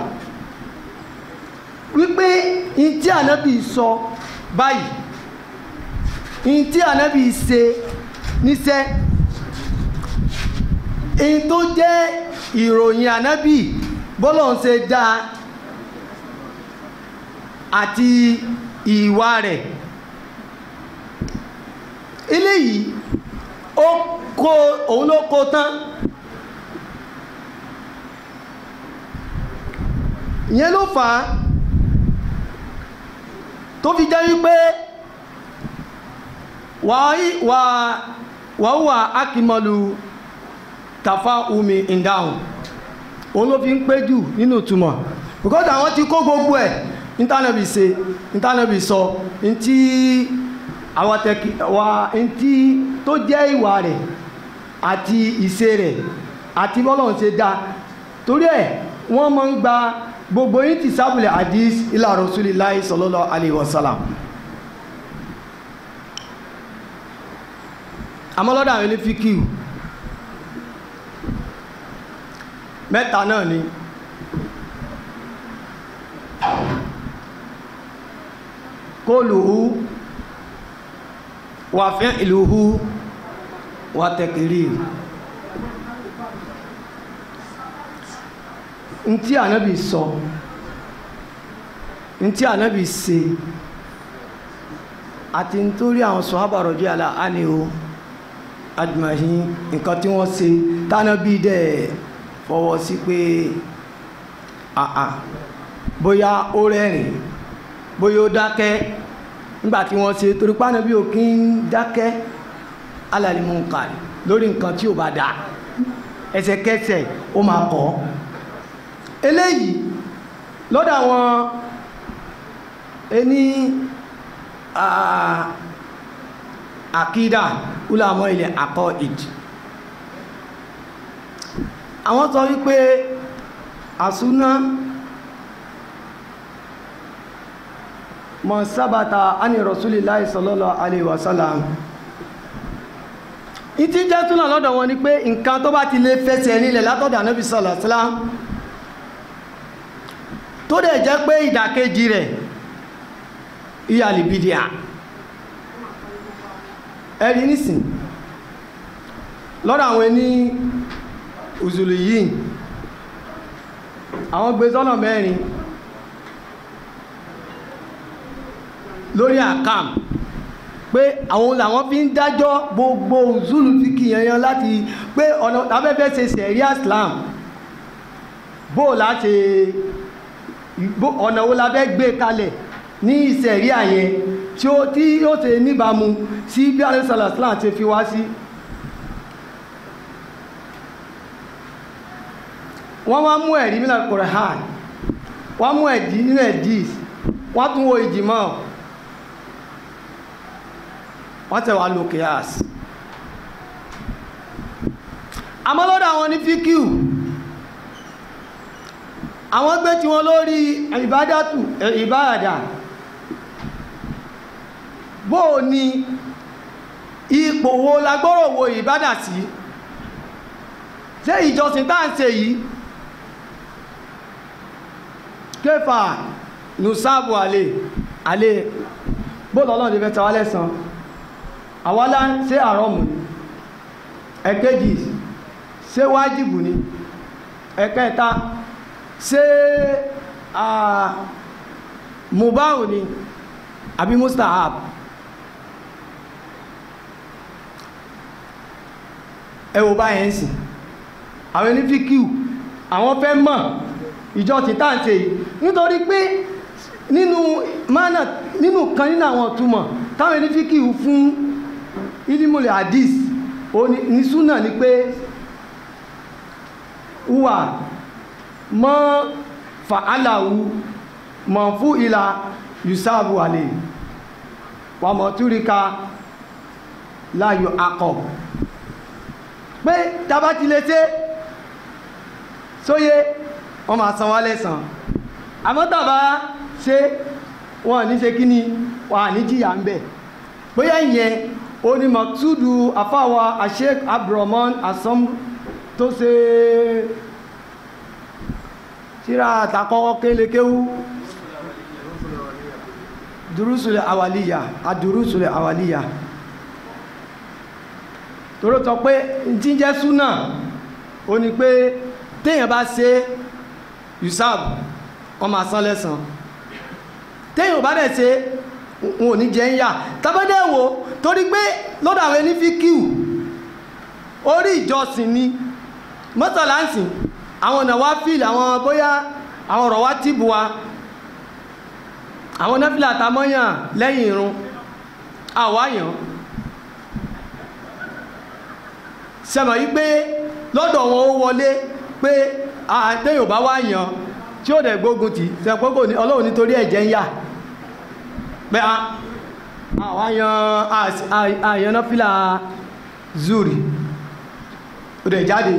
[SPEAKER 6] wípé in tí ànábì sọ báyìí in tí ànábì ṣe níṣẹ́ in tó jẹ́ ìròyìn ànábì bọ́lọ̀ ń ṣe dáa àti ìwà rẹ̀ eléyìí ó kó òun ló kó tán tó fi jẹ́ wípé wà wà akímọ̀lù tàfà omi ìdáhùn òun ló fi ń pé jù nínú ìtumọ̀ because àwọn ti kó gbogbo ẹ̀ intanẹ́bì ṣe intanẹ́bì sọ ntí àwọn tẹ̀kì wà ntí tó jẹ́ ìwà rẹ̀ àti ìṣe rẹ̀ àti bọ́lọ̀ ń ṣe dáa torí ẹ̀ wọ́n máa ń gba gbogbo yín ti sábùlẹ̀ hadith ila rasulillahi sallallahu alaihi wasallam amọ́lọ́dà àwọn onífíkìú mẹ́ta náà ni kóòlùhú wà fi'luhu wà tẹ̀kìrì ntí ànábì sọ ntí ànábì ṣe àti nítorí àwọn sọ̀hábà rọ̀jú àlà àníhó àjùmọ̀hìn nǹkan tí wọ́n ṣe tánábì dẹ̀ fọwọ́ sí pé àà bóyá ó rẹ́rìn bóyá ó dákẹ́ nígbà tí wọ́n ṣe torí pánábì ò kí ń dákẹ́ alàlímù kàlí lórí nǹkan tí ò bá dáa ẹsẹ̀kẹsẹ̀ ó máa kọ́ eléyìí lọ́dọ̀ àwọn ẹni àkídà ulamọ ilẹ̀ akọ ìdì àwọn sọ wípé àsúná mọ̀ sábàtà ánì rasulillahi sallallahu alaihi wasallam ìtí jẹ́ túnà lọ́dọ̀ wọn ni pé nǹkan tó bá ti lè fẹsẹ̀ nílẹ̀ látọ̀dọ̀ ànábì sallallahu alaihi wasallam tó dẹ̀ jẹ́ pé ìdàkejì rẹ̀ ìyàlìbìdìà ẹ̀rí nísìn lọ́dọ̀ àwọn ẹni òzùlù yìí àwọn gbé sọ́nà mẹ́rin lórí àkàm pé àwọn làwọn fi ń dájọ́ gbogbo òzùlù fi kìyànyàn láti pé ọ̀nà abẹ́fẹ́ se sẹ̀rí Islam bóò láti ọ̀nà wo la fẹ́ gbé kalẹ̀ ní ìsẹ̀rí àyẹn tí ó tí ó ṣe níbàámu sí bí fi wá sí wọ́n wá mú ẹ̀rí mílẹ̀ kọ̀rọ̀hán wọ́n mú ẹ̀dí nínú ẹ̀dí wọ́n tún wo ìjìmọ̀ wọ́n tẹ̀ wá lo àwọn ní fíkìú àwọn gbé tí wọ́n lórí ìbádàtù eh, ìbáradà bó o ní ipò wo lagbọ́rọ̀ wo ìbádà sí ṣé ìjọsìn tá à ń ṣe yìí kéfà nùsáàbù àlè àlè bóòlù ọlọ́run ti fẹ́ tawá lẹ́sàn àwa lá ń ṣe àrọ́mù ni ẹ̀kejì ṣé wájìbù ni ẹ̀kẹta ṣé mubahu ni àbí mustahab ẹ wo báyẹn ń sìn àwọn onífíkìú àwọn fẹ́ mọ̀ ìjọ tí táǹtẹ̀ yìí nítorí pé nínú mánà nínú kan nínú àwọn ọ̀túnmọ̀ táwọn onífíkìú fún ìdímọ̀lẹ̀ hadith ní súnà ni pé wà mọ́ fàálàwú mọ̀ fún ìlà yusabu alẹ́ wà mọ̀ túríka láyò akọ̀ pé tàbá ti lè ṣe sóyé wọ́n máa san wá lẹ́sàn àmọ́ tàbá ṣe wọ́n ní ṣe kíní wà ní jìyà ń bẹ̀ bóyá ìyẹn onímọ̀ túdú àfáwà àṣẹ Abdulrahman asọ́m tó ṣe tíra àtàkọ́kọ́ kélekéwú dùrúsùlẹ̀ àwàlíyà àdùrúsùlẹ̀ àwàlíyà a tọ pé tí ń jẹ́ súnà ó ní pé téèyàn bá ṣe yusab ọmọ asán lẹ́sàn téèyàn bá dẹ̀ ṣe wọn ò ní jẹ́ ń yà tábẹ́dẹ̀ wo torí pé lọ́dọ̀ àwọn ẹni fi kíw orí ìjọsìn ni mọ́tàlá àwọn nàwáfíìlì àwọn bóyá àwọn ọ̀rọ̀ wá tìbù wa àwọn náfìlà àtàmọ́yàn lẹ́yìn irun àwáyàn sẹ́mọ̀ yí pé lọ́dọ̀ wọn ó wọlé pé àtẹ́yìn ò bá wáyàn tí ó dẹ̀ gbógun tì sẹ́pọ́kò ọlọ́run nítorí ẹ̀jẹ̀ ń yà pé àwáyàn àyànnáfìlà zuri ó dẹ̀ jáde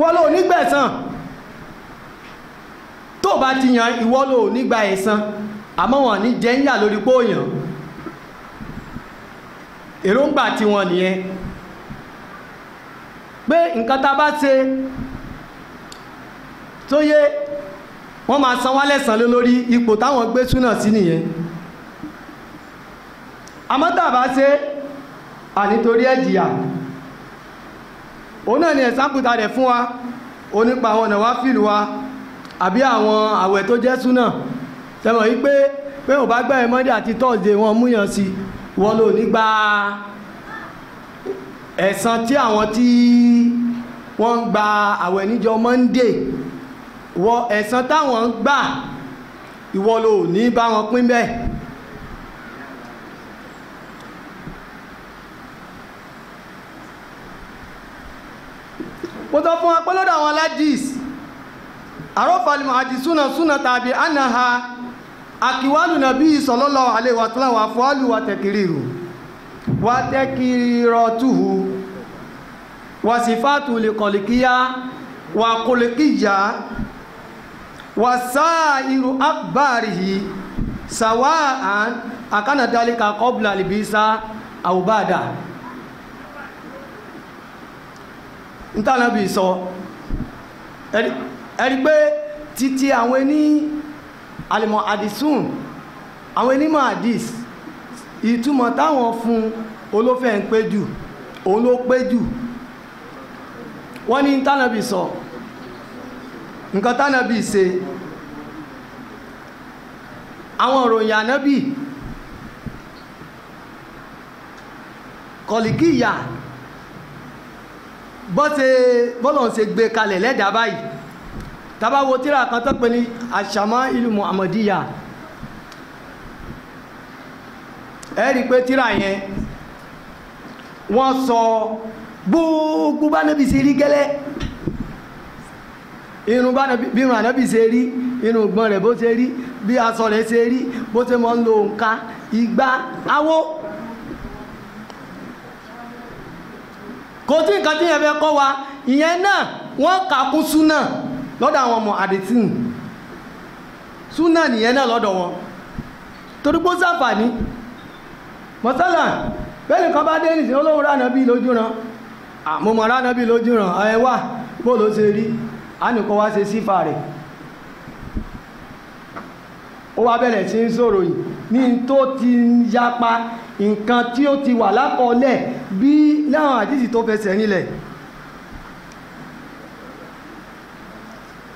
[SPEAKER 6] wọ́n ló ẹ̀sàn tó bá ti yan ìwọ́ ló nígbà ẹ̀san àmọ́ wọn ní jẹ́ ń yà lórí póòyàn èròǹgbà tiwọn nìyẹn pé nǹkan tá a bá ṣe tó yé wọ́n máa san wá lórí ipò táwọn gbé súnà sí nìyẹn àmọ́ a bá ṣe ànítorí ẹ̀jìyà òun náà ni ẹ̀sáǹpù ta dẹ̀ fún wa ó nípa àwọn ọ̀nà wá fìlú wa àbí àwọn àwẹ̀ tó jẹ́ súnà tẹ̀mọ̀ yí pé pé ò bá gbẹ̀rẹ̀ mọ́dé àti tọ́ọ̀dé wọn múyàn sí wọn lò ní gba ẹ̀san tí àwọn tí wọ́n ń gba àwẹ̀ níjọ mọ́ndé wọ ẹ̀san táwọn ń gbà ìwọ lò ní bá wọn pín bẹ́ẹ̀ mo sọ fún wa pé lọ́dọ̀ àwọn aládìs àrọ́fàlìmọ̀ àdìsúnà súnà tàbí ànàhà àkíwálù nàbí ìsọ̀lọ́lọ́ àlewàtúnlá wà fọ́ọ̀lù wà tẹ̀kìrì rù wà tẹ̀kìrì rọ̀ túhù wà sífàtù lè kọ̀lìkíyà wà kọ̀lìkíyà wà sáà irú àkbárì yìí sàwáà àkànàdálíkà kọ́bùlà lìbísà àwùbádà ntànàbì sọ ẹ̀rí pé títí àwọn ẹni alimọ̀ adisun àwọn onímọ̀ hadis ìtumọ̀ táwọn fún olófẹ́ ń pé jù òun ló pé jù wọ́n ní tánàbì sọ nǹkan tánàbì ṣe àwọn òròyìn ànábì kọ̀lìkìyà bọ́sẹ̀ bọ́lọ̀ ṣe gbé kalẹ̀ lẹ́dàá báyìí tabawo tíra kan tó pe ní àṣàmọ́ ìlú muhammadiya ẹ rí i pé tíra yẹn wọ́n sọ gbogbo bá nàbì ṣe rí gẹ́lẹ́ irun bá nàbì bí irun ànábì ṣe rí irun ìgbọ̀n rẹ̀ bó ṣe rí bí aṣọ rẹ̀ ṣe rí bó ṣe mọ́ ń lo òǹkà igba awo. kò tí nǹkan tí yẹn fẹ́ kọ́ wa ìyẹn náà wọ́n kàkú kún súnà lọ́dọ̀ àwọn ọmọ àdìtìn súnà nìyẹn náà lọ́dọ̀ wọn torí pé ó sàǹfààní mọ́sálà bẹ́ẹ̀ni kan bá dé nìsí olóhùn rànà bíi lójú ran àmúmọ̀ rànà bíi lójú ran ẹ wà bó ló ṣe rí ànìkọ́ wá ṣe sífà rẹ̀ ó wá bẹ̀rẹ̀ sí ń sọ̀rọ̀ yìí ní tó ti ń yapa nǹkan tí ó ti wà lákọọ́lẹ̀ bí láwọn àdìsí tó fẹsẹ̀ nílẹ̀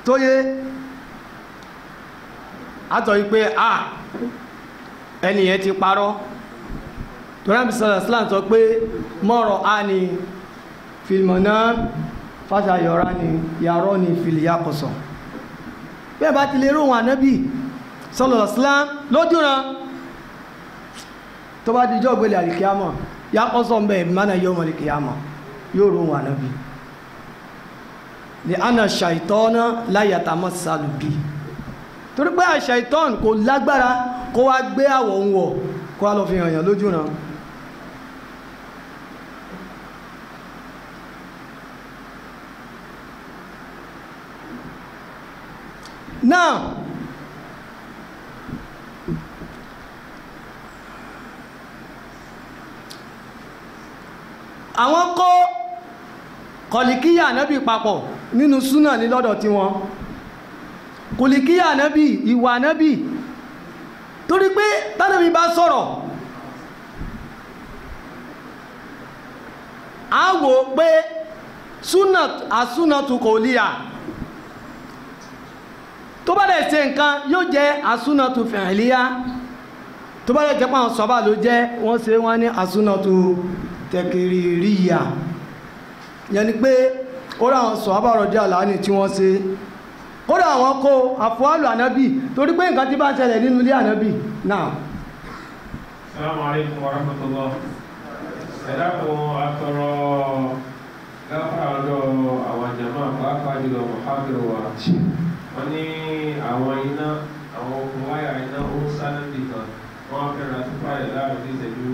[SPEAKER 6] tó yé àtọ̀ yìí pé a ẹni yẹn ti parọ́ torámi sọ̀rọ̀ islam sọ pé mọ́rọ̀ a ni fìlmọ̀nà fásayọ̀rá ni yàrá ni fìlìyàkọ̀sọ̀ bẹ́ẹ̀ bá ti lè róhun ànábì sọ̀rọ̀ islam lójúran tó bá dijọ́ gbélé àlìkíyàmọ̀ yà kọ́ sọ̀ mbẹ́ ìmánà yóò mọ̀ àlìkíyàmọ̀ yóò rò wọn ànábì lè ana ṣàìtọ́nà láyàtàmọ́ sálùbí torí pé àṣàìtọ́n kò lágbára kó wá gbé àwọ̀ ń wọ̀ kó wá lọ fi hàn yàn lójú ràn náà àwọn kó kọ̀lìkíyà ànábì papọ̀ nínú súnà ní lọ́dọ̀ tiwọn kọ̀lìkíyà ànábì ìwà ànábì torí pé tánàbí bá sọ̀rọ̀ a wò pé súnà àsúnàtù kọ̀lìyà tó bá dẹ̀ ṣe nǹkan yóò jẹ́ àsúnàtù fìhìlíyà tó bá dẹ̀ jẹ́ pé àwọn sọ́bà ló jẹ́ wọ́n ṣe wọ́n ní àsúnàtù kọ̀lìyà tẹ̀kìrì ríyà yẹn ni pé ó ráwọn sọ abáròdí àlàáni tí wọ́n ṣe kódà àwọn kó àfọwálù ànábì torí pé nǹkan tí bá ń ṣẹlẹ̀ nínú ilé ànábì náà.
[SPEAKER 4] Assalamu alaikum warahmatullah ẹ̀dá kan atọrọ gáfà ọ̀dọ̀ àwọn jàmá pàápàá jùlọ mọ̀hábìrì wa wọ́n ní àwọn iná àwọn okùn wáyà iná ó sáré nìkan wọ́n fẹ́ràn tó fàyè láàrin ní ìṣẹ́jú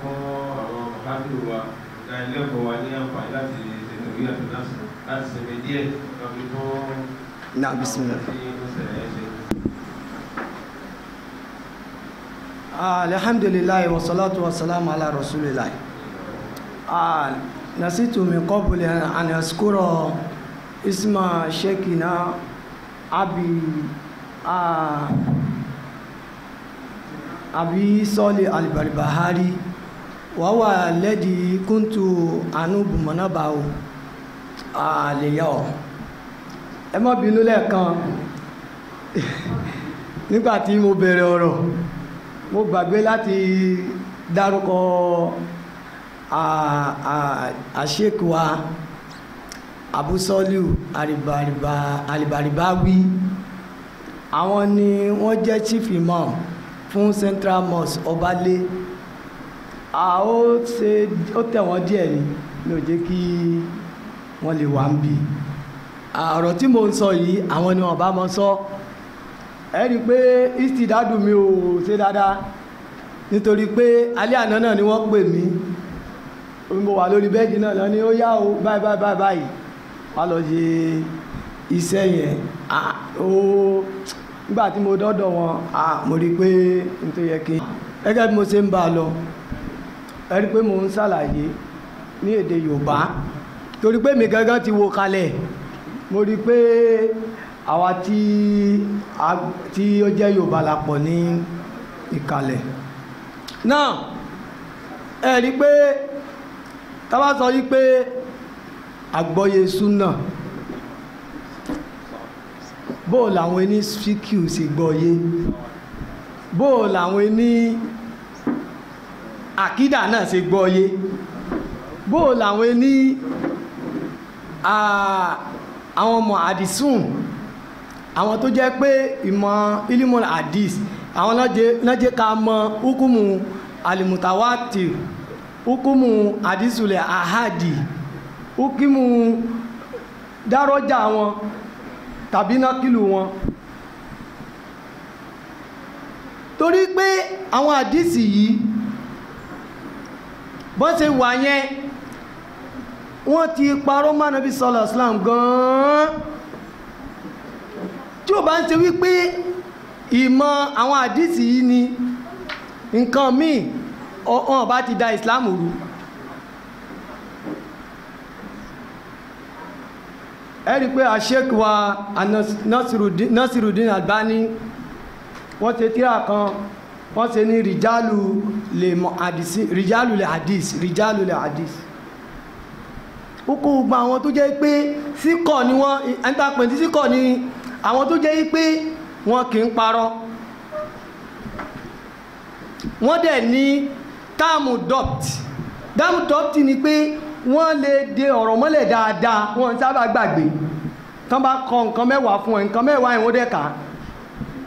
[SPEAKER 4] fún àwọn bàbáàbí wa ọ̀gá ilé ẹ̀kọ́ wa ní àǹfààní láti ṣètò orí àti láti díẹ̀ lọ́bí fún àwọn
[SPEAKER 6] tí ó ṣẹlẹ̀
[SPEAKER 4] ẹ̀ ṣe.
[SPEAKER 6] alhamdulilayi wa salatu wa salam ala rasulilayi nasitu min qabli an askura isma shekina abi أبي صالح البربهاري وهو الذي كنت أنوب منبعه àlèyàn ẹ má bínú lẹ́ẹ̀kan nígbà tí mo bẹ̀rẹ̀ ọ̀rọ̀ mo gbàgbé láti dárúkọ àṣekùwà abusoliu alibariba alibaribawi àwọn ni wọ́n jẹ́ chief imam fún central mosque ọbalé a ó ṣe ó tẹ̀ wọ́n díẹ̀ ni mi ò jẹ́ kí wọ́n lè wà ń bì ọ̀rọ̀ tí mo ń sọ yìí àwọn ni wọ́n bá mọ sọ ẹ rí i pé istidadu mi ò ṣe dáadáa nítorí pé alẹ́ àná náà ni wọ́n pè mí mo wà lórí bẹ́ẹ̀dì náà lọ ní ó yá o báyìí báyìí báyìí báyìí wà lọ ṣe iṣẹ́ yẹn ó nígbà tí mo dọ́dọ̀ wọn à mo rí i pé n tó yẹ kí gẹ́gẹ́ bí mo ṣe ń bá a lọ ẹ rí i pé mo ń ṣàlàyé ní èdè Yorùbá torí pé mi gángan ti wo kalẹ̀ mo rí i pé àwa tí tí ó jẹ́ Yorùbá la pọ̀ ní ìkàlẹ̀ náà ẹ rí i pé tá sọ yí pé àgbọ́yé súnà bóò làwọn ẹni fíkìú ṣe gbọ́yé bóò làwọn ẹni àkídà náà ṣe gbọ́yé bóò làwọn ẹni àwọn ọmọ àdìsùn àwọn tó jẹ́ pé ìmọ̀ ilimul hadis àwọn náà jẹ́ ká mọ hukumu alimutawatir hukumu hadisulẹ̀ ahadi hukumu dárọ́jà wọn tàbí nákìlù wọn torí pé àwọn àdìsí yìí bọ́n ṣe wà yẹn wọ́n ti parọ́ mọ́ Ànábì sallallahu alaihi wasallam gan-an tí ó bá ń ṣe wípé ìmọ̀ àwọn àdìsí yìí ni nǹkan míì ọ̀hún ọba ti da Islam rú ẹ rí i pé àṣekù wa Nasiruddin Albani wọ́n ṣe tíra kan wọ́n ṣe ní rìjálù lè mọ̀ àdìsí rìjálù lè àdìs rìjálù lè àdìs kókó gba àwọn tó jẹ́ pé síkọ̀ ni wọ́n ẹ̀ńtàpẹ̀ntì síkọ̀ ni àwọn tó jẹ́ pé wọ́n kì í parọ́ wọ́n dẹ̀ ní táàmù dọ́pt táàmù dọ́pt ni pé wọ́n lè de ọ̀rọ̀ mọ́lẹ̀ dáadáa wọ́n sábà gbàgbé tán bá kọ nǹkan mẹ́wàá fún ẹ nǹkan mẹ́wàá yẹn wọ́n dẹ̀ kà á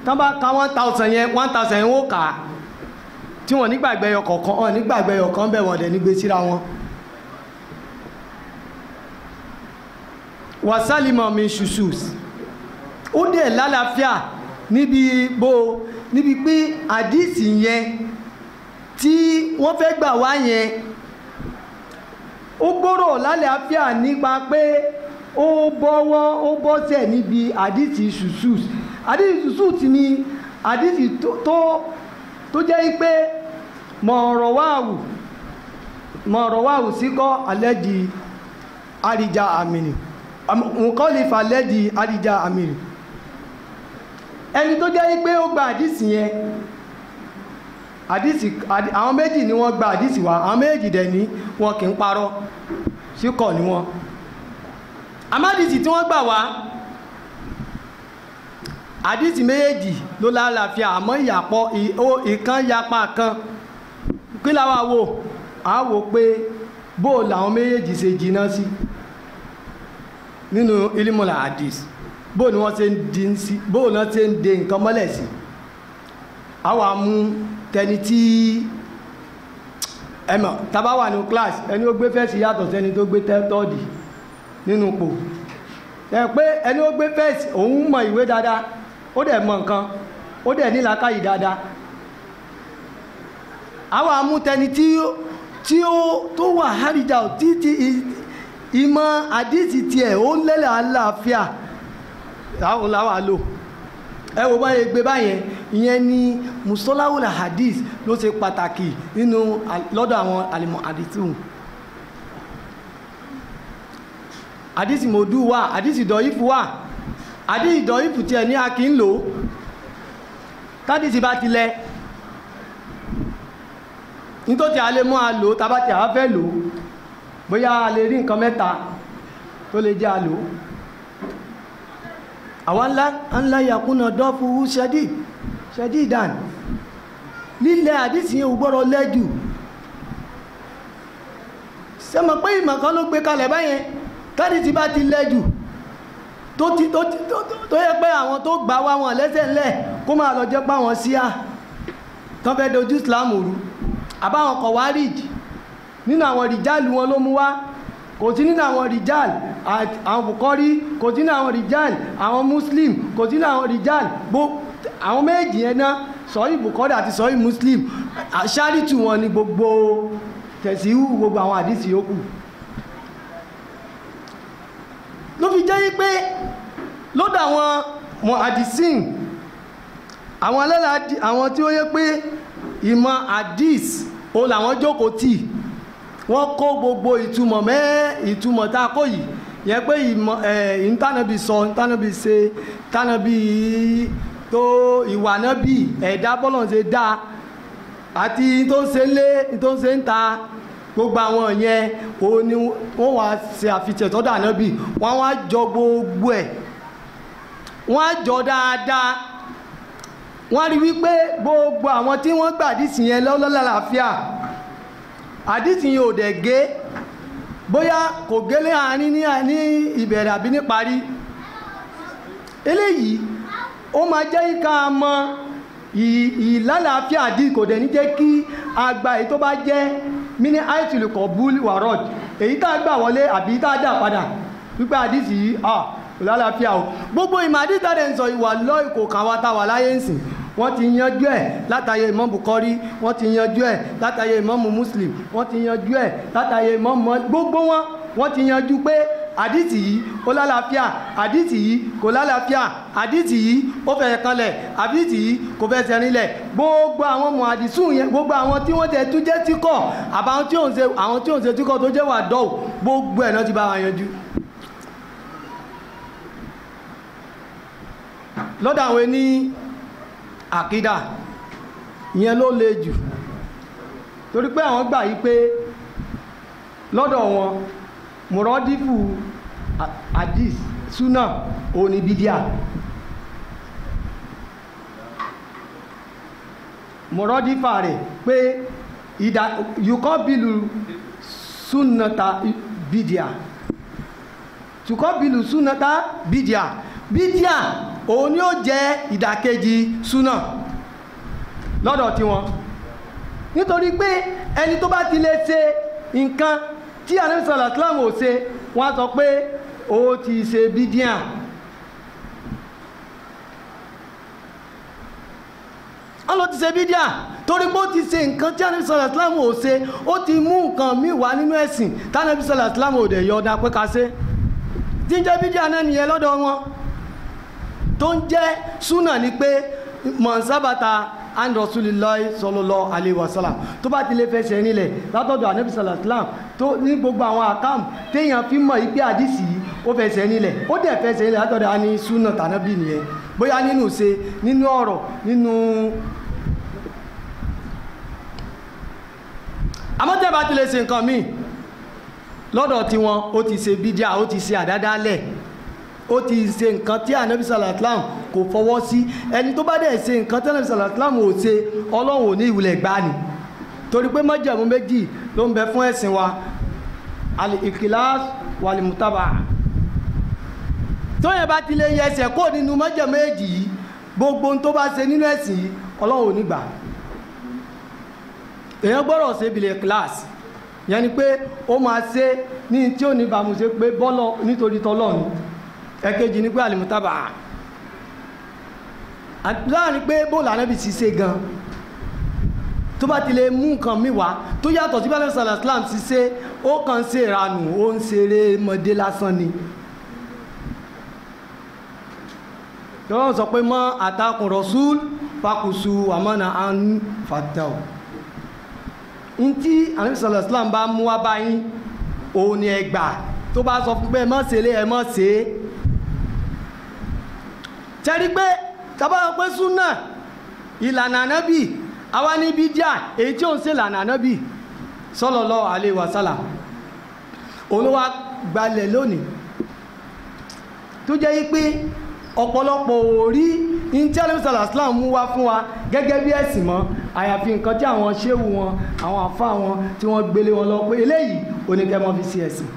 [SPEAKER 6] tán bá ka one thousand yẹn one thousand yẹn wọ́n kà á tí wọ́n nígbàgbé ẹyọ kọ̀ọ̀kan ọ̀ nígbàgbé ẹyọ kan bẹ̀ wọ́n dẹ̀ nígbé síra wọn. wasalimọ mi ṣuṣu ó dẹ̀ lálàáfíà níbi bó níbi pé àdìsí yẹn tí wọ́n fẹ́ gbà wá yẹn ó gbọ́rọ̀ lálàáfíà nípa pé ó bọ́wọ́ ó bọ́sẹ̀ níbi àdìsí ṣùṣù àdìsí ṣùṣù ti ni àdìsí tó tó jẹ́ pé mọ̀ọ̀rọ̀wáàwù mọ̀ọ̀rọ̀wáàwù síkọ́ àlẹ́dì àríjà àmìnì nǹkan lè fà lẹ́dì àríjà àmìnì ẹni tó jẹ́ pé yẹn àdìsí àwọn méjì ni wọ́n gba àdìsí wa àwọn méjì dẹ̀ ní wọn kì í parọ́ síkọ̀ ni wọn amádìsí tí wọ́n gbà wá àdìsí méjèèjì ló lálàáfíà àmọ́ ìyàpọ̀ ìkan yapa kan kí làwa wò á wò pé bó làwọn méjèèjì ṣe jiná sí nínú ilimọ̀lá àdìsí bó ni wọ́n ṣe ń de nǹkan mọ́lẹ̀ sí àwa mú tẹni tí ẹmọ tábà wà ní class ẹni ó gbé fẹ́ẹ̀sì yàtọ̀ sẹ́ni tó gbé tẹ́tọ́ọ̀dì nínú ipò ẹ pé ẹni ó gbé fẹ́ẹ̀sì òun mọ ìwé dáadáa ó dẹ̀ mọ nǹkan ó dẹ̀ ní làákàyè dáadáa àwọn amútẹni tí tí ó tó wà hárìjà títí ìmọ̀ àdìsí tiẹ̀ ó ń lẹ́lẹ̀ àlàáfíà láwọn làwọn lò ẹ wo báyẹn gbé báyẹn ìyẹn ni musolawul hadith ló ṣe pàtàkì nínú lọ́dọ̀ àwọn alimọ̀ hadithu hadith modu wà hadith ìdọ̀yìfù wà hadith ìdọ̀yìfù tiẹ̀ ní a kì í lò ó tádìsí bá ti lẹ nítorí a lè mú a lò ó a fẹ́ lò bóyá a lè rí nǹkan mẹ́ta tó lè jẹ́ a lò ó àwọn ńlá ńlá yakuna dọ́fù ṣẹ́dí ṣẹ́dí ìdán lílẹ̀ àdìsí yẹn ò gbọ́dọ̀ lẹ́jù ṣe mọ̀ pé ìmọ̀ kan ló gbé kalẹ̀ báyẹn káàdì tí bá ti lẹ́jù tó ti tó ti tó yẹ pé àwọn tó gbà wá wọn lẹ́sẹ̀ ńlẹ̀ kó máa lọ jẹ́ pa wọn síá tán fẹ́ dojú Islam rú àbáwọn kọ̀wárìd nínú àwọn rìjálù wọn ló mú wá kò sí nínú àwọn rijal àwọn bukori kò sí nínú àwọn rijal àwọn muslim kò sí nínú àwọn rijal bó àwọn méjì yẹn náà sọ́yìn bukori àti sọ́yìn muslim ṣáàrìtù wọn ni gbogbo tẹ̀síwù gbogbo àwọn àdìsí yòókù ló fi jẹ́ pé lọ́dọ̀ àwọn mohadisin àwọn alẹ́lẹ́ àwọn tí ó yẹ pé ìmọ̀ hadith ó làwọn jókòó tì wọ́n kó gbogbo ìtumọ̀ mẹ́ ìtumọ̀ tá a kó yìí yẹn pé ìmọ̀ ẹ̀ ntànàbí sọ ntànàbí ṣe ntànàbí tó ìwà nábì ẹ̀dá bọ́lọ̀ ṣe dá àti tó ń ṣe lé tó ń ṣe ń ta gbogbo àwọn yẹn òun ni wọ́n wá ṣe àfihàn tó dà nábì wọ́n wá jọ gbogbo ẹ̀ wọ́n á jọ dáadáa wọ́n rí wípé gbogbo àwọn tí wọ́n gbàdísì yẹn lọ́lọ́lá làáfíà àdìsí yìí ò dẹ̀ gé bóyá kò gélé àárín ní ìbẹ̀rẹ̀ àbí níparí eléyìí ó máa jẹ́ ká mọ ìlàlàáfíà àdìsí kò dẹ̀ ní jẹ́ kí àgbà èyí tó bá jẹ́ mini aitul kọ̀bùl warod èyí tá a gbà wọlé àbí tá a dà padà wípé àdìsí yìí ah ìlàlàáfíà o gbogbo ìmọ̀ àdìsí tá a dẹ̀ ń sọ ìwà lọ́ ìkò kàwa láyé ń wọ́n ti yanjú ẹ̀ látàyè Imam Bukhari wọ́n ti yanjú ẹ̀ látàyè Imam Muslim wọ́n ti yanjú ẹ̀ látàyè Imam gbogbo wọn wọ́n ti yanjú pé àdìtì yìí ó lálàáfíà àdìtì yìí kò lálàáfíà àdìtì yìí ó fẹ̀rẹ̀ kanlẹ̀ àdìtì yìí kò fẹ̀rẹ̀ sẹ́rinlẹ̀ gbogbo àwọn muhadisun yẹn gbogbo àwọn tí wọ́n tẹ̀ tún jẹ́ tíkọ̀ àbáwọn tí ò ń ṣe tíkọ̀ tó jẹ́ wà dọ́wò gbogbo ẹ̀ náà ti bá wa yanjú. lọ́dọ̀ àwọn ẹni àkídà ìyẹn ló le jù torí pé àwọn gbà yí pé lọ́dọ̀ wọn mùrọ́dífù àdìs súnà òní bídíà mùrọ́dífà rẹ̀ pé ìdá yùkọ́ bìlù súnà ta bídíà tùkọ́ bìlù súnà ta bídíà òun ni ó jẹ́ ìdàkejì súnà lọ́dọ̀ tiwọn nítorí pé ẹni tó bá ti lè ṣe nǹkan tí ànábì sallallahu alaihi wasallam ò ṣe wọ́n á sọ pé ó ti ṣe bídíà wọ́n ló ti ṣe bídíà torí pé ó ti ṣe nǹkan tí ànábì sallallahu alaihi wasallam ò ṣe ó ti mú nǹkan míì wá nínú ẹ̀sìn tí ànábì sallallahu alaihi wasallam ò dẹ̀ yọ ọ̀dà pé ṣe jíjẹ́ bídíà náà nìyẹn lọ́dọ̀ wọn tó ń jẹ́ súnà ni pé mọ̀nsábàtà an rasulillahi sallallahu alaihi wasallam tó bá ti lè fẹsẹ̀ nílẹ̀ látọ̀dọ̀ anabi sallallahu alaihi wasallam tó ní gbogbo àwọn àkàm téèyàn fi mọ̀ ipe àdìsí ó fẹsẹ̀ nílẹ̀ ó dẹ̀ fẹsẹ̀ nílẹ̀ látọ̀dọ̀ ani sunna tànàbí nìyẹn bóyá nínú ṣe nínú ọ̀rọ̀ nínú. àmọ́ tẹ́ bá ti lè ṣe nǹkan míì lọ́dọ̀ tiwọn ó ti ṣe bídíà ó ti ṣe àdádálẹ̀ ó ti ṣe nǹkan tí anabi sallallahu alayhi wa sallam kò fọwọ́ sí ẹni tó bá dẹ̀ ṣe nǹkan tí anabi sallallahu wa sallam ò ṣe ọlọ́run ò ní ìwúlẹ̀ gbani torí pé májẹ̀mú méjì ló ń bẹ fún ẹ̀sìn wa al-ikhlas wal-mutaba'ah tóyẹ̀ bá ti lè yẹ ẹsẹ̀ kó nínú májẹ̀mú méjì yìí gbogbo tó bá ṣe nínú ẹ̀sìn yìí ọlọ́run ò ní gbà èèyàn gbọ́dọ̀ ṣe bil ikhlas yẹn ni pé ó máa ṣe ní tí ò ní bàmùṣe pé bọ́lọ̀ nítorí tọ́lọ́run ẹ̀kejì ni pé àlìmútàbà láàrin pé bóòlù ànábì ti ṣe gan tó bá ti lè mú nǹkan mi wá tó yàtọ̀ sí bàlẹ́ sàlẹ̀ islam ti ṣe ó kàn ṣe ìranù ó ń ṣeré mọ́dé lásán ni. lọ́wọ́ sọ pé mọ́ àtakùn rọ̀ṣúl fakùsù àmọ́nà anú fàtàù ń tí ànábì sàlẹ̀ islam bá mú wá báyìí òun ni ẹgbà tó bá sọ fún pé ẹ má ṣe lé ẹ má ṣe é tẹ́rí pé tábà wọ́n pé súnà ìlànà ànábì àwa ní bídíà èyí tí òun ṣe ìlànà ànábì sallallahu alaihi wasallam òun wá gbalẹ̀ lónìí tó jẹ́ yí pé ọ̀pọ̀lọpọ̀ òrí intelligence islam mú wá fún wa gẹ́gẹ́ bí ẹ̀sìn mọ́ àyàfi nǹkan tí àwọn ṣéwù wọn àwọn àfa wọn tí wọ́n gbélé wọn lọ pé eléyìí oníkẹ́ fi sí ẹ̀sìn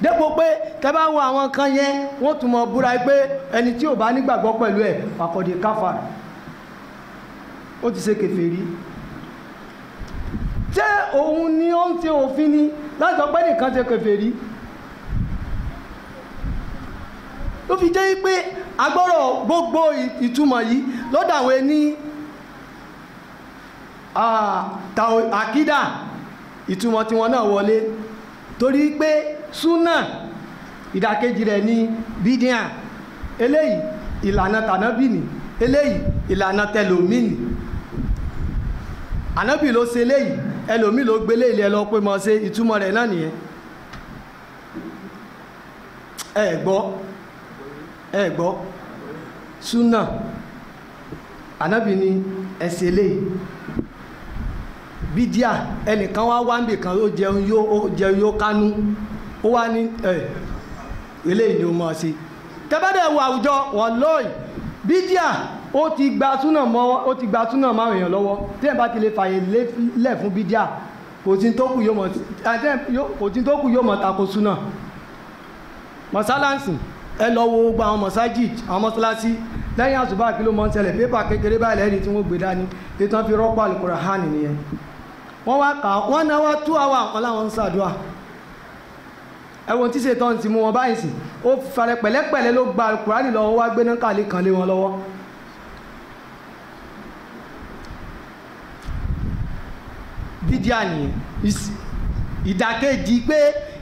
[SPEAKER 6] dépò pé tẹ bá wo àwọn kan yẹn wọ́n tún mọ̀ búra pé ẹni tí ò bá nígbàgbọ́ pẹ̀lú ẹ̀ àkọ́dé káfà ó ti ṣe kèfèrí ṣé òun ni ó ń ṣe òfin ni láti ọpẹ́ nìkan ṣe kèfèrí ló fi jẹ́ pé agbọ́rọ̀ gbogbo ìtumọ̀ yìí lọ́dọ̀ àwọn ẹni àkídà ìtumọ̀ tiwọn náà wọlé torí pé súnà ìdàkejì rẹ̀ ni bídíà eléyìí ìlànà tànábì ni eléyìí ìlànà tẹlòmí ni ànábì ló ṣe eléyìí ẹlòmí ló gbélé ilé ẹ lọ pé mo ṣe ìtumọ̀ rẹ̀ náà nìyẹn ẹ gbọ́ ẹ gbọ́ súnà ànábì ni ẹ ṣe eléyìí Bidia, ẹnìkan wá wá níbì kan ó jẹun yó ó jẹun yó kánú ó wá ní ẹ eléyìí ni ó máa ṣe tẹ́bẹ́dẹ̀ wo àwùjọ wọn lọ́ọ̀yì bídíà ó ti gba súnà mọ́ ó ti gba súnà máa èèyàn lọ́wọ́ tí ẹ̀ bá ti lè fààyè lẹ̀ fún bídíà kò tí tó kù yóò mọ̀ tako súnà mọ̀sálásì ẹ lọ wo gbogbo àwọn mọ̀sájid àwọn mọ́sálásí lẹ́yìn àsùbá kí ń ṣẹlẹ̀ pépà kékeré báyìí lẹ́yìn tí wọ́n gbé dání ètò wọn fi rọ́pò àlùkùránì nìyẹn wọ́n wá kà wọ́n náwó tú àwọn àkọ́ láwọn ń ṣàdúrà ẹ̀wọ̀n tí ṣètò ti mú wọn báyìí sí ó fara pẹ̀lẹ́pẹ̀lẹ́ ló gba kùránì lọ́wọ́ wá gbé náà kàlẹ́ kan lé wọn lọ́wọ́ bídíà ni ìdàkejì pé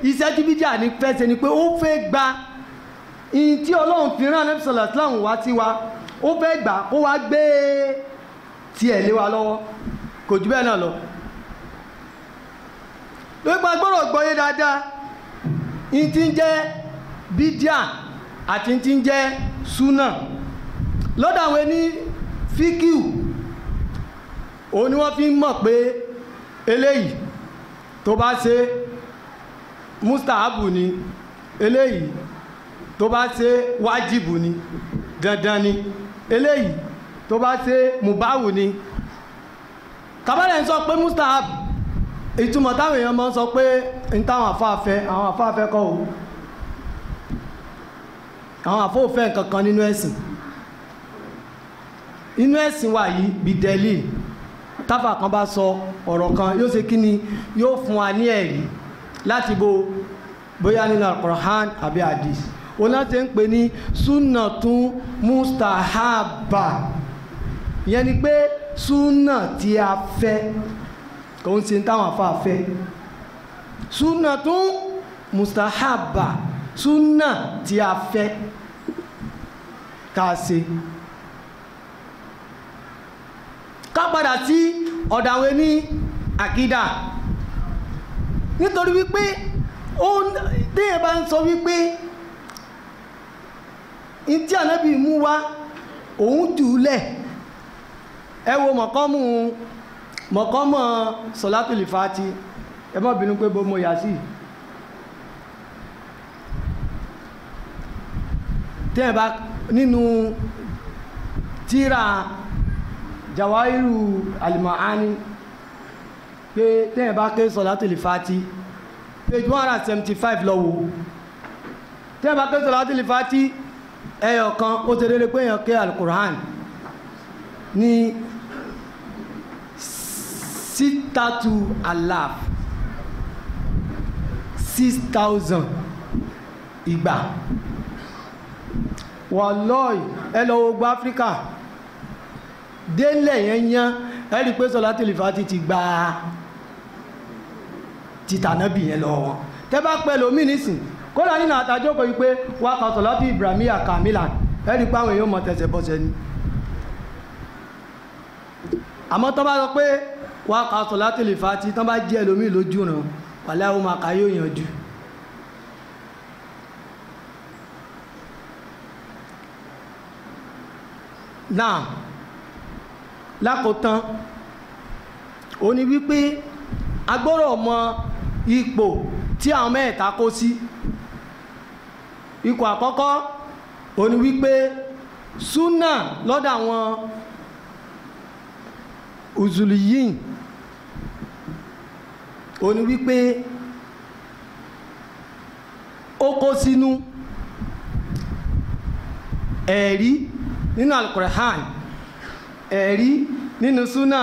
[SPEAKER 6] iṣẹ́ tí bídíà ni fẹ́ ṣe ni pé ó fẹ́ gba ihun tí ọlọ́run fi rán anábì sọ̀lá síláàmù wá sí wa ó fẹ́ gbà kó wá gbé tiẹ̀ lé wa lọ́wọ́ kò jù bẹ́ẹ̀ náà lọ nípa gbọ́dọ̀ gbọ́yé dáadáa ní ti ń jẹ́ bídíà àti ti ń jẹ́ súnà lọ́dọ̀ àwọn ẹni fíkìú òun ni wọ́n fi ń mọ̀ pé eléyìí tó bá ṣe mustahabu ni eléyìí tó bá ṣe wájìbù ni dandan ni eléyìí tó bá ṣe mubahu ni tabalẹ̀ ń sọ pé mustahabu ìtumọ̀ táwọn èèyàn máa ń sọ pé ń táwọn àfáàfẹ́ àwọn àfáàfẹ́ kọ́ o àwọn àfóòfẹ́ kankan nínú ẹ̀sìn inú ẹ̀sìn wa yìí bìdẹ́lì táfà kan bá sọ ọ̀rọ̀ kan yóò ṣe kí ni yóò fún wa ní ẹ̀rí láti bo bóyá nínú Al-Qur'an àbí hadith òun náà ti ń pè ní sunnatun mustahaba ìyẹn ni pé sunna tí a fẹ́ kò ń ṣe táwọn afa fẹ́ súnà tún mustahaba súnà tí a fẹ́ ká ṣe ká padà sí ọ̀dàwé ní àkídà nítorí wípé ó déyẹ bá ń sọ wípé ntí ànábì mú wá òun jù ú lẹ̀ ẹ wo mọ̀kọ́mọ̀ sọ̀látùlì fàtí ẹ má bínú pé bó mo yà sí tí ẹ bá nínú tíra jàwáírù àlìmọ̀ání pé tí ẹ ké sọ̀látùlì page one seventy five lọ́wọ́ tí ẹ bá ké sọ̀látùlì fàtí ẹyọ kan ó ṣe déédéé pé èèyàn ké alukur'an ní Six sitatu alaf six thousand ìgbà wàlọ́ọ̀ì ẹ lọ wo gba áfíríkà délẹ̀ yẹn yán ẹ rí i pé sọlá tìlìfà ti ti gba tìtànàbì yẹn lọ wọn tẹ bá pẹ lómi nísìn kódà nínú àtàjọ kò yí pé wákàtí sọlá tí ibrahima kamila ẹ rí i pé àwọn èèyàn mọ tẹsẹ̀ bọ́sẹ̀ ni àmọ́ tó bá sọ pé wá ka sọ̀látò lè fa ti tán bá jẹ́ ẹlòmíì lójú ràn wàlẹ́ àwọn màkà yóò yanjú. náà lákòótán ó ní wípé a gbọ́dọ̀ mọ ipò tí àwọn mẹ́ẹ̀ta kó sí ipò àkọ́kọ́ ó ní wípé súnà lọ́dọ̀ àwọn òzùlù yìí ó ní wípé ó kó sínú ẹ̀rí nínú alukur'an ẹ̀rí nínú súnà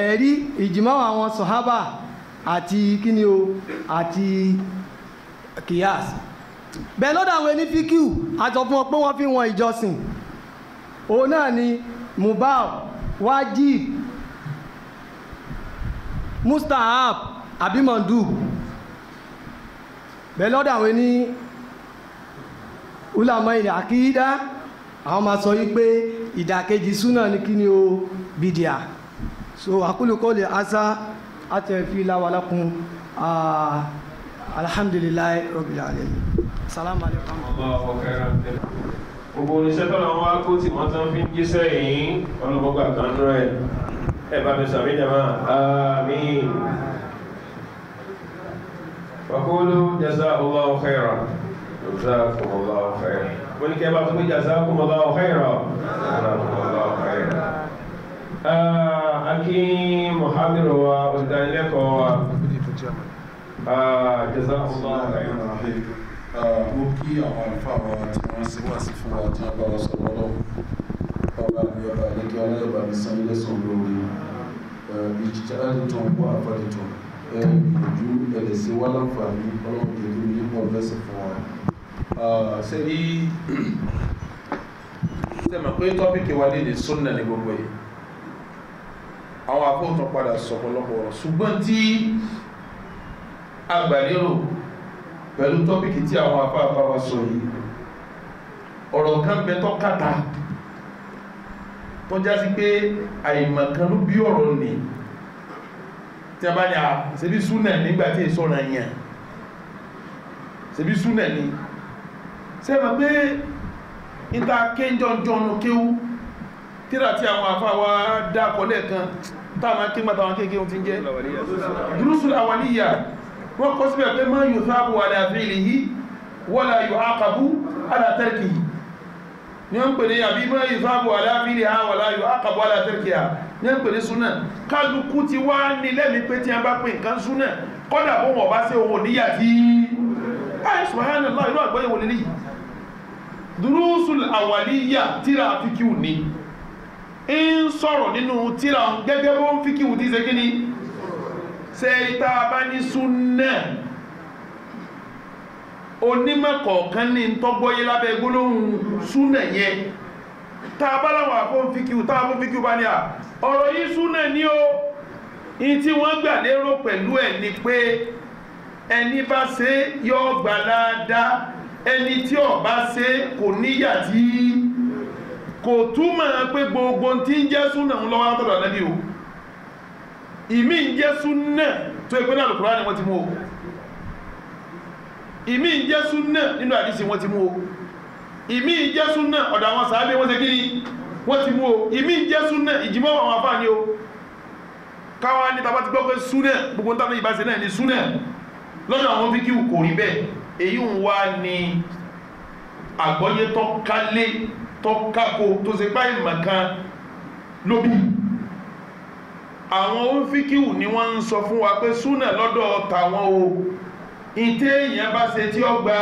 [SPEAKER 6] ẹ̀rí ìjìmọ̀ àwọn sọ̀hábà àti kíni o àti kíyàs bẹ́ẹ̀ lọ́dọ̀ àwọn ẹni fíkìú àjọ fún fi wọn ìjọsìn òun náà ni mubal wájib mustahab àbí Mandu. bẹ́ẹ̀ lọ́dọ̀ àwọn ẹni ulama ilẹ̀ àkídá àwọn máa sọ yí pé ìdàkejì súnà ní kíni o bìdíà so àkúlùkọ́ lè ásá àtẹ̀fí láwàlákun alhamdulilayi rabbil alamin salamu alaykum.
[SPEAKER 4] gbogbo oníṣẹ́ tọ́lọ́ wọn wá kó tí wọ́n tán fi ń jíṣẹ́ yìí ọlọ́gbọ́gbà kan náà ẹ̀. بعد سامعين جماعة آمين وقولوا جزاء الله خيرا جزاكم الله خيرا ولكي بعضكم جزاكم الله خيرا جزاكم الله خيرا أكي محاضر وأستاذ لك جزاكم الله خيرا
[SPEAKER 1] mo kí àwọn àlùfáà wa tí wọ́n ṣe wá sí fún wa tí wọ́n bá wa ti won àmì ọba àdékẹ́ aláìbá ní san ilẹ̀sàn lórí ìjìjáàdìtàn wà àfàdìtàn ìgbìyànjú ẹ̀lẹ̀sẹ̀ wà láǹfààní ọlọ́run tó ní pọ̀ lẹ́sẹ̀ fún wa. sẹ́ni sẹ́mọ̀ pé tọ́pìkì wa lè ní sunna ní gbogbo yìí àwọn akóòtàn padà sọ̀pọ̀lọpọ̀ ọ̀rọ̀ ṣùgbọ́n tí agbàlérò pẹ̀lú tọ́pìkì tí àwọn afáàfáà wa sọ yìí ọ̀rọ̀ kan bẹ tọ́kàtà tó já sí pé àìmọ̀kan ló bí ọ̀rọ̀ nì tí a bá ní àṣebí súnà nígbà tí èso ọ̀ràn yàn ṣebí súnà ni sẹ́mọ̀ pé níta kéjọ́njọ́nu kéwú tíra tí àwọn àfáwà dákọ̀ lẹ́ẹ̀kan táwọn kéwàtà àwọn kéèké ohun ti jẹ́ dúrúsù àwàníyà wọ́n kọ́ síbẹ̀ pé mọ́ yóò sáàbù àdàfẹ́ ilẹ̀ yìí ní wọ́n ń pè ní àbí mọ́ ìfáàbò aláàbílì àwọn aláyò àkàbọ̀ alátẹ́kìá ní wọ́n ń pè ní súnà kálukú ti wá ní lẹ́mi pé tí a bá pè nǹkan súnà kọ́dà bó wọ́n bá sí ohun níyà tí subhanallah irú àgbáyé wọlé ní durusul awaliya tíra fíkíù ni ń sọ̀rọ̀ nínú tíra gẹ́gẹ́ bó ń fíkíù tí ṣe kí ni ṣe ìta bá onímọ̀ kọ̀ọ̀kan ní tọ́gbọ́yé lábẹ́ gbólóhùn súnà yẹn tá a bá láwọn àfọ́n fíkíù tá a fún fíkíù bá ní à ọ̀rọ̀ yìí súnà ní o in tí wọ́n gbà lérò pẹ̀lú ẹ̀ ni pé ẹni bá ṣe yọ gbà dáadáa ẹni tí ó bá ṣe kò níyà tí kò túmọ̀ pé gbogbo tí ń jẹ́ súnà ń lọ́wọ́ látọ̀dọ̀ ànábì o ìmí ń jẹ́ súnà tó ẹgbẹ́ náà lùkùrọ̀ ni wọ́n ti mú o ìmí jẹ́ súnà nínú àdísì wọ́n ti mú o ìmí jẹ́ súnà ọ̀dọ̀ àwọn sàábé wọ́n ṣe kí ni wọ́n ti mú o ìmí jẹ́ súnà ìjìmọ́ àwọn afá ni o káwa ní tàbá ti gbọ́ gbogbo ń tàbí náà ni súnà lọ́dọ̀ àwọn fíkì kò rí bẹ́ẹ̀ èyí ń wá ní àgbọ́yé tọ́kálé tọ́kákó tó ṣe pá ìmọ̀kan lóbi àwọn fíkì ni ìtẹ́ èèyàn bá ṣe tí ó gba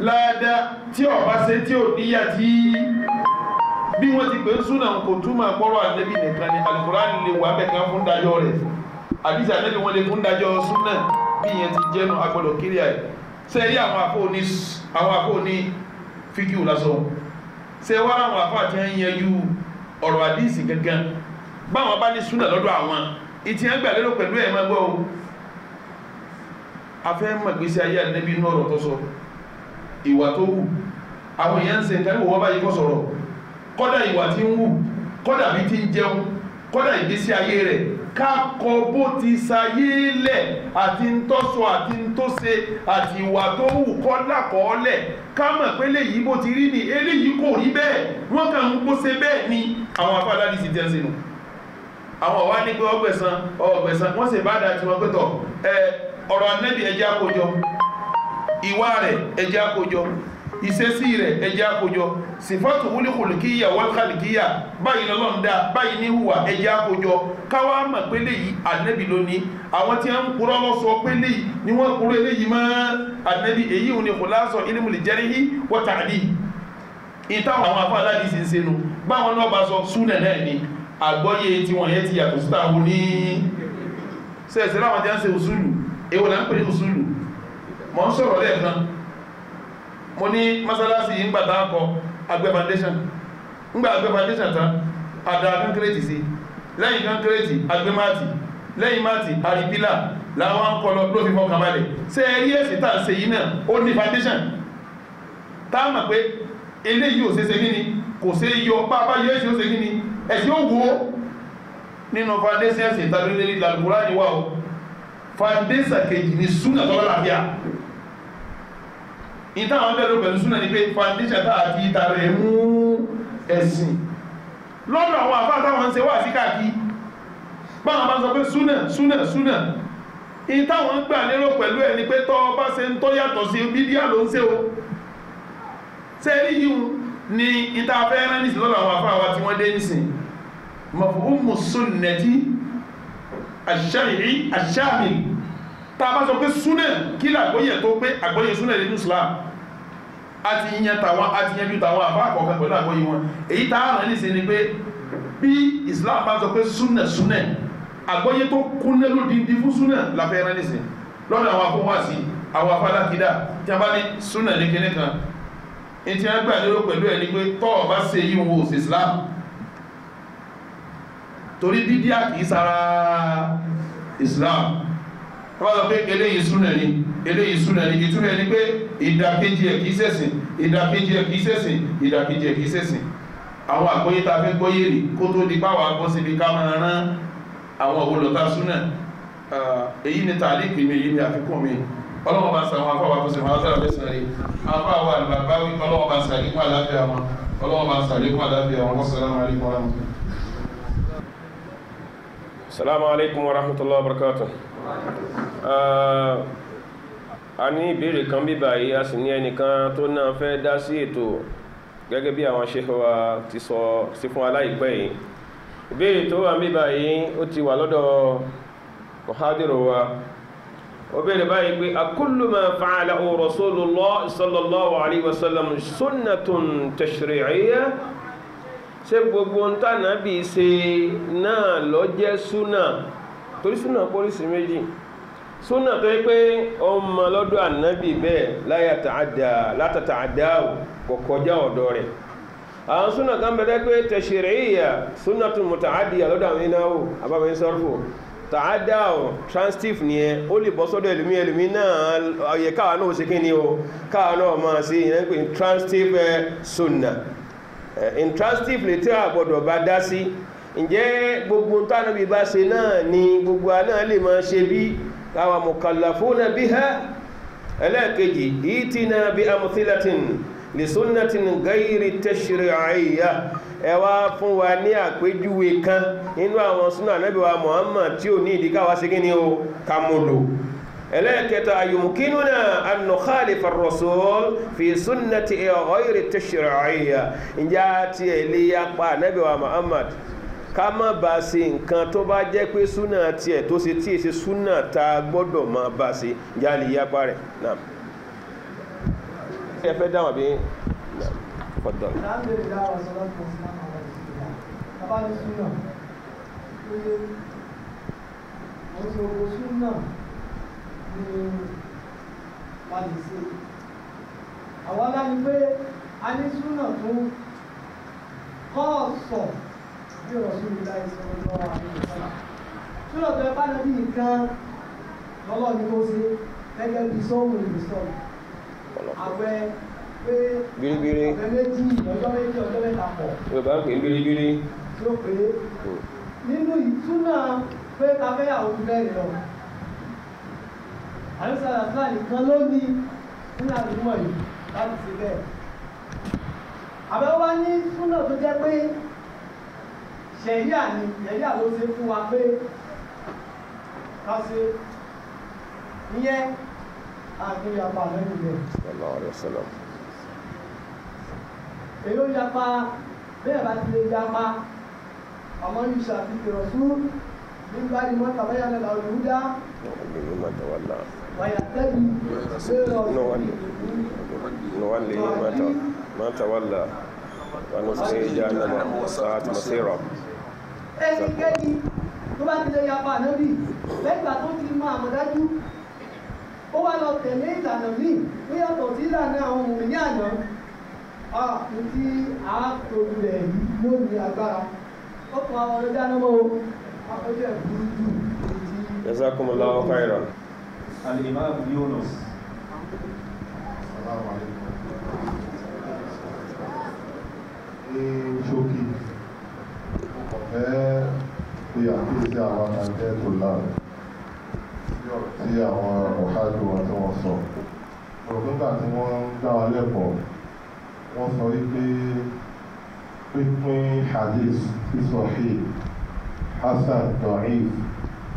[SPEAKER 1] láàdá tí ó bá ṣe tí ò níyà tí bí wọ́n ti pè ń súnà kò túmọ̀ àpọ́rọ̀ ànẹ́bì nìkan ni alukurani lè wà bẹ̀ kan fún dájọ́ rẹ̀ àdìsí ànẹ́bì wọn lè fún dájọ́ súnà bí ìyẹn ti jẹ́nu agbọ́dọ̀ kiri àyè ṣe rí àwọn afọ́ni àwọn afọ́ni fíkìú lásán ṣe wá àwọn afọ́ àti ẹ̀yẹ́yú ọ̀rọ̀ àdìsí gangan báwọn bá ní súnà lọ́dọ̀ àwọn ìtìyàn gbà lérò pẹ̀lú ẹ̀ máa gbọ́ afẹ́ mọ̀gbésí ayé ànábì inú ọ̀rọ̀ tó sọ ìwà tó wù àwọn èèyàn ń ṣe nǹkan ìwọ̀ báyìí kọ́ sọ̀rọ̀ kọ́dà ìwà tí ń wù kọ́dà bí ti ń jẹun kọ́dà ìgbésí ayé rẹ̀ kákọ bó ti sayé lẹ̀ àti ń tọ́sọ àti ń tọ́se àti ìwà tó wù kọ́dà kọ́ọ́lẹ̀ ká mọ̀ pé léyìí bó ti rí ni eléyìí kò rí bẹ́ẹ̀ wọ́n kàn ń gbóse bẹ́ẹ̀ ni àwọn afáàdá ní ti jẹ́ sínú àwọn ọ̀wá ní pé ọ̀rọ̀ anẹ́bì ẹjẹ́ àkójọ ìwà rẹ̀ ẹjẹ́ àkójọ ìṣesí rẹ̀ ẹjẹ́ àkójọ sífọ́tù wúlíkùlùkíyà wọ́lùkàlùkíyà báyìí lọ́lọ́ndà báyìí ní hùwà ẹjẹ́ àkójọ káwá mọ̀ pé léyìí anẹ́bì lónìí àwọn tí wọ́n ń kúrọ́ lọ sọ pé léyìí ni wọ́n kúrọ́ eléyìí mọ́ anẹ́bì èyí ò ní kò lásọ ilmul jarihi wa ta'dil ìtàwọn àwọn afọ aládìí sì ń senu báwọn náà bá sọ súnẹ̀ náà ni àgbọ́yé tiwọn yẹn ti yàtọ̀ síta wọn ní sẹ́ẹ̀sì láwọn tí ń ṣe òṣùlù èwo là ń pè ní usulu mọ̀ ń sọ̀rọ̀ lẹ́ẹ̀kan mo ní mọ́sálásí yìí ń akọ agbẹ́ foundation ń gbà foundation tán ada kankérètì sí lẹ́yìn kankérètì agbẹ́ máàtì lẹ́yìn máàtì àrípílà làwọn ń kọlọ ló fi fọkàn balẹ̀ ṣe rí ẹ̀sìn tá à ń ṣe yìí foundation tá a mọ̀ pé eléyìí ò ṣe ṣe kíni kò ṣe yọ pápá yóò ṣe ó ṣe kíni ẹ̀sìn ó wo nínú foundation ẹ̀sìn ìtàlélẹ́lẹ́ làlùkùrá ni wà ó fàndéṣà kejì ní súnà tọ́lá làbíà ìta àwọn bẹ̀rẹ̀ pẹ̀lú súnà ni pé fàndéṣà tá a fi ìta rẹ̀ mú ẹ̀sìn lọ́dọ̀ àwọn àbá táwọn ń ṣe wà sí káàkiri báwọn bá sọ pé súnà súnà súnà ìta àwọn gbà lérò pẹ̀lú ẹ̀ ni pé tọ́ bá ṣe ń tọ́ yàtọ̀ sí bídíà ló ń ṣe o sẹ́rí yìí ni ìta fẹ́ràn nísìn lọ́dọ̀ àwọn àfáà wa tí wọ́n dé nísìn mọ̀fún mùsùn nẹ̀tí àṣìṣẹ́rìí àṣìṣẹ́àmì tá a bá sọ pé súnẹ̀ kí làgbóyè tó pé àgbóyè súnẹ̀ nínú Islam àti yẹn tàwọn àti yẹn ju tàwọn àbá àkọ́kọ́ pẹ̀lú àgbóyè wọn èyí tá a rán ní sí ni pé bí Islam bá sọ pé súnẹ̀ súnẹ̀ àgbóyè tó kúnlẹ̀ lódindi fún súnẹ̀ làfẹ́ rán ní sí lọ́dọ̀ àwọn afọwọ́sí àwọn afọlákidá tí a bá ní súnẹ̀ ní kinní kan ètí àgbà lérò pẹ̀lú ẹni pé tọ́ọ̀ bá ṣe yíwọ̀n òsì Islam torí bídíà kìí sara Islam wọ́n sọ pé eléyìí súnà ni eléyìí súnà ni ìtúnà ni pé ìdàkejì ẹ̀ kìí ṣẹ̀sìn ìdàkejì ẹ̀ kìí ṣẹ̀sìn ìdàkejì ẹ̀ kìí ṣẹ̀sìn àwọn àgbóyé ta fẹ́ gbóyè rí kó tó di báwa gbọ́ síbi ká máa rán àwọn òwòlọ́ta súnà èyí ni tàlíkì mi èyí ni àfikún mi ọlọ́wọ́ bá sàwọn afọ́wà tó sì máa sára lẹ́sìn rí afọ́wà àlùbàbáwí ọlọ́wọ́
[SPEAKER 4] salamu alaikum wa rahmatullahi wa barakatuh ah, a ní ìbéèrè kan bí báyìí a sì ní ẹnìkan tó náà fẹ́ dá sí ètò gẹ́gẹ́ bí àwọn ṣe wa ti sọ sí fún aláìpẹ́ yìí ìbéèrè tó wà bí báyìí ó ti wà lọ́dọ̀ muhadiru wa ó béèrè báyìí pé akullu ma fa'ala rasulullah sallallahu alaihi wasallam sunnatun tashri'iyya ṣé gbogbo ń tànàbí ṣe náà lọ jẹ́ súnà torí súnà pólísì méjì súnà tó yẹ pé ọmọ lọ́dọ̀ ànábì bẹ́ẹ̀ látàtà àdáwò kò kọjá ọ̀dọ̀ rẹ̀ àwọn súnà kan bẹ̀rẹ̀ pé tashri'iyya súnà tó mọ̀ tàádìyà lọ́dọ̀ àwọn ináwó àbábẹ́ sọ́rfò tàádáwò transitive ni ẹ ó lè bọ́ sọ́dọ̀ ẹlùmí ẹlùmí náà ọ̀yẹ̀ káà náà ó ṣe kí ni o káà náà máa ṣe ìyẹn pé transitive sunnah eh, Eh, intransitive lè tẹ́ àgbọ̀dọ̀ bá dá sí ǹjẹ́ gbogbo tánàbí bá ṣe náà ni gbogbo náà lè máa ṣe bí káwa mukallafuna biha ẹlẹ́ẹ̀kejì ìtìna bí amthilatin li sunnatin ghayri tashri'iyya ẹ wá fún wa ní àpéjúwe kan nínú àwọn súnà Ànábì wa Muhammad tí ò ní ìdíkà sí kí ni o kàmúlò ẹlẹ́ẹ̀kẹta yumkinuna an nukhalifa ar-rasul fi sunnati ghayri tashri'iyya ìjà ti ẹ̀lẹ́yà pa ànábì wa Muhammad ká má bá ṣe nǹkan tó bá jẹ́ pé súnà tiẹ̀ tó ṣe tí èsì súnà ta gbọ́dọ̀ má bá ṣe ìjà lè yapa rẹ̀ náà. ẹ fẹ́ dáhùn àbí fọdọ.
[SPEAKER 6] Thank you ni àwọn dáni pé a ní súnà tó kọ́ọ̀sọ̀ bí ọ̀sùn mi láì lọ́wọ́ àwọn ìṣẹ́lá súnà tó ẹ bá lọ bí nǹkan lọ́lọ́ ni kó ṣe gẹ́gẹ́ bí sọ́ọ̀mù ìbùsọ̀rọ̀ àwẹ̀ pé biribiri méjì ọjọ́ méjì ọjọ́ mẹ́ta pọ̀
[SPEAKER 4] yorùbá pè biribiri tí ó pè é hmm.
[SPEAKER 6] nínú ìtúnà pé káfíńyàwó bẹ́ẹ̀ lọ àyùsọ̀ àdúrà nìkan ló ní nínú àdúgbò yìí láti ṣe bẹ́ẹ̀. àbẹ̀wò wa ní súnà tó jẹ́ pé ṣẹ̀yà ni ṣẹ̀yà ló ṣe fún wa pé ká ṣe ìyẹn
[SPEAKER 3] àgbéyapa lẹ́nu rẹ̀.
[SPEAKER 6] èyí ó yapa bẹ́ẹ̀ bá ti lè yapa àmọ́ yìí ṣàfihàn sùn nígbà ìmọ̀ tàbáyà lẹ́la olùdá.
[SPEAKER 4] ọmọ mi ni mo náà. نولي ما تولى ونسقي جهنم وساءت مصيرا
[SPEAKER 6] ẹnikẹ́ni tó bá ti lè yapa ànábì lẹ́gbàá tó ti mọ àmọ̀dájú ó wá lọ tẹ̀lé ìlànà míì ó yàtọ̀ sí ìlànà àwọn òmùmí ní àná ọ̀hún tí a tòbi rẹ̀ yìí yóò ní agbára ó kàn àwọn ọ̀rẹ́dáná mọ́ o
[SPEAKER 4] jazakumullahu khairan. الإمام يونس السلام
[SPEAKER 7] عليكم ṣókí ẹ fi àkíyèsí àwọn àjẹ́ tó láàrẹ̀ tí àwọn ọ̀hájú wọn tí wọ́n sọ nígbà tí wọ́n ń dá wa lẹ́kọ̀ọ́ wọ́n sọ wípé pínpín hadith sísọ ṣe hasan dohif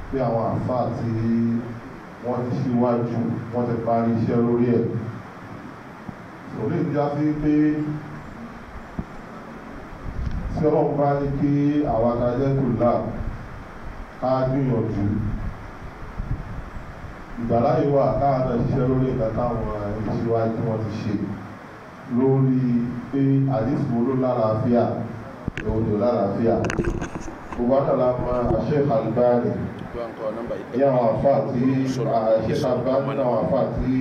[SPEAKER 7] pé àwọn àfáà tí wọ́n ti síwájú wọ́n ti parí iṣẹ́ lórí ẹ̀ òní ìjà sí pé tí ọlọ́run bá ní kí àwọn adájẹ́ kò là á gbìyànjú ìgbàláyé wà káàdà ṣiṣẹ́ lórí ìgbà táwọn ìṣíwájú wọn ti ṣe lórí pé àdìsí wo ló lálàáfíà èwo ló lálàáfíà gbogbo náà la mọ Sheikh Albani ní àwọn afa tí Sheikh Albani ní àwọn afa tí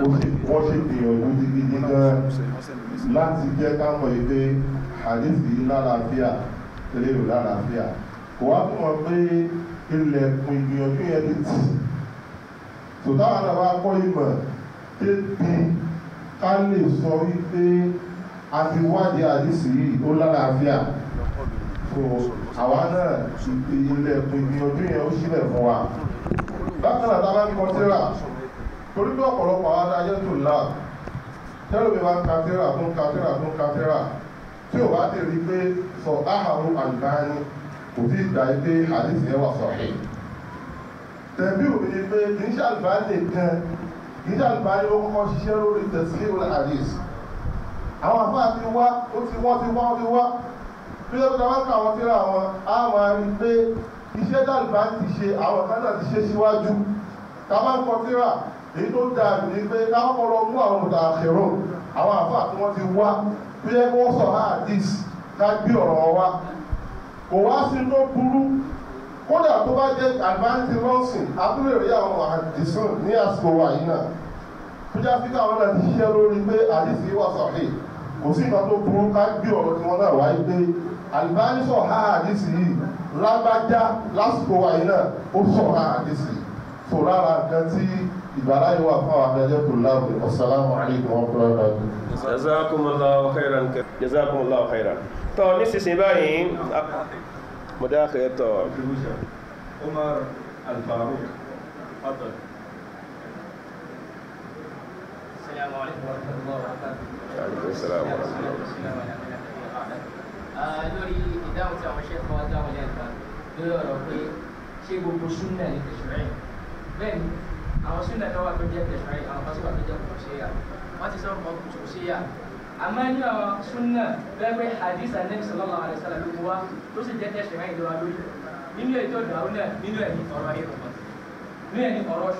[SPEAKER 7] wọ́n ṣe gbìyànjú gidigidi gan láti jẹ́ káwọn èdè àdìsí lálàáfíà tẹ́lẹ̀ ò lálàáfíà kò wá fún wọn pé ilẹ̀kùn ìgbìyànjú yẹn ti tì tòtáwọn náà wá kọ́ ìmọ̀ débi ká lè sọ wípé a ti wádìí àdìsí yìí ó lálàáfíà so àwa náà ilẹ̀ ìgbìyànjú yẹn ó sílẹ̀ fún wa bákan náà tábà ń kọ síra torí pé ọ̀pọ̀lọpọ̀ àwọn adájọ́ tó là tẹ́lómi wa ń ka síra tó ń ka síra tó ń ka síra tí ò bá ti rí i pé sọ áhàrú àlùbáyé kò sí ìgbà yìí pé àdìsí ẹ wà sọ̀rọ̀ tẹ̀bí òbí ni pé kì í ṣàlùbáyé nìkan kì í ṣàlùbáyé ó kọ́kọ́ ṣiṣẹ́ lórí tẹ̀síwò àdìsí àwọn àfáà ti wá ó ti wá ti wá ó ti wá bí ó ta wọ́n kà wọ́n síra wọn á máa rí pé iṣẹ́ dàlùbá ti ṣe àwọn kan náà ti ṣe síwájú ká máa ń kọ síra èyí tó dáa ní pé ká kọ́ lọ mú àwọn mọ̀tà àṣẹrò àwọn àfáà tí wọ́n ti wá bí ẹ kó sọ àdìs ká gbé ọ̀rọ̀ wa kò wá sí ló burú kódà tó bá jẹ́ advance lọ́sìn abúlé rí àwọn àdìsùn ní àsìkò wa yìí náà tó já sí káwọn náà ti ṣiṣẹ́ lórí pé àdìs yìí wà sọ̀rọ̀ kò sí ìgbà tó burú ká gbé ọ̀rọ̀ tí wọ́n náà wáyé pé Albani sọ ha àdìsí yìí lágbájá lásìkò wa yìí náà ó sọ ha àdìsí tó rárá nǹkan tí ìbára yìí wà fún àwọn adájọ́ tó láwùjọ ọ̀sálàmù alaykum
[SPEAKER 4] wa rahmatulahi. jazakumullahu khairan jazakumullahu khairan. tọ́ nísinsìnyí báyìí mo dá àkàyẹ tọ́.
[SPEAKER 2] Umar Al-Faruq fadl. السلام عليكم
[SPEAKER 7] ورحمة الله وبركاته.
[SPEAKER 3] وعليكم السلام ورحمة الله وبركاته
[SPEAKER 7] lórí ìdáhùn tí àwọn ṣẹ́kọ̀ọ́ wá dáhùn lẹ́ẹ̀kan lórí ọ̀rọ̀ pé ṣé gbogbo súnà ní tẹ̀sùrẹ́ bẹ́ẹ̀ ni àwọn súnà kan wà tó jẹ́ tẹ̀sùrẹ́ àwọn kan sì wà tó jẹ́ kùtùṣíyà wọ́n
[SPEAKER 6] ti sọ̀rọ̀ kan kùtùṣíyà àmọ́ ní àwọn súnà bẹ́ẹ̀ pé hadith anabi sallallahu alayhi wa sallam ló wá tó sì jẹ́ tẹ̀sùrẹ́ ìlú wa lórí nínú ètò ìdáhùn náà nínú ẹ̀ ní ọ̀rọ̀ ìrùkọ̀
[SPEAKER 7] nínú ẹ̀ ní ọ̀rọ̀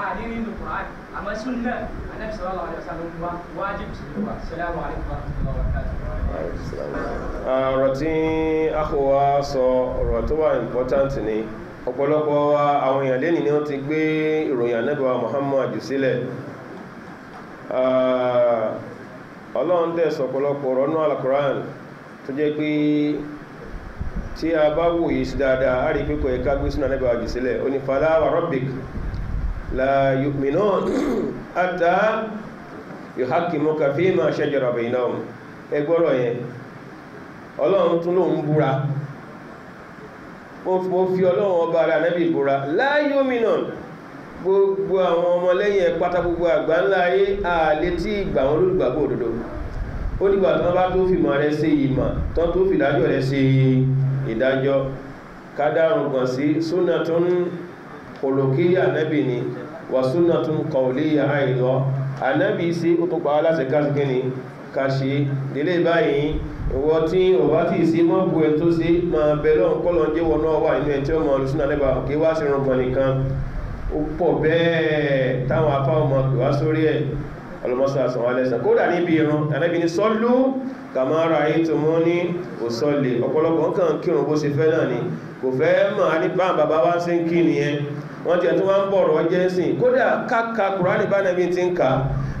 [SPEAKER 7] àní ah, nínú Quran àmọ́ súnà anábì sallallahu alaihi wasallam
[SPEAKER 2] wa wájib sí ló wà salamu alaikum wa
[SPEAKER 4] rahmatullahi wa barakatuh. ọ̀rọ̀ ah, tí akọ̀wá sọ ọ̀rọ̀ tó wà important ni ọ̀pọ̀lọpọ̀ àwọn èèyàn lẹ́ni ni wọ́n ti gbé ìròyìn anábì wa Muhammad sílẹ̀ ah, ọlọ́run dẹ̀ sọ̀pọ̀lọpọ̀ ọ̀rọ̀ náà al-Quran tó jẹ́ pé tí a bá wòye sí dáadáa a rí pé kò yẹ ká gbé sínú anábì wa jù sílẹ̀ ó ní fala wa la yu'minun hatta yuhakimuka fima shajara bainahum ẹgbọ́rọ̀ yẹn ọlọ́run tún lóun búra mo fi ọlọ́run ọba ara nẹ́bí búra la yu'minun gbogbo àwọn ọmọlẹ́yìn ẹ̀ pátá gbogbo àgbà ńlá ayé ààlé tí ìgbà wọn lólùgbàgbọ́ òdodo ó dìgbà tó bá tó fìmọ̀ rẹ̀ ṣe ìmọ̀ tó tó fìdájọ́ rẹ̀ ṣe ìdájọ́ kádàrùn kan sí súnà tó ń kòlòkíyà nẹ́bì ni wà súnà tún kọ̀ọ̀líyà àìlọ́ ànẹ́bì sí ó tó pàá láti káàkiri ni kàṣe délé báyìí ìwọ tí o bá tí sí mọ́ bu ẹ tó sí máa bẹ̀rẹ̀ ọ̀kọ́lọ̀ jẹ́ wọn náà wà inú ẹ tí ó mọ̀ lùsùnà lẹ́bà kí wá sí irun kan nìkan ó pọ̀ bẹ́ẹ̀ táwọn afá ọmọ wá sórí ẹ̀ ọlọ́mọsọ àsàn ni sọ́lú kàmára ètò mọ́ ní òsọ́lẹ̀ ọ̀pọ̀lọpọ̀ nǹkan kírun bó ṣe fẹ́ ni wọ́n ti ẹ̀tún wá ń bọ̀rọ̀ ọjẹ́ sí kódà káka kùránì bá ti ń kà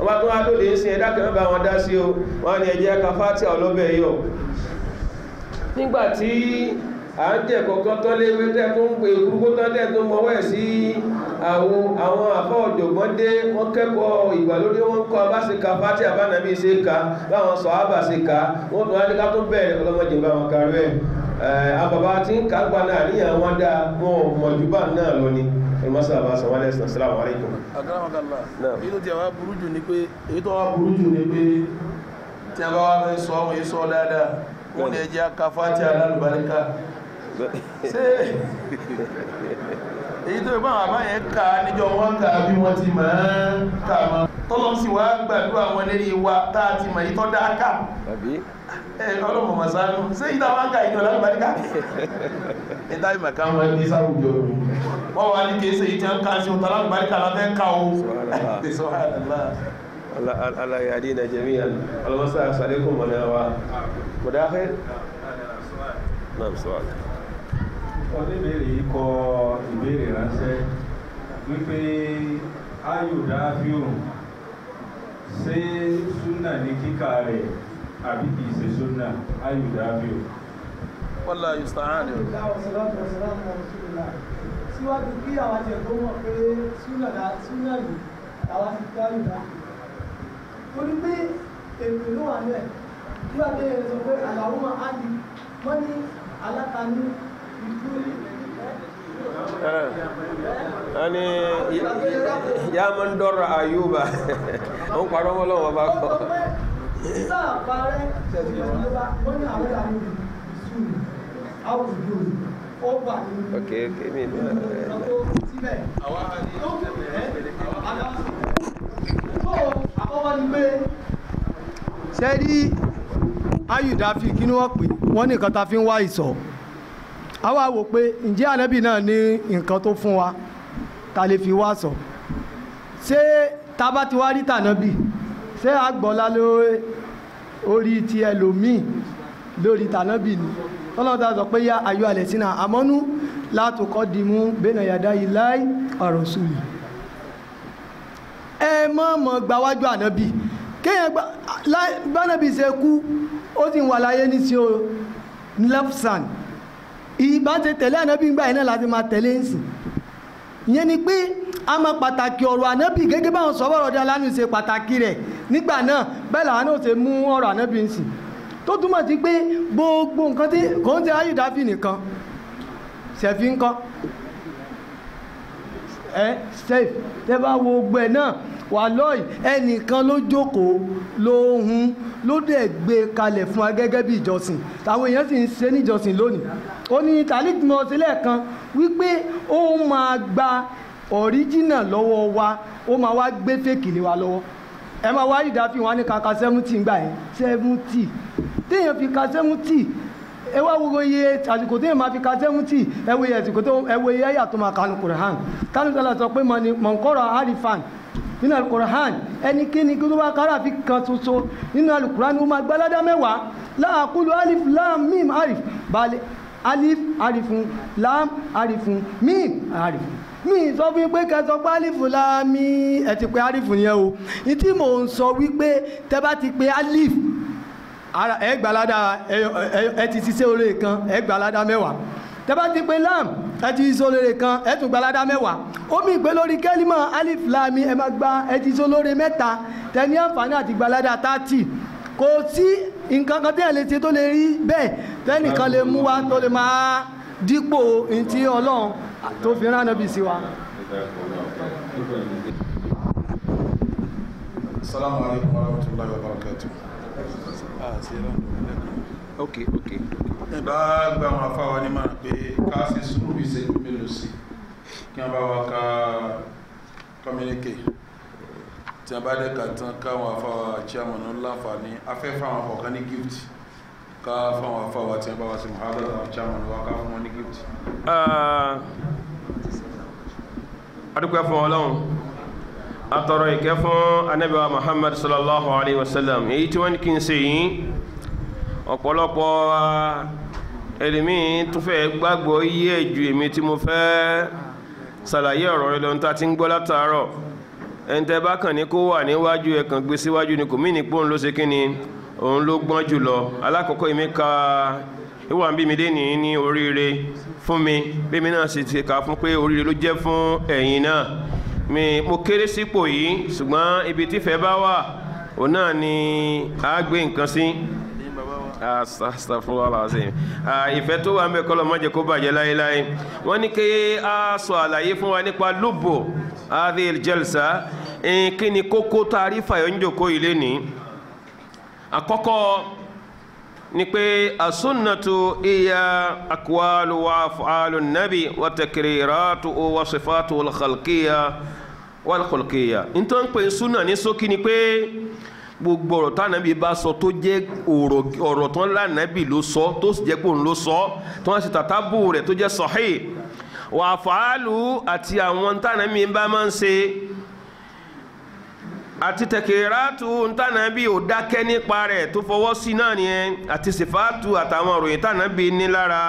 [SPEAKER 4] wọ́n bá wá sí ẹ̀dá bá wọn dá sí o wọ́n ni ẹjẹ́ ka ọlọ́bẹ̀ yọ nígbà tí à ń jẹ́ kọ̀ọ̀kan lé tó ń pè tó àwọn dé wọ́n kẹ́kọ̀ọ́ ìgbàlódé wọn kọ́ bá sọ wọn tún wá ní ká tó bẹ̀rẹ̀ ọlọ́mọdé bá wọn kárẹ́ wọn mọ̀jú bá ẹ mọ́ sábà sanwó-alẹ́ sàn sílámù aláìkùm. àkàràmọ̀kàlà èyí tó ti àwa burú jù ni pé èyí tó
[SPEAKER 1] wá burú jù ni pé tí a bá èyí tó yẹ báwọn àbáyẹn kà á níjọ wọn kà á bí wọn ti mọ̀ ẹ́ kà mọ́ tọ́lọ́n sì wá gbàdúrà wọn lérí wa tá a ti mọ̀ yìí tọ́ dáa kà ẹ ọlọ́mọ màsánú ṣé yìí táwọn kà yìí ọlọ́mọ bàdíkà ní táyì màkà wọn ní sáwùjọ wọn wà ní
[SPEAKER 4] kéésì yìí tí wọn kà sí ọtọ alámọ bàdíkà la fẹ́ kà o ala yadi na jami'an almasa assalamu alaikum wa rahmatullahi wa
[SPEAKER 2] oníbèrè yìí kọ ìbéèrè ránṣẹ́ wípé ayùdá fíòrùn ṣé súnà ní kíkà rẹ̀ àbí kìí ṣe súnà ayùdá fíòrùn. wọ́lá yusta'an ni.
[SPEAKER 6] síwájú kí àwọn àti ẹ̀kọ́ mọ̀ pé súnà yìí àwọn ti ká ayùdá torí pé èmi ló wà nígbà tí sọ pé àlàó máa di wọ́n ní
[SPEAKER 4] ani ya man dọ́rọ̀ Ayuba. ń parọ́ mọ́ lọ́wọ́ bá kọ́ ok ok mi ni
[SPEAKER 6] ṣe rí ayùdáfi kí ni wọ́n pè wọ́n nìkan ta fi ń wá ìsọ̀ àwa wò pé ǹjẹ́ ànábì náà ní nǹkan tó fún wa ta lè fi wá sọ ṣé ta bá ti wá rí tànábì ṣé àgbọ̀lá lórí ti ẹlòmíì lórí tànábì ni tọ́lọ́dà sọ pé yá ayọ́ alẹ̀ sínú àmọ́nú látòkọ́ dìmú bẹ́nà yàdá yìí láì ọ̀rọ̀ sùnmù ẹ mọ̀ mọ̀ gbáwájú ànábì kéèyàn gbá bánábì ṣe kú ó sì ń wà láyé ní sí o nlefsan ìbá ṣe tẹ̀lé ànábì ńgbà yẹn náà láti máa tẹ̀lé ń sìn ìyẹn ni pé a máa pàtàkì ọ̀rọ̀ ànábì gẹ́gẹ́ báwọn sọ̀rọ̀ ọ̀rọ̀ ọ̀dà lánàá ṣe pàtàkì rẹ̀ nígbà náà bẹ́ẹ̀ làwọn náà ṣe mú ọ̀rọ̀ ànábì ń sìn tó túmọ̀ sí pé gbogbo nǹkan tí kò ń ṣe ayùdáfì nìkan ṣẹ̀fí ńkọ́ ẹ safe tẹ́ bá wo gbẹ náà wà lọ́ọ̀yì ẹnìkan ló jókòó ló hun ló dẹ̀ gbé kalẹ̀ fún wa gẹ́gẹ́ bí ìjọsìn táwọn èèyàn sì ń ṣe níjọsìn lónìí ó ní talik mọ sílẹ̀ kan wípé ó máa gba ọ̀ríjìnà lọ́wọ́ wa ó máa wá gbé fèkì lé wa lọ́wọ́ ẹ máa wá ìdáfihàn wa ní kàkà seventy gbà yẹn seventy téèyàn fi ka seventy ẹ wá wo iye àsìkò tí yẹn máa fi ka sẹ́wọ́ntì ẹ wo iye àsìkò tó ẹ wo iye ẹ̀yà tó máa kanu kùrán kánú sọlá sọ pé mọ̀nkọ́rọ̀ àrífàn nínú alukorahan ẹnikẹ́ni kí ló bá kára fi kan ṣoṣo nínú alukorahan ó máa gbáládá mẹ́wàá láàkúlù alif lam mim alif, balẹ̀ alif alifun, lam alifun, mim alifun, mi sọ fún yín pé kẹsàn pé alifu la mi ẹ ti pè alifu yẹn o ìtí mò ń sọ wípé tẹ bá ti pè alif ara ẹ gbalada ẹ ti ṣiṣẹ́ olóore kan ẹ gbalada mẹ́wàá tẹ́bá ti pé lam ẹ ti ṣiṣẹ́ olóore kan ẹ tún gbalada mẹ́wàá omi ìgbé lórí kẹ́límọ̀ alif lami ẹ máa gba ẹ ti ṣiṣẹ́ olóore mẹ́ta tẹ́ni àǹfààní àti gbalada tààtì kò sí nǹkan kan tẹ́yàn lè ṣe tó lè rí bẹ́ẹ̀ tẹ́nìkan lè mú wa tó lè máa dípò ntí ọlọ́run tó fi rán nàbì sí wa.
[SPEAKER 1] Assalamu alaikum warahmatullahi wabarakatuh ok ok. ìbá gba àwọn afáwa de máa pé ká ṣe sùúrù ìṣẹ́jú mélòó sí kí wọ́n bá wa ka kọ́míníkè tí a bá dé ka tán káwọn afáwa chairman láǹfààní afẹ́fẹ́ àwọn kọ̀ọ̀kan ní gift ká fáwọn afáwa tí wọ́n bá wa
[SPEAKER 4] sí muhammed àwọn chairman wa ká fún wọn ní gift. adúpẹ́ ah, fún Ọlọ́run atọrọ ìkẹ́ fún ànábì wa muhammad sallallahu alayhi wa sallam èyí tí wọ́n kì í ṣe yìí ọ̀pọ̀lọpọ̀ eh, ẹlẹ́mí tó fẹ́ gbàgbọ́ yíyẹ ju èmi tí mo fẹ́ ṣàlàyé ọ̀rọ̀ rẹ lọ́nà tá a ti ń gbọ́ látàárọ̀ ẹni tẹ́ bá kàn ní kó wà níwájú ẹ̀ gbé síwájú ni kò mí ní pòun ló ṣe kí ni òun ló gbọ́n jù lọ alákọ̀ọ́kọ́ èmi ka ìwà bí mi dé ní ní oríire fún mi bí mi náà sì ti kà fún pé oríire ló jẹ́ fún ẹ̀yin náà mi mo kéré sípò yìí ṣùgbọ́n ibi tífẹ̀ bá wà òun náà ni a gbé nǹkan sí ìfẹ́ tó wà ń bẹ kọ́lọ̀ má jẹ́ kó bàjẹ́ láéláé wọ́n ní kí a sọ àlàyé fún wa nípa lóbò adil jelsa kí ni kókó tá a ilé ní àkọ́kọ́ ni pé asúnnàtò iya akwalu wa afalu nabi wa takiratu wa sifatu wa khalqiya wàlùkọ̀lùkìyà nítorí pé súnà ní sókí ni pé gbogbo ọ̀rọ̀ tánàbí bá sọ tó jẹ́ ọ̀rọ̀ tán lánàbí ló sọ tó sì jẹ́ pòun ló sọ tó wọ́n sì tàtà bù rẹ̀ tó jẹ́ sọ̀hí wà fàálù àti àwọn tánàbí bá máa ń ṣe àti tẹkẹrẹàtù tánàbí ò dákẹ́ nípa rẹ̀ tó fọwọ́ sí náà nìyẹn àti sèfàtù àtàwọn òròyìn tánàbí ní lára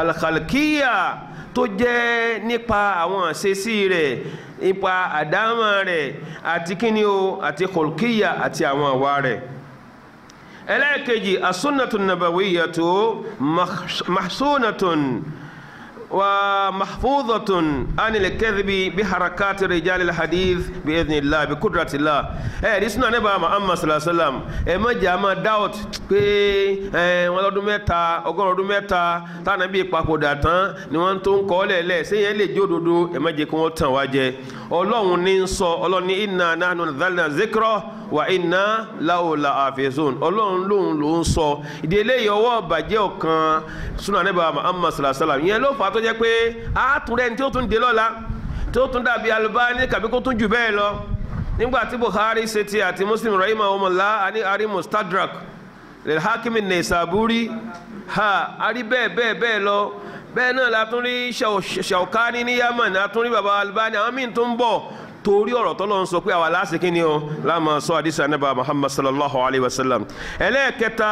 [SPEAKER 4] alkhalkiya tó jẹ́ nípa àwọn àṣesí rẹ̀ ipa àdámọ̀ rẹ̀ àti kíni o àti kòlkíyà àti àwọn àwa rẹ̀ ẹlẹ́ẹ̀kejì asúnnatun nabawiyatu mahsunatun. Mah ومحفوظة عن الكذب بحركات رجال الحديث بإذن الله بقدرة الله ẹ ẹ̀rí súnà níbà Muhammad sallallahu alaihi wasallam ẹ má jẹ́ àmọ́ doubt pé ẹ wọn lọ́dún mẹ́ta ọgọ́rùn ọdún mẹ́ta táwọn bíi papòdà tán ni wọ́n tó ń kọ́ lẹ̀lẹ̀ sẹ́yìn lè jó dodo ẹ má jẹ́ kí wọ́n tàn wá jẹ ọlọ́run ní ń sọ ọlọ́run ní inna nahnu nazzalna zikra wa inna lahu lahafizun ọlọ́run lòun ló ń sọ ìdílé yọwọ́ bàjẹ́ ọ̀kan súnà níbà Muhammad sallallahu alaihi wasallam ìyẹn ló fà á tó jẹ́ pé àtúndẹ̀ ní tí ó tún dé lọ́la tí ó tún dàbí Albani kàbí kó tún jù bẹ́ẹ̀ lọ nígbà tí Bukhari ṣe ti àti Muslim rahimahumullah ani ari mustadrak lil hakimi nesaburi ha ari bẹ́ẹ̀ bẹ́ẹ̀ bẹ́ẹ̀ lọ bẹ́ẹ̀ náà la tún rí Shawkani ní Yaman la tún rí baba Albani àwọn míì tún bọ̀ torí ọ̀rọ̀ tọ́lọ́ ń sọ pé àwa láti kí ni o láàmú sọ àdìsí anábà Muhammad sallallahu alayhi wa sallam ẹlẹ́ẹ̀kẹta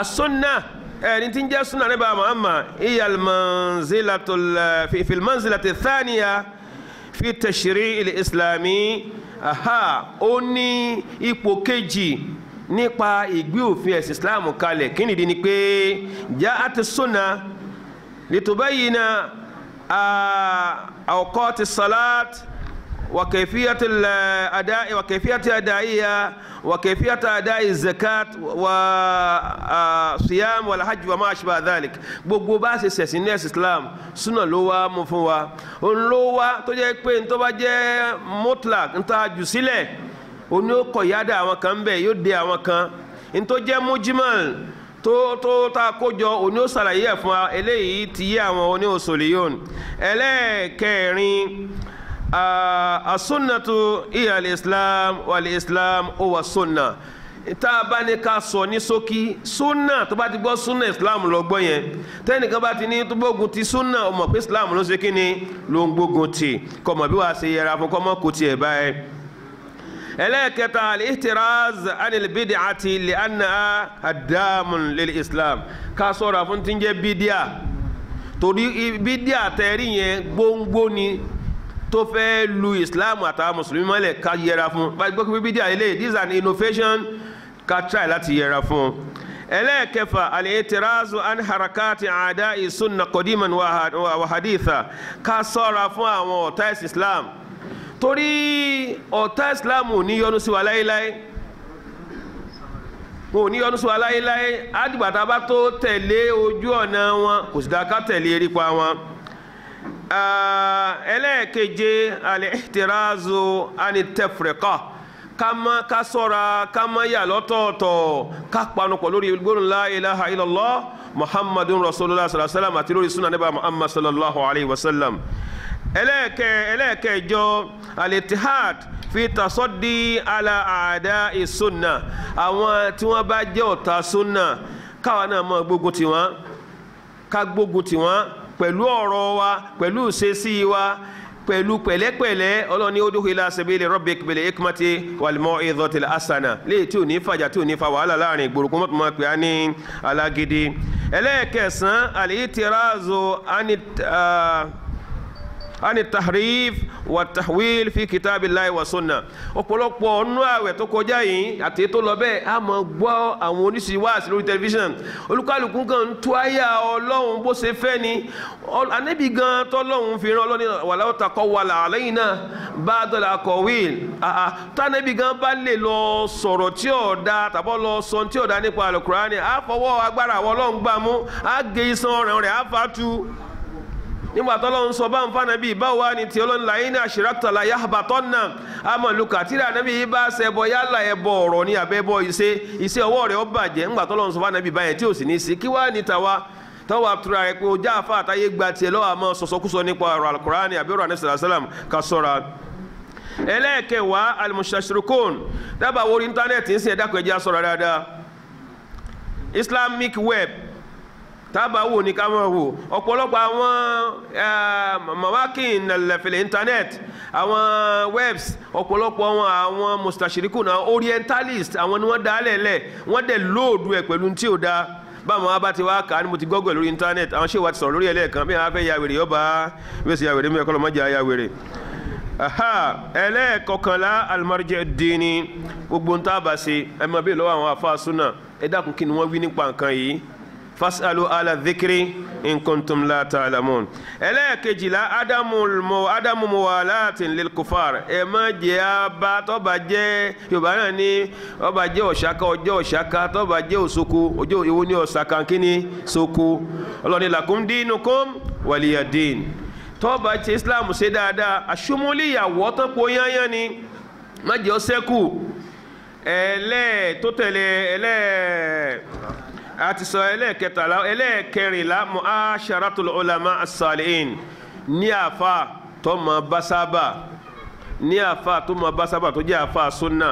[SPEAKER 4] asúnà ẹni tí ń jẹ́ súnà níbà Muhammad iyal manzilatul fil manzilati thaniya fi tashri'il islami aha ó ní ipò kejì nípa ìgbé òfin ẹ̀sìn islam kalẹ̀ kí nìdí ni pé já a ti súnà litubayyina awqati salat. وكيفية الأداء وكيفية أدائها وكيفية أداء الزكاة والصيام والحج وما أشبه ذلك gbogbo bá ṣe ṣẹ̀sìn ní Islam súnà ló wá mú fún wa òun ló wá tó jẹ́ pé n tó bá jẹ́ mutlak n ta jù sílẹ̀ òun yóò kọ̀ yáda àwọn kan ń bẹ̀ yóò de àwọn kan n tó jẹ́ mujimal tó tó tá a kó jọ òun yóò ṣàlàyé ẹ̀ fún wa eléyìí ti yé àwọn oníhòsòlì yóò ẹlẹ́ẹ̀kẹrin asunnatu iyal islam wal islam huwa sunna tá a bá ní ká sọ ní ṣókí sunna tó bá ti gbọ́ sunna islam lọ gbọ́ yẹn tẹ́nìkan bá ti ní tó gbógun ti sunna ó pé islam ló ṣe kí ni ló ń gbógun ti kó mọ̀ bí wàá ṣe yẹra fún kó mọ̀ kó tiẹ̀ báyẹn. ẹlẹ́ẹ̀kẹta al-ihtiraz anil bid'ati li anna islam ká sọ̀rọ̀ fún tí torí bídíà tẹ̀rí yẹn gbóngbó tó fẹ́ lu islam àtàwọn mùsùlùmí mọ́lẹ̀ ká yẹra fún bá gbọ́ pé ilé this is an innovation ká try láti yẹra fún ẹlẹ́ẹ̀kẹfà al-i'tirazu an harakati a'da'i sunna qadiman wa haditha ká sọ́ra fún àwọn ọ̀tá islam torí ọ̀tá islam ò ní yọ́nú sí wa láéláé wọn ò ní yọ́nú sí wa láéláé àdìgbàtà bá tó tẹ̀lé ojú ọ̀nà wọn kò sì dá ká tẹ̀lé erípa wọn. Ah, ẹlẹ́ẹ̀keje al-ihtirazu anitẹfrẹ̀kọ́ kama ká sọ́ra kama yà lọ́tọ̀ọ̀tọ̀ ká panupọ̀ lórí gbólóhùn la ilaha illallah muhammadun rasulullah sallallahu alayhi wa sallam àti lórí sunan nebà muhammad sallallahu alayhi wa sallam ẹlẹ́ẹ̀kẹ́ ẹlẹ́ẹ̀kẹjọ al-ittihad fi tasọ́dí ala a'da'i sunna àwọn tí wọ́n bá jẹ́ sunna káwa náà mọ̀ tiwọn ká gbógun tiwọn pẹ̀lú ọ̀rọ̀ wa pẹ̀lú ìṣesí wa pẹ̀lú pẹ̀lẹ́pẹ̀lẹ́ ọlọ́run ní odò ìlà sẹ́bílì rọ́bì ìpìlẹ̀ ìkùmọ̀tì wàlímọ́ ìdọ̀tìlẹ̀ àṣànà léyìí tí ò ní fàjà tí ò ní fa wàhálà láàrin ìgboro kọ́mọ́tò máa pè á ní alágídí ẹlẹ́ẹ̀kẹsàn-án àlè ìtìrázò ani tahrif wa tahwil fi kitabillahi wa sunna ọ̀pọ̀lọpọ̀ ọ̀nù àwẹ̀ tó kọjá yìí àti tó lọ bẹ́ẹ̀ a máa gbọ́ àwọn oníṣìí wáàsí lórí tẹlifíṣàn olúkálùkù kan ń tú àyà ọlọ́run bó ṣe fẹ́ ni anábì gan tọ́lọ́run fi ran ọlọ́ni walau taqawwala alayna ba'dal aqawil tánàbì gan bá lè lọ sọ̀rọ̀ tí ò da tàbọ̀ lọ sọ tí ò da nípa alukurani àfọwọ́ agbára àwọn ọlọ́run gbàmú àgé iṣan ọ̀ràn rẹ̀ àfàtú nígbà tọ́lọ́run sọ bá ń fa nàbí báwo wá ní tí ọlọ́run láyé ní àṣírákùtà láyé àbátọ́nà amọ̀lùkà tí ànábì yìí bá ṣe ẹbọ yálà ẹbọ ọ̀rọ̀ ní àbẹ́bọ iṣẹ́ iṣẹ́ ọwọ́ rẹ̀ ó bàjẹ́ ńgbà tọ́lọ́run sọ bá nàbí báyẹn tí ò sì ní sí kí wá ní tàwa tọ́wọ́ àtúrà rẹ̀ pé ojú àfa àtàyè gba tiẹ̀ lọ́wọ́ àmọ́ sọ̀sọ́kúsọ nípa ọ̀rọ̀ alukurani àbí ọ̀rọ̀ anẹ́sàlá sálàm Islamic web tábà wò ni ká mọ̀ wò ọ̀pọ̀lọpọ̀ àwọn eh, mọ̀wákì nàlẹ́fẹ̀lẹ̀ internet àwọn webs ọ̀pọ̀lọpọ̀ wọn àwọn mustachiriku náà orientalist àwọn ni wọ́n dálẹ̀ lẹ̀ wọ́n dẹ̀ lóòdù ẹ̀ pẹ̀lú tí ò dáa báwọn abá ti wá kà á ní mo ti gọ́gọ̀ lórí íńtánẹ́ẹ̀tì àwọn ṣèwà ti sọ̀rọ̀ lórí ẹlẹ́ẹ̀kan bí wọ́n fẹ́ ya wèrè yọba wíwèsì ya wèrè mi ẹ̀kọ́ ya wèrè. ẹlẹ́ẹ̀kọkànlá alimarijẹ dín ní gbogbo ń tá a bá ṣe ẹ máa bí lọ́wọ́ àwọn afáàsúnà ẹ dákun kí ni wọ́n wí nípa nǹkan yìí fasalu ala dhikri in kuntum la ta'lamun ẹlẹ́ẹ̀kejìlá adamu mọ adamu muwalatin lil kufar ẹ má jẹ́ aba tọ́ba jẹ́ yorùbá náà ní ọba jẹ́ ọ̀ṣaka ọjọ́ ọ̀ṣaka tọ́ba jẹ́ òṣoko ọjọ́ ìwo ní ọ̀ṣaka kínní ṣoko ọlọ́ni lakum dinukum waliyadin tọ́ba ti islam ṣe dáadáa àṣomúlìyàwó tọ́pọ̀ yányán ni má jẹ́ ọ sẹ́kù ẹlẹ́ẹ̀ tó tẹ̀lé ẹlẹ́ẹ̀ a ti sọ ẹlẹ́ẹ̀kẹtàlá ẹlẹ́ẹ̀kẹrìnlá mu'asharatul ulama as-salihin ní àfa tó máa bá sábà ní àfa tó máa bá sábà tó jẹ́ àfa sunna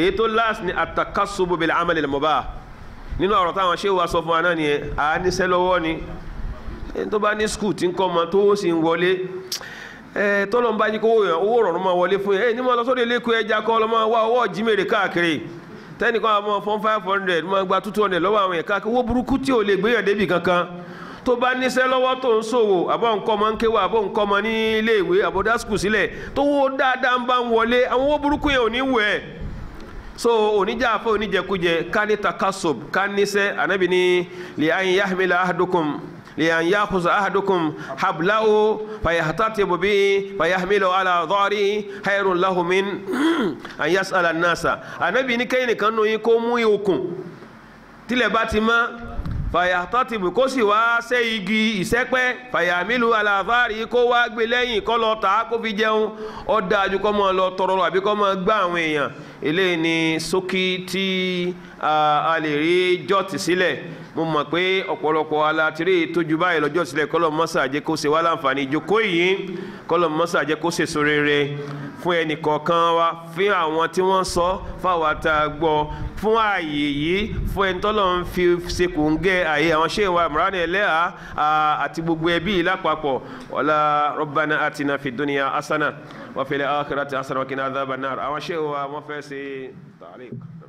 [SPEAKER 4] èyí tó last ni at-takassubu bil amalil mubah nínú ọ̀rọ̀ táwọn ṣé wa sọ fún wa náà nìyẹn à á níṣẹ́ lọ́wọ́ ni tó bá ní skul tí ń kọ́ ọmọ tó sì ń wọlé tọ́lọ́mbá kó owó rọrùn máa wọlé fún yẹn ẹ̀ ní mo lọ sóde lẹ́kọ̀ọ́ ẹja kọ́ lọ́mọ tẹ́nìkan àwọn fún five hundred máa gba two hundred lọ́wọ́ àwọn yẹn káàkiri owó burúkú tí ò lè gbéyàn débi kankan tó bá níṣẹ́ lọ́wọ́ tó ń ṣòwò àbọ̀ nǹkan ọmọ ń kéwà àbọ̀ nǹkan ọmọ ní ilé ìwé àbọ̀dá skul tó wó dáadáa ń bá ń wọlé àwọn owó burúkú yẹn ò ní wù ẹ́ so oníjà afẹ́ oníjẹkújẹ ká ní takasob ká níṣẹ́ ànábì ní yahmila ahdukum لأن يأخذ أحدكم حبله فيحتطب به فيحمله على ظهره خير له من أن يسأل الناس Ànábì ní kẹ́nìkan nínú yín kó mú okùn tílẹ̀ bá ti mọ́ fàyàtọ́tìbù kó sì wáá ṣe igi ìṣẹ́pẹ́ fàyàmílù aláfáàrí kó wáá gbé lẹ́yìn kó lọ tà á kó fi jẹun ó dáa jù kó máa lọ tọrọ àbí kó máa gbá àwọn èèyàn eléyìí ni ṣókí tí a lè rí jọ́ọ̀tì sílẹ̀ mo mọ̀ pé ọ̀pọ̀lọpọ̀ alátìrí tójú báyìí lọ́jọ́ sílẹ̀ kọ́lọ̀ mọ́sà jẹ́ kó se wá láǹfààní ìjókòó yìí kọ́lọ̀ mọ́sà jẹ́ kó ṣe sun rere fún ẹnìkọ̀ọ̀kan wa fún àwọn tí wọ́n sọ fáwọn àtàgbọ́ fún ààyè yìí fún ẹni tọ́lọ̀ ń fi sekù ń gẹ ààyè àwọn ṣéyìn wa Imran Eleha àti gbogbo ẹbí yìí lápapọ̀ ọ̀la Rabbana atina fid dunya hasana wa fil akhirati hasana wa qina adhaban nar àwọn ṣé o wa wọ́n fẹ́ ṣe tààlíkù.